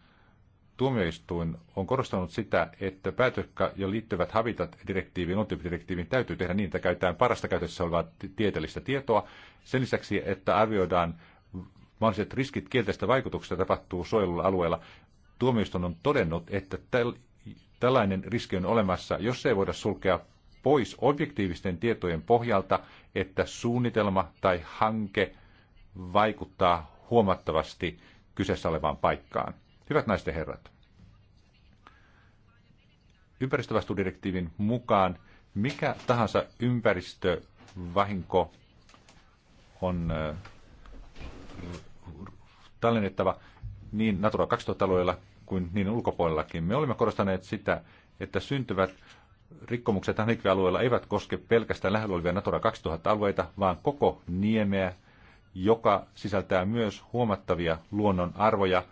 tuomioistuin on korostanut sitä, että päätökkä jo liittyvät Habitat-direktiiviin, direktiiviin täytyy tehdä niin, että käytetään parasta käytössä olevaa tieteellistä tietoa. Sen lisäksi, että arvioidaan mahdolliset riskit kielteistä vaikutuksista tapahtuu suojelulla alueella. Tuomioistuin on todennut, että täl, tällainen riski on olemassa, jos ei voida sulkea pois objektiivisten tietojen pohjalta, että suunnitelma tai hanke – vaikuttaa huomattavasti kyseessä olevaan paikkaan. Hyvät naiset ja herrat, ympäristövastuudirektiivin mukaan mikä tahansa ympäristövahinko on äh, tallennettava niin Natura 2000-alueella kuin niin ulkopuolellakin. Me olimme korostaneet sitä, että syntyvät rikkomukset Hanikve-alueella eivät koske pelkästään lähellä olevia Natura 2000-alueita, vaan koko niemeä, joka sisältää myös huomattavia luonnon arvoja,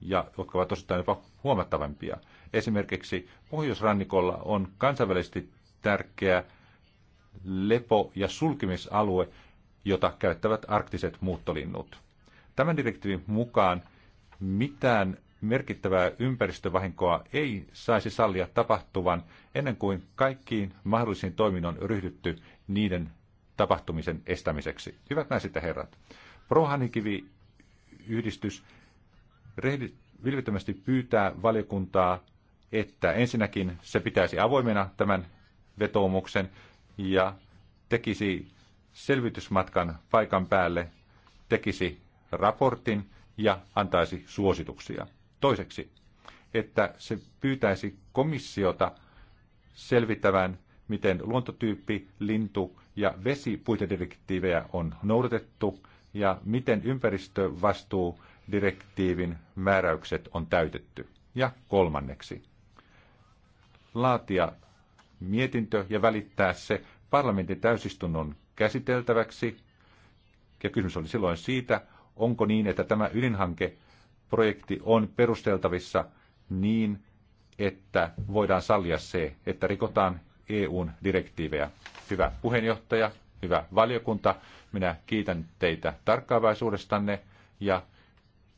ja jotka ovat osittain jopa huomattavampia. Esimerkiksi pohjoisrannikolla on kansainvälisesti tärkeä lepo- ja sulkimisalue, jota käyttävät arktiset muuttolinnut. Tämän direktiivin mukaan mitään merkittävää ympäristövahinkoa ei saisi sallia tapahtuvan ennen kuin kaikkiin mahdollisiin toimiin on ryhdytty niiden tapahtumisen estämiseksi. Hyvät naiset ja herrat, Prohanikivi yhdistys vilvittömästi pyytää valiokuntaa, että ensinnäkin se pitäisi avoimena tämän vetoomuksen ja tekisi selvitysmatkan paikan päälle, tekisi raportin ja antaisi suosituksia. Toiseksi, että se pyytäisi komissiota selvittävän miten luontotyyppi, lintu ja vesipuitedirektiivejä on noudatettu ja miten ympäristövastuudirektiivin määräykset on täytetty. Ja kolmanneksi, laatia mietintö ja välittää se parlamentin täysistunnon käsiteltäväksi. Ja kysymys oli silloin siitä, onko niin, että tämä ydinhankeprojekti on perusteltavissa niin, että voidaan sallia se, että rikotaan EUn direktiivejä. Hyvä puheenjohtaja, hyvä valiokunta, minä kiitän teitä tarkkaavaisuudestanne ja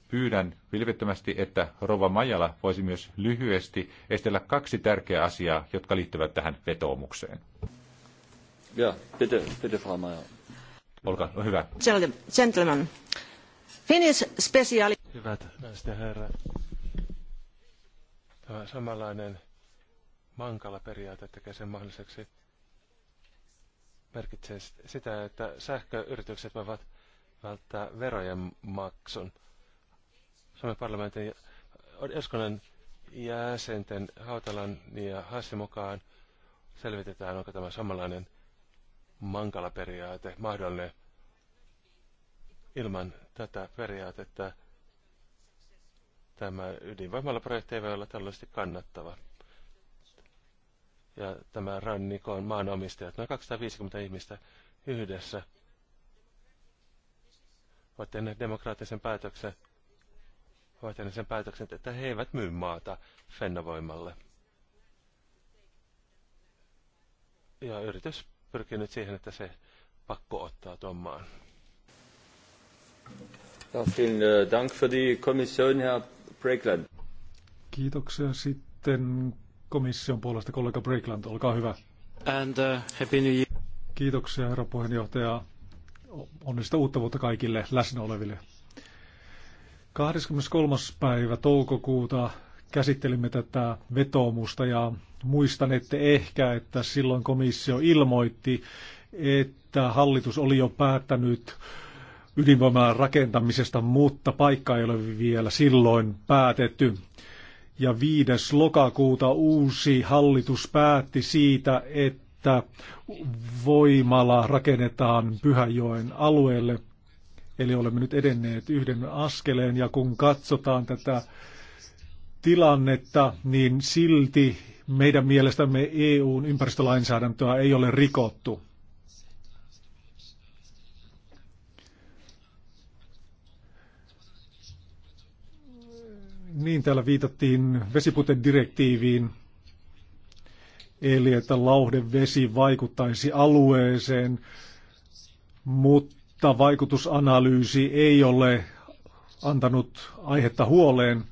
pyydän vilpittömästi, että Rova Majala voisi myös lyhyesti estellä kaksi tärkeää asiaa, jotka liittyvät tähän vetoomukseen. Ja, bitte, bitte, Frau Majala. Olkaa hyvä. Gentlemen. Finnish speciali... Hyvät naiset ja herrat. Tämä samanlainen mankala periaate tekee sen mahdolliseksi. Merkitsee sitä, että sähköyritykset voivat välttää verojen maksun. Suomen parlamentin eskonen jäsenten Hautalan ja Hassi mukaan selvitetään, onko tämä samanlainen mankala periaate mahdollinen. Ilman tätä periaatetta tämä ydinvoimalla projekti ei voi olla taloudellisesti kannattava ja tämä rannikon maanomistajat, noin 250 ihmistä yhdessä, ovat tehneet demokraattisen päätöksen, ovat tehneet sen päätöksen, että he eivät myy maata Fennovoimalle. Ja yritys pyrkii nyt siihen, että se pakko ottaa tuon maan. Äh, Kiitoksia sitten komission puolesta kollega Brickland, olkaa hyvä. And, uh, happy new year. Kiitoksia herra puheenjohtaja. Onnista uutta vuotta kaikille läsnä oleville. 23. päivä toukokuuta käsittelimme tätä vetoomusta ja muistan, että ehkä, että silloin komissio ilmoitti, että hallitus oli jo päättänyt ydinvoiman rakentamisesta, mutta paikka ei ole vielä silloin päätetty ja 5. lokakuuta uusi hallitus päätti siitä, että voimala rakennetaan Pyhäjoen alueelle. Eli olemme nyt edenneet yhden askeleen ja kun katsotaan tätä tilannetta, niin silti meidän mielestämme EUn ympäristölainsäädäntöä ei ole rikottu. Niin, täällä viitattiin vesipuitedirektiiviin, eli että lauhdevesi vaikuttaisi alueeseen, mutta vaikutusanalyysi ei ole antanut aihetta huoleen.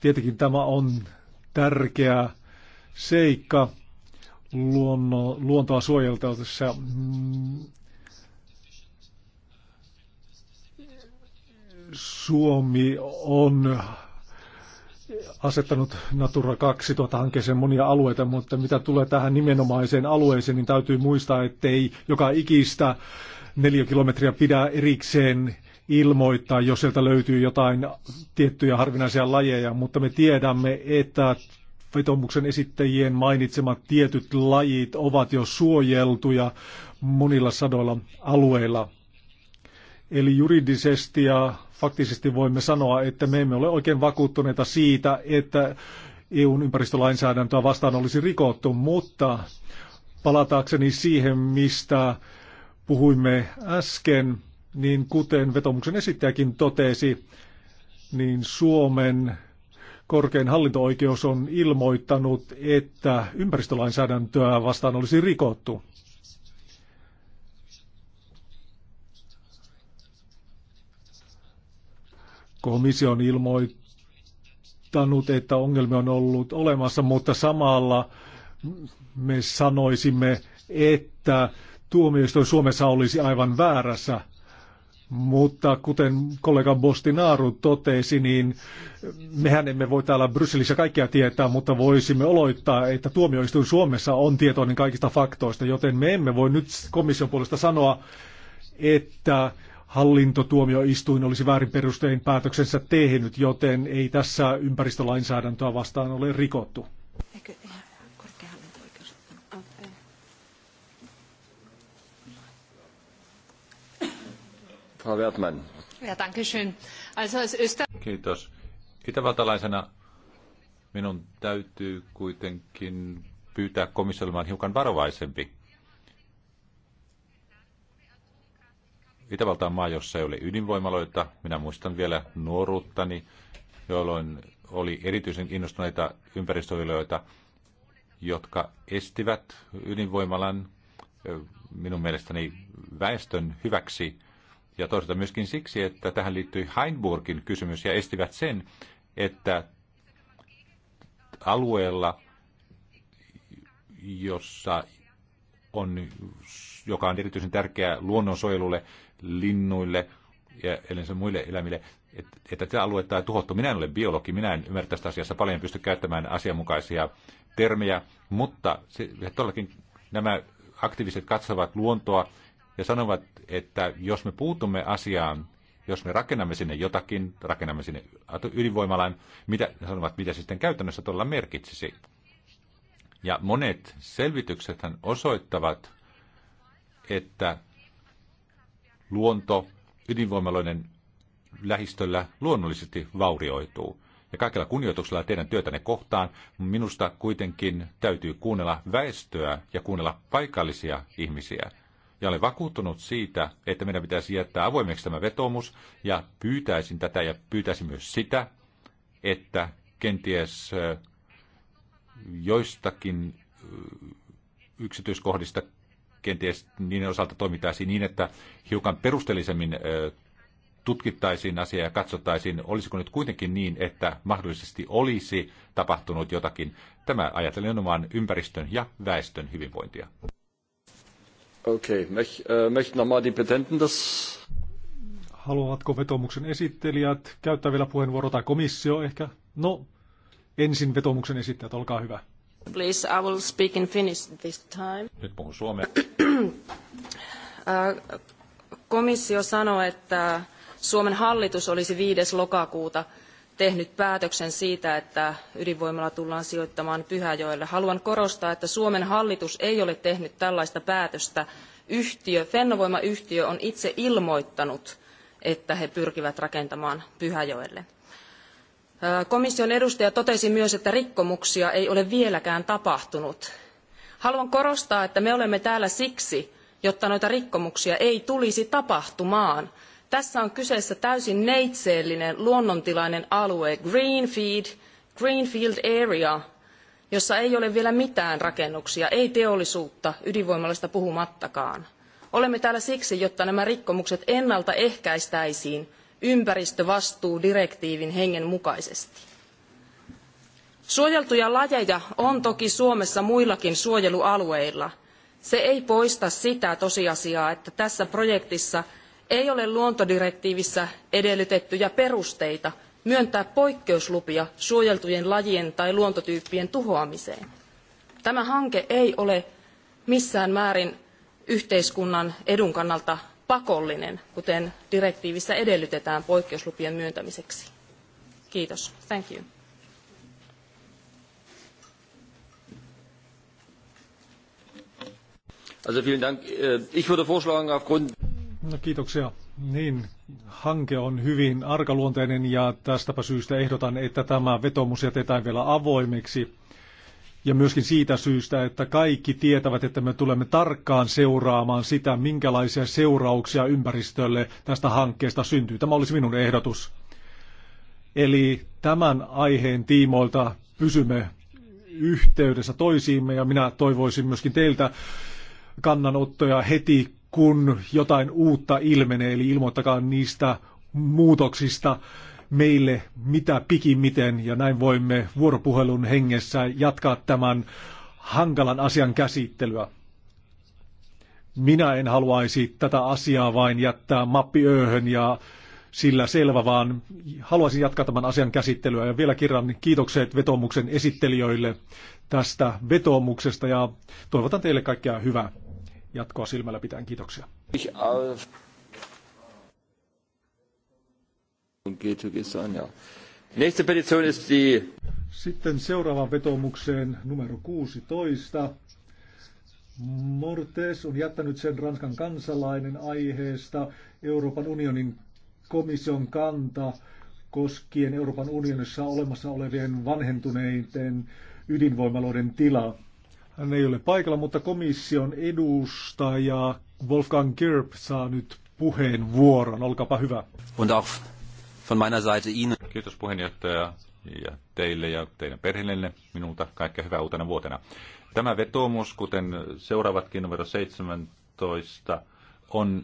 Tietenkin tämä on tärkeä seikka luontoa suojeltaessa. Mm, Suomi on asettanut Natura 2000 hankkeeseen monia alueita, mutta mitä tulee tähän nimenomaiseen alueeseen, niin täytyy muistaa, ettei joka ikistä neljä kilometriä pidä erikseen ilmoittaa, jos sieltä löytyy jotain tiettyjä harvinaisia lajeja, mutta me tiedämme, että vetomuksen esittäjien mainitsemat tietyt lajit ovat jo suojeltuja monilla sadoilla alueilla. Eli juridisesti ja faktisesti voimme sanoa, että me emme ole oikein vakuuttuneita siitä, että EUn ympäristölainsäädäntöä vastaan olisi rikottu, mutta palataakseni siihen, mistä puhuimme äsken, niin kuten vetomuksen esittäjäkin totesi, niin Suomen korkein hallinto-oikeus on ilmoittanut, että ympäristölainsäädäntöä vastaan olisi rikottu. Komissio on ilmoittanut, että ongelmia on ollut olemassa, mutta samalla me sanoisimme, että tuomioistuin Suomessa olisi aivan väärässä. Mutta kuten kollega Bostinaru totesi, niin mehän emme voi täällä Brysselissä kaikkea tietää, mutta voisimme oloittaa, että tuomioistuin Suomessa on tietoinen kaikista faktoista, joten me emme voi nyt komission puolesta sanoa, että hallintotuomioistuin olisi väärin perustein päätöksensä tehnyt, joten ei tässä ympäristölainsäädäntöä vastaan ole rikottu. Eikö korkea hallinto-oikeus Frau Wertmann. Ja, danke schön. Also als Kiitos. Itävaltalaisena minun täytyy kuitenkin pyytää komissiolle hiukan varovaisempi Itävalta on maa, jossa ei ole ydinvoimaloita. Minä muistan vielä nuoruuttani, jolloin oli erityisen innostuneita ympäristöviljoita, jotka estivät ydinvoimalan minun mielestäni väestön hyväksi ja toisaalta myöskin siksi, että tähän liittyi Heinburgin kysymys ja estivät sen, että alueella, jossa on, joka on erityisen tärkeä luonnonsuojelulle, linnuille ja yleensä muille eläimille, että, että tämä alue tämä tuhottu. Minä en ole biologi, minä en ymmärrä tästä asiassa paljon, pysty käyttämään asianmukaisia termejä, mutta se, todellakin nämä aktiiviset katsovat luontoa ja sanovat, että jos me puutumme asiaan, jos me rakennamme sinne jotakin, rakennamme sinne ydinvoimalan, mitä sanovat, mitä se sitten käytännössä todella merkitsisi. Ja monet selvityksethän osoittavat, että luonto ydinvoimaloiden lähistöllä luonnollisesti vaurioituu. Ja kaikella kunnioituksella teidän työtänne kohtaan minusta kuitenkin täytyy kuunnella väestöä ja kuunnella paikallisia ihmisiä. Ja olen vakuuttunut siitä, että meidän pitäisi jättää avoimeksi tämä vetomus ja pyytäisin tätä ja pyytäisin myös sitä, että kenties joistakin yksityiskohdista kenties niiden osalta toimittaisiin niin, että hiukan perusteellisemmin tutkittaisiin asiaa ja katsottaisiin, olisiko nyt kuitenkin niin, että mahdollisesti olisi tapahtunut jotakin. Tämä ajatellen nimenomaan ympäristön ja väestön hyvinvointia. Okei, okay. Petenten das... Haluavatko vetomuksen esittelijät käyttää vielä puheenvuoro tai komissio ehkä? No, ensin vetomuksen esittäjät, olkaa hyvä. Please, I will speak in Finnish this time. Nyt puhun suomea. [CLEARS THROAT] Komissio sanoi, että Suomen hallitus olisi 5. lokakuuta tehnyt päätöksen siitä, että ydinvoimala tullaan sijoittamaan Pyhäjoelle. Haluan korostaa, että Suomen hallitus ei ole tehnyt tällaista päätöstä. Yhtiö, Fennovoima-yhtiö on itse ilmoittanut, että he pyrkivät rakentamaan Pyhäjoelle Komission edustaja totesi myös, että rikkomuksia ei ole vieläkään tapahtunut. Haluan korostaa, että me olemme täällä siksi, jotta noita rikkomuksia ei tulisi tapahtumaan. Tässä on kyseessä täysin neitseellinen luonnontilainen alue, Greenfield, Greenfield Area, jossa ei ole vielä mitään rakennuksia, ei teollisuutta, ydinvoimalasta puhumattakaan. Olemme täällä siksi, jotta nämä rikkomukset ennaltaehkäistäisiin ympäristövastuudirektiivin hengen mukaisesti. Suojeltuja lajeja on toki Suomessa muillakin suojelualueilla. Se ei poista sitä tosiasiaa, että tässä projektissa ei ole luontodirektiivissä edellytettyjä perusteita myöntää poikkeuslupia suojeltujen lajien tai luontotyyppien tuhoamiseen. Tämä hanke ei ole missään määrin yhteiskunnan edun kannalta pakollinen, kuten direktiivissä edellytetään poikkeuslupien myöntämiseksi. Kiitos. Thank you. Also vielen Dank. Äh, ich würde vorschlagen, aufgrund... No kiitoksia. Niin, hanke on hyvin arkaluonteinen ja tästäpä syystä ehdotan, että tämä vetomus jätetään vielä avoimeksi. Ja myöskin siitä syystä, että kaikki tietävät, että me tulemme tarkkaan seuraamaan sitä, minkälaisia seurauksia ympäristölle tästä hankkeesta syntyy. Tämä olisi minun ehdotus. Eli tämän aiheen tiimoilta pysymme yhteydessä toisiimme ja minä toivoisin myöskin teiltä kannanottoja heti, kun jotain uutta ilmenee, eli ilmoittakaa niistä muutoksista, meille mitä pikimiten ja näin voimme vuoropuhelun hengessä jatkaa tämän hankalan asian käsittelyä. Minä en haluaisi tätä asiaa vain jättää mappiööhön ja sillä selvä, vaan haluaisin jatkaa tämän asian käsittelyä. Ja vielä kerran kiitokset vetomuksen esittelijöille tästä vetomuksesta ja toivotan teille kaikkea hyvää jatkoa silmällä pitäen. Kiitoksia. Äh, Sitten seuraavaan vetomukseen numero 16. Mortes on jättänyt sen Ranskan kansalainen aiheesta Euroopan unionin komission kanta koskien Euroopan unionissa olemassa olevien vanhentuneiden ydinvoimaloiden tilaa. Hän ei ole paikalla, mutta komission edustaja Wolfgang Gerb saa nyt puheenvuoron. Olkaapa hyvä. Und auf von meiner Seite Ihnen. Kiitos puheenjohtaja ja teille ja teidän perheellenne minulta kaikkea hyvää uutena vuotena. Tämä vetoomus, kuten seuraavatkin numero 17, on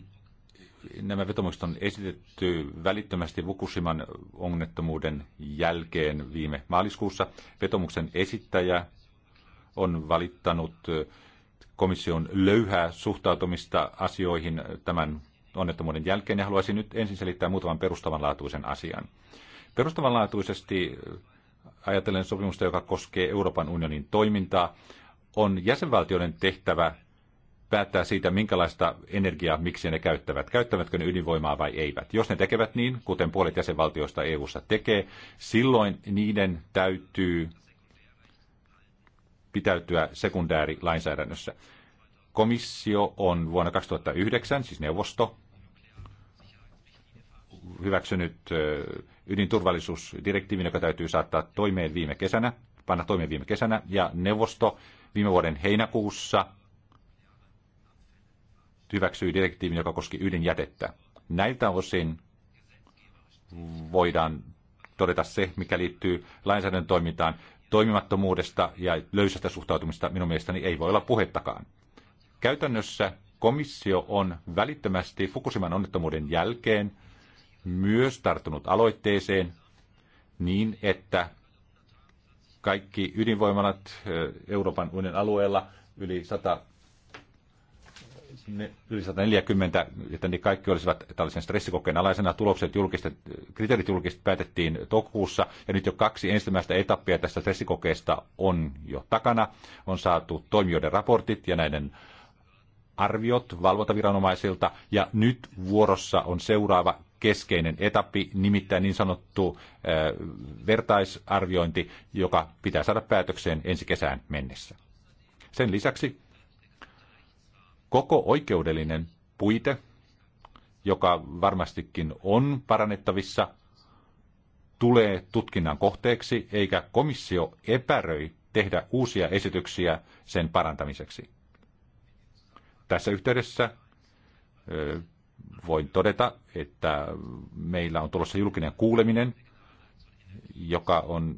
nämä vetomukset on esitetty välittömästi Vukushiman onnettomuuden jälkeen viime maaliskuussa. Vetomuksen esittäjä on valittanut komission löyhää suhtautumista asioihin tämän onnettomuuden jälkeen ja haluaisin nyt ensin selittää muutaman perustavanlaatuisen asian. Perustavanlaatuisesti äh, ajatellen sopimusta, joka koskee Euroopan unionin toimintaa, on jäsenvaltioiden tehtävä päättää siitä, minkälaista energiaa, miksi ne käyttävät. Käyttävätkö ne ydinvoimaa vai eivät? Jos ne tekevät niin, kuten puolet jäsenvaltioista EU-ssa tekee, silloin niiden täytyy pitäytyä sekundäärilainsäädännössä komissio on vuonna 2009, siis neuvosto, hyväksynyt ydinturvallisuusdirektiivin, joka täytyy saattaa toimeen viime kesänä, panna toimeen viime kesänä, ja neuvosto viime vuoden heinäkuussa hyväksyi direktiivin, joka koski ydinjätettä. Näiltä osin voidaan todeta se, mikä liittyy lainsäädännön toimintaan. Toimimattomuudesta ja löysästä suhtautumista minun mielestäni ei voi olla puhettakaan. Käytännössä komissio on välittömästi Fukushiman onnettomuuden jälkeen myös tarttunut aloitteeseen niin, että kaikki ydinvoimalat Euroopan unionin alueella yli 100 ne, yli 140, että ne kaikki olisivat tällaisen stressikokeen alaisena. Tulokset julkistet, kriteerit julkistet päätettiin toukokuussa, ja nyt jo kaksi ensimmäistä etappia tästä stressikokeesta on jo takana. On saatu toimijoiden raportit, ja näiden arviot valvontaviranomaisilta ja nyt vuorossa on seuraava keskeinen etappi, nimittäin niin sanottu vertaisarviointi, joka pitää saada päätökseen ensi kesään mennessä. Sen lisäksi koko oikeudellinen puite, joka varmastikin on parannettavissa, tulee tutkinnan kohteeksi, eikä komissio epäröi tehdä uusia esityksiä sen parantamiseksi. Tässä yhteydessä voin todeta, että meillä on tulossa julkinen kuuleminen, joka on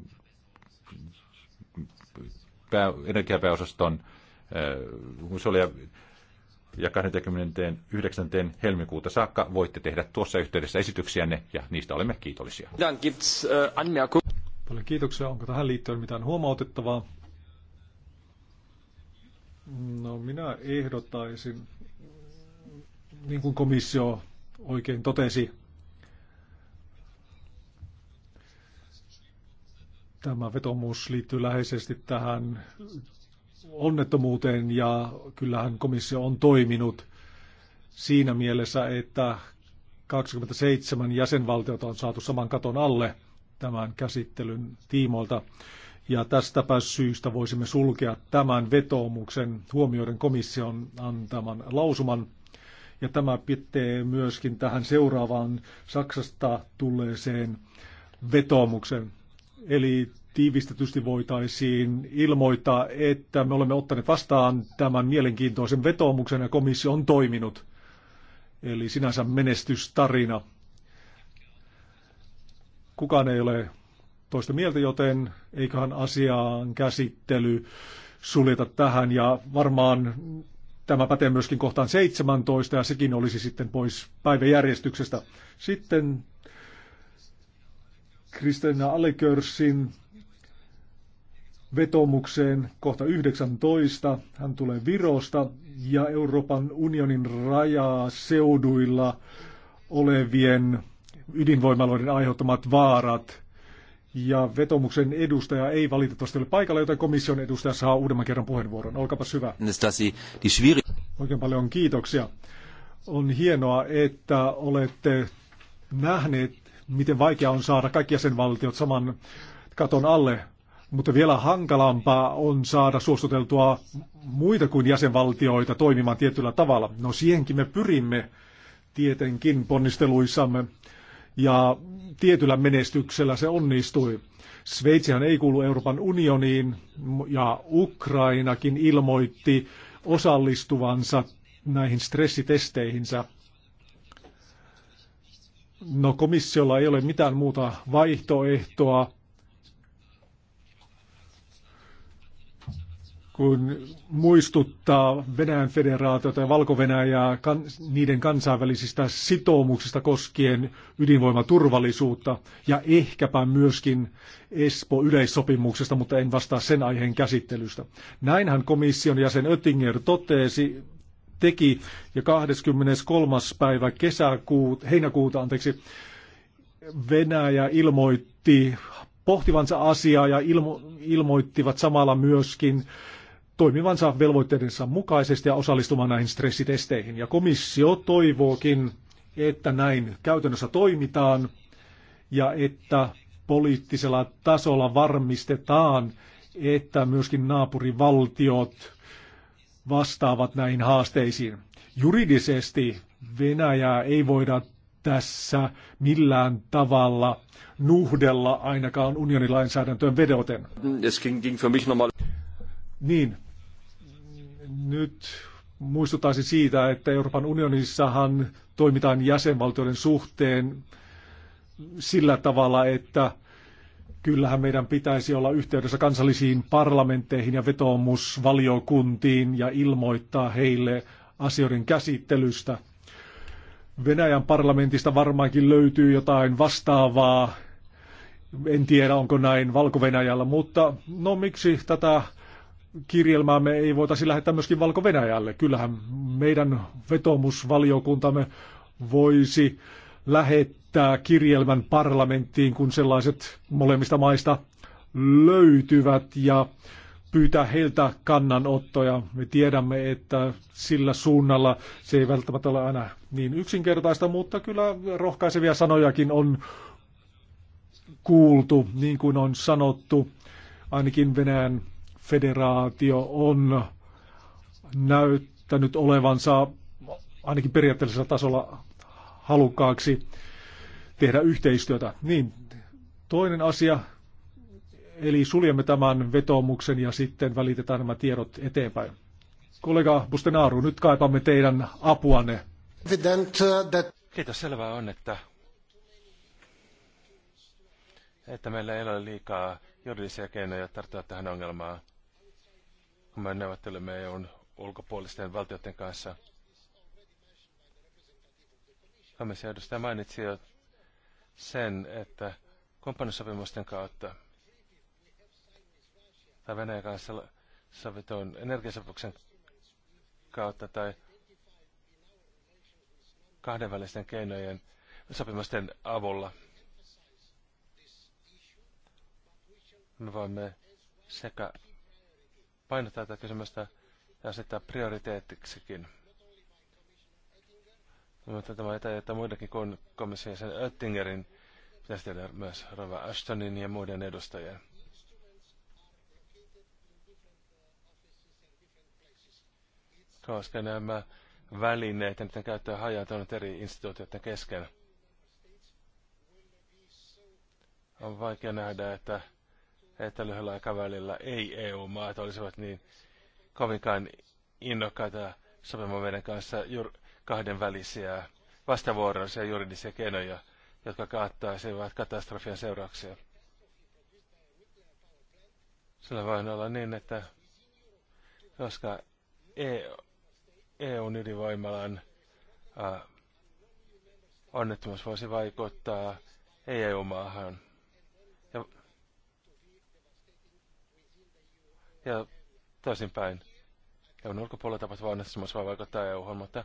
pää, energiapääosaston se oli ja 29. helmikuuta saakka voitte tehdä tuossa yhteydessä esityksiänne ja niistä olemme kiitollisia. Paljon kiitoksia. Onko tähän liittyen mitään huomautettavaa? No minä ehdottaisin, niin kuin komissio oikein totesi, tämä vetomuus liittyy läheisesti tähän onnettomuuteen ja kyllähän komissio on toiminut siinä mielessä, että 27 jäsenvaltiota on saatu saman katon alle tämän käsittelyn tiimoilta. Ja tästäpä syystä voisimme sulkea tämän vetoomuksen huomioiden komission antaman lausuman. Ja tämä pitää myöskin tähän seuraavaan Saksasta tulleeseen vetoomukseen. Eli tiivistetysti voitaisiin ilmoittaa, että me olemme ottaneet vastaan tämän mielenkiintoisen vetoomuksen ja komissio on toiminut. Eli sinänsä menestystarina. Kukaan ei ole toista mieltä, joten eiköhän asiaan käsittely suljeta tähän. Ja varmaan tämä pätee myöskin kohtaan 17 ja sekin olisi sitten pois päiväjärjestyksestä. Sitten Kristina Alekörsin vetomukseen kohta 19. Hän tulee Virosta ja Euroopan unionin rajaseuduilla olevien ydinvoimaloiden aiheuttamat vaarat. Ja vetomuksen edustaja ei valitettavasti ole paikalla, joten komission edustaja saa uudemman kerran puheenvuoron. Olkapas hyvä. Niin, Oikein paljon kiitoksia. On hienoa, että olette nähneet, miten vaikea on saada kaikki jäsenvaltiot saman katon alle, mutta vielä hankalampaa on saada suostuteltua muita kuin jäsenvaltioita toimimaan tietyllä tavalla. No siihenkin me pyrimme tietenkin ponnisteluissamme ja tietyllä menestyksellä se onnistui. Sveitsihan ei kuulu Euroopan unioniin ja Ukrainakin ilmoitti osallistuvansa näihin stressitesteihinsä. No komissiolla ei ole mitään muuta vaihtoehtoa kun muistuttaa Venäjän federaatiota ja valko ja niiden kansainvälisistä sitoumuksista koskien ydinvoimaturvallisuutta ja ehkäpä myöskin Espo-yleissopimuksesta, mutta en vastaa sen aiheen käsittelystä. Näinhän komission jäsen Oettinger totesi, teki ja 23. päivä kesäkuuta, heinäkuuta anteeksi, Venäjä ilmoitti pohtivansa asiaa ja ilmo, ilmoittivat samalla myöskin toimivansa velvoitteidensa mukaisesti ja osallistumaan näihin stressitesteihin. Ja komissio toivookin, että näin käytännössä toimitaan ja että poliittisella tasolla varmistetaan, että myöskin naapurivaltiot vastaavat näihin haasteisiin. Juridisesti Venäjää ei voida tässä millään tavalla nuhdella ainakaan unionin vedoten. Niin, nyt muistuttaisin siitä, että Euroopan unionissahan toimitaan jäsenvaltioiden suhteen sillä tavalla, että kyllähän meidän pitäisi olla yhteydessä kansallisiin parlamentteihin ja vetoomusvaliokuntiin ja ilmoittaa heille asioiden käsittelystä. Venäjän parlamentista varmaankin löytyy jotain vastaavaa. En tiedä, onko näin valko mutta no miksi tätä kirjelmäämme ei voitaisi lähettää myöskin Valko-Venäjälle. Kyllähän meidän vetomusvaliokuntamme voisi lähettää kirjelmän parlamenttiin, kun sellaiset molemmista maista löytyvät ja pyytää heiltä kannanottoja. Me tiedämme, että sillä suunnalla se ei välttämättä ole aina niin yksinkertaista, mutta kyllä rohkaisevia sanojakin on kuultu, niin kuin on sanottu, ainakin Venäjän federaatio on näyttänyt olevansa ainakin periaatteellisella tasolla halukkaaksi tehdä yhteistyötä. Niin, toinen asia, eli suljemme tämän vetomuksen ja sitten välitetään nämä tiedot eteenpäin. Kollega Bustenaru, nyt kaipaamme teidän apuanne. Uh, Kiitos, selvää on, että, että meillä ei ole liikaa juridisia keinoja tarttua tähän ongelmaan kun me neuvottelemme EUn ulkopuolisten valtioiden kanssa. Komissio edustaja mainitsi jo sen, että kumppanussopimusten kautta tai Venäjän kanssa sovitun energiasopimuksen kautta tai kahdenvälisten keinojen sopimusten avulla me voimme sekä painottaa tätä kysymystä ja asettaa prioriteettiksikin. Mutta tämä etä, että muidenkin kuin komission sen Oettingerin pitäisi tehdä myös Rova Ashtonin ja muiden edustajien. Koska nämä välineet ja niiden käyttöä hajautunut eri instituutioiden kesken. On vaikea nähdä, että että lyhyellä aikavälillä ei-EU-maat olisivat niin kovinkaan innokkaita sopimaan meidän kanssa jur- kahdenvälisiä vastavuoroisia juridisia keinoja, jotka kaattaisivat katastrofian seurauksia. Sillä voi olla niin, että koska EU, EUn ydinvoimalan onnettomuus voisi vaikuttaa ei-EU-maahan, ja toisinpäin. EUn ulkopuolella tapahtuva onnistumus voi vaikuttaa EU-hun, mutta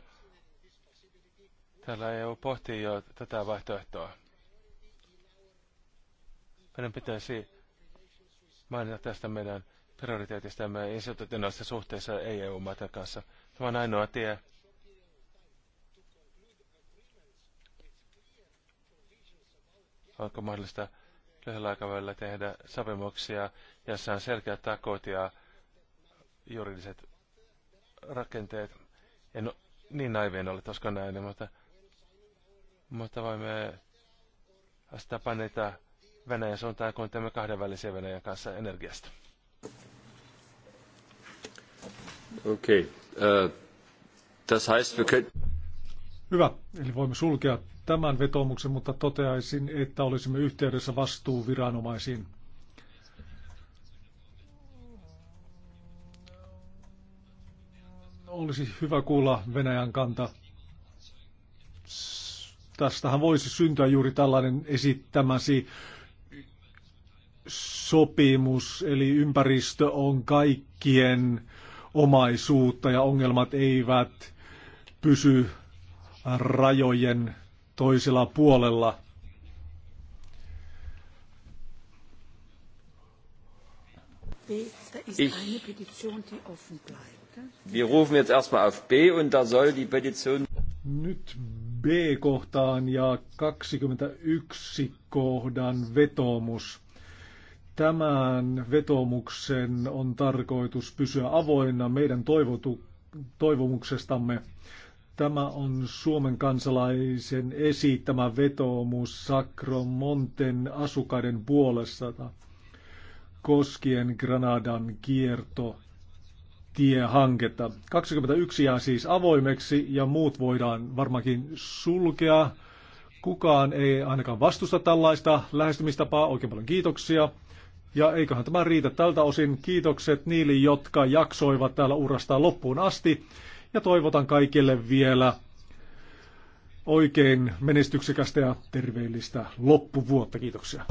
täällä EU pohtii jo tätä vaihtoehtoa. Meidän pitäisi mainita tästä meidän meidän institutionaalisessa suhteessa ei-EU-maiden kanssa. Tämä on ainoa tie. Onko mahdollista lyhyellä aikavälillä tehdä sopimuksia, jossa on selkeät takot ja juridiset rakenteet. En niin naivien ole koskaan näin, mutta, mutta voimme astaa paineita Venäjän suuntaan, kun teemme kahdenvälisiä Venäjän kanssa energiasta. Okei. Okay. Uh, das heißt, wir können... Hyvä. Eli voimme sulkea tämän vetomuksen, mutta toteaisin, että olisimme yhteydessä vastuuviranomaisiin. Olisi hyvä kuulla Venäjän kanta. Tästähän voisi syntyä juuri tällainen esittämäsi sopimus, eli ympäristö on kaikkien omaisuutta ja ongelmat eivät pysy rajojen toisella puolella. Ich, Wir rufen jetzt erstmal auf B und da soll die Petition nyt B-kohtaan ja 21 kohdan vetomus. Tämän vetomuksen on tarkoitus pysyä avoinna meidän toivotu, toivomuksestamme. Tämä on Suomen kansalaisen esittämä vetoomus Sakromonten asukkaiden puolesta koskien Granadan kierto tiehanketta. 21 jää siis avoimeksi ja muut voidaan varmaankin sulkea. Kukaan ei ainakaan vastusta tällaista lähestymistapaa. Oikein paljon kiitoksia. Ja eiköhän tämä riitä tältä osin. Kiitokset niille, jotka jaksoivat täällä urastaan loppuun asti ja toivotan kaikille vielä oikein menestyksekästä ja terveellistä loppuvuotta. Kiitoksia.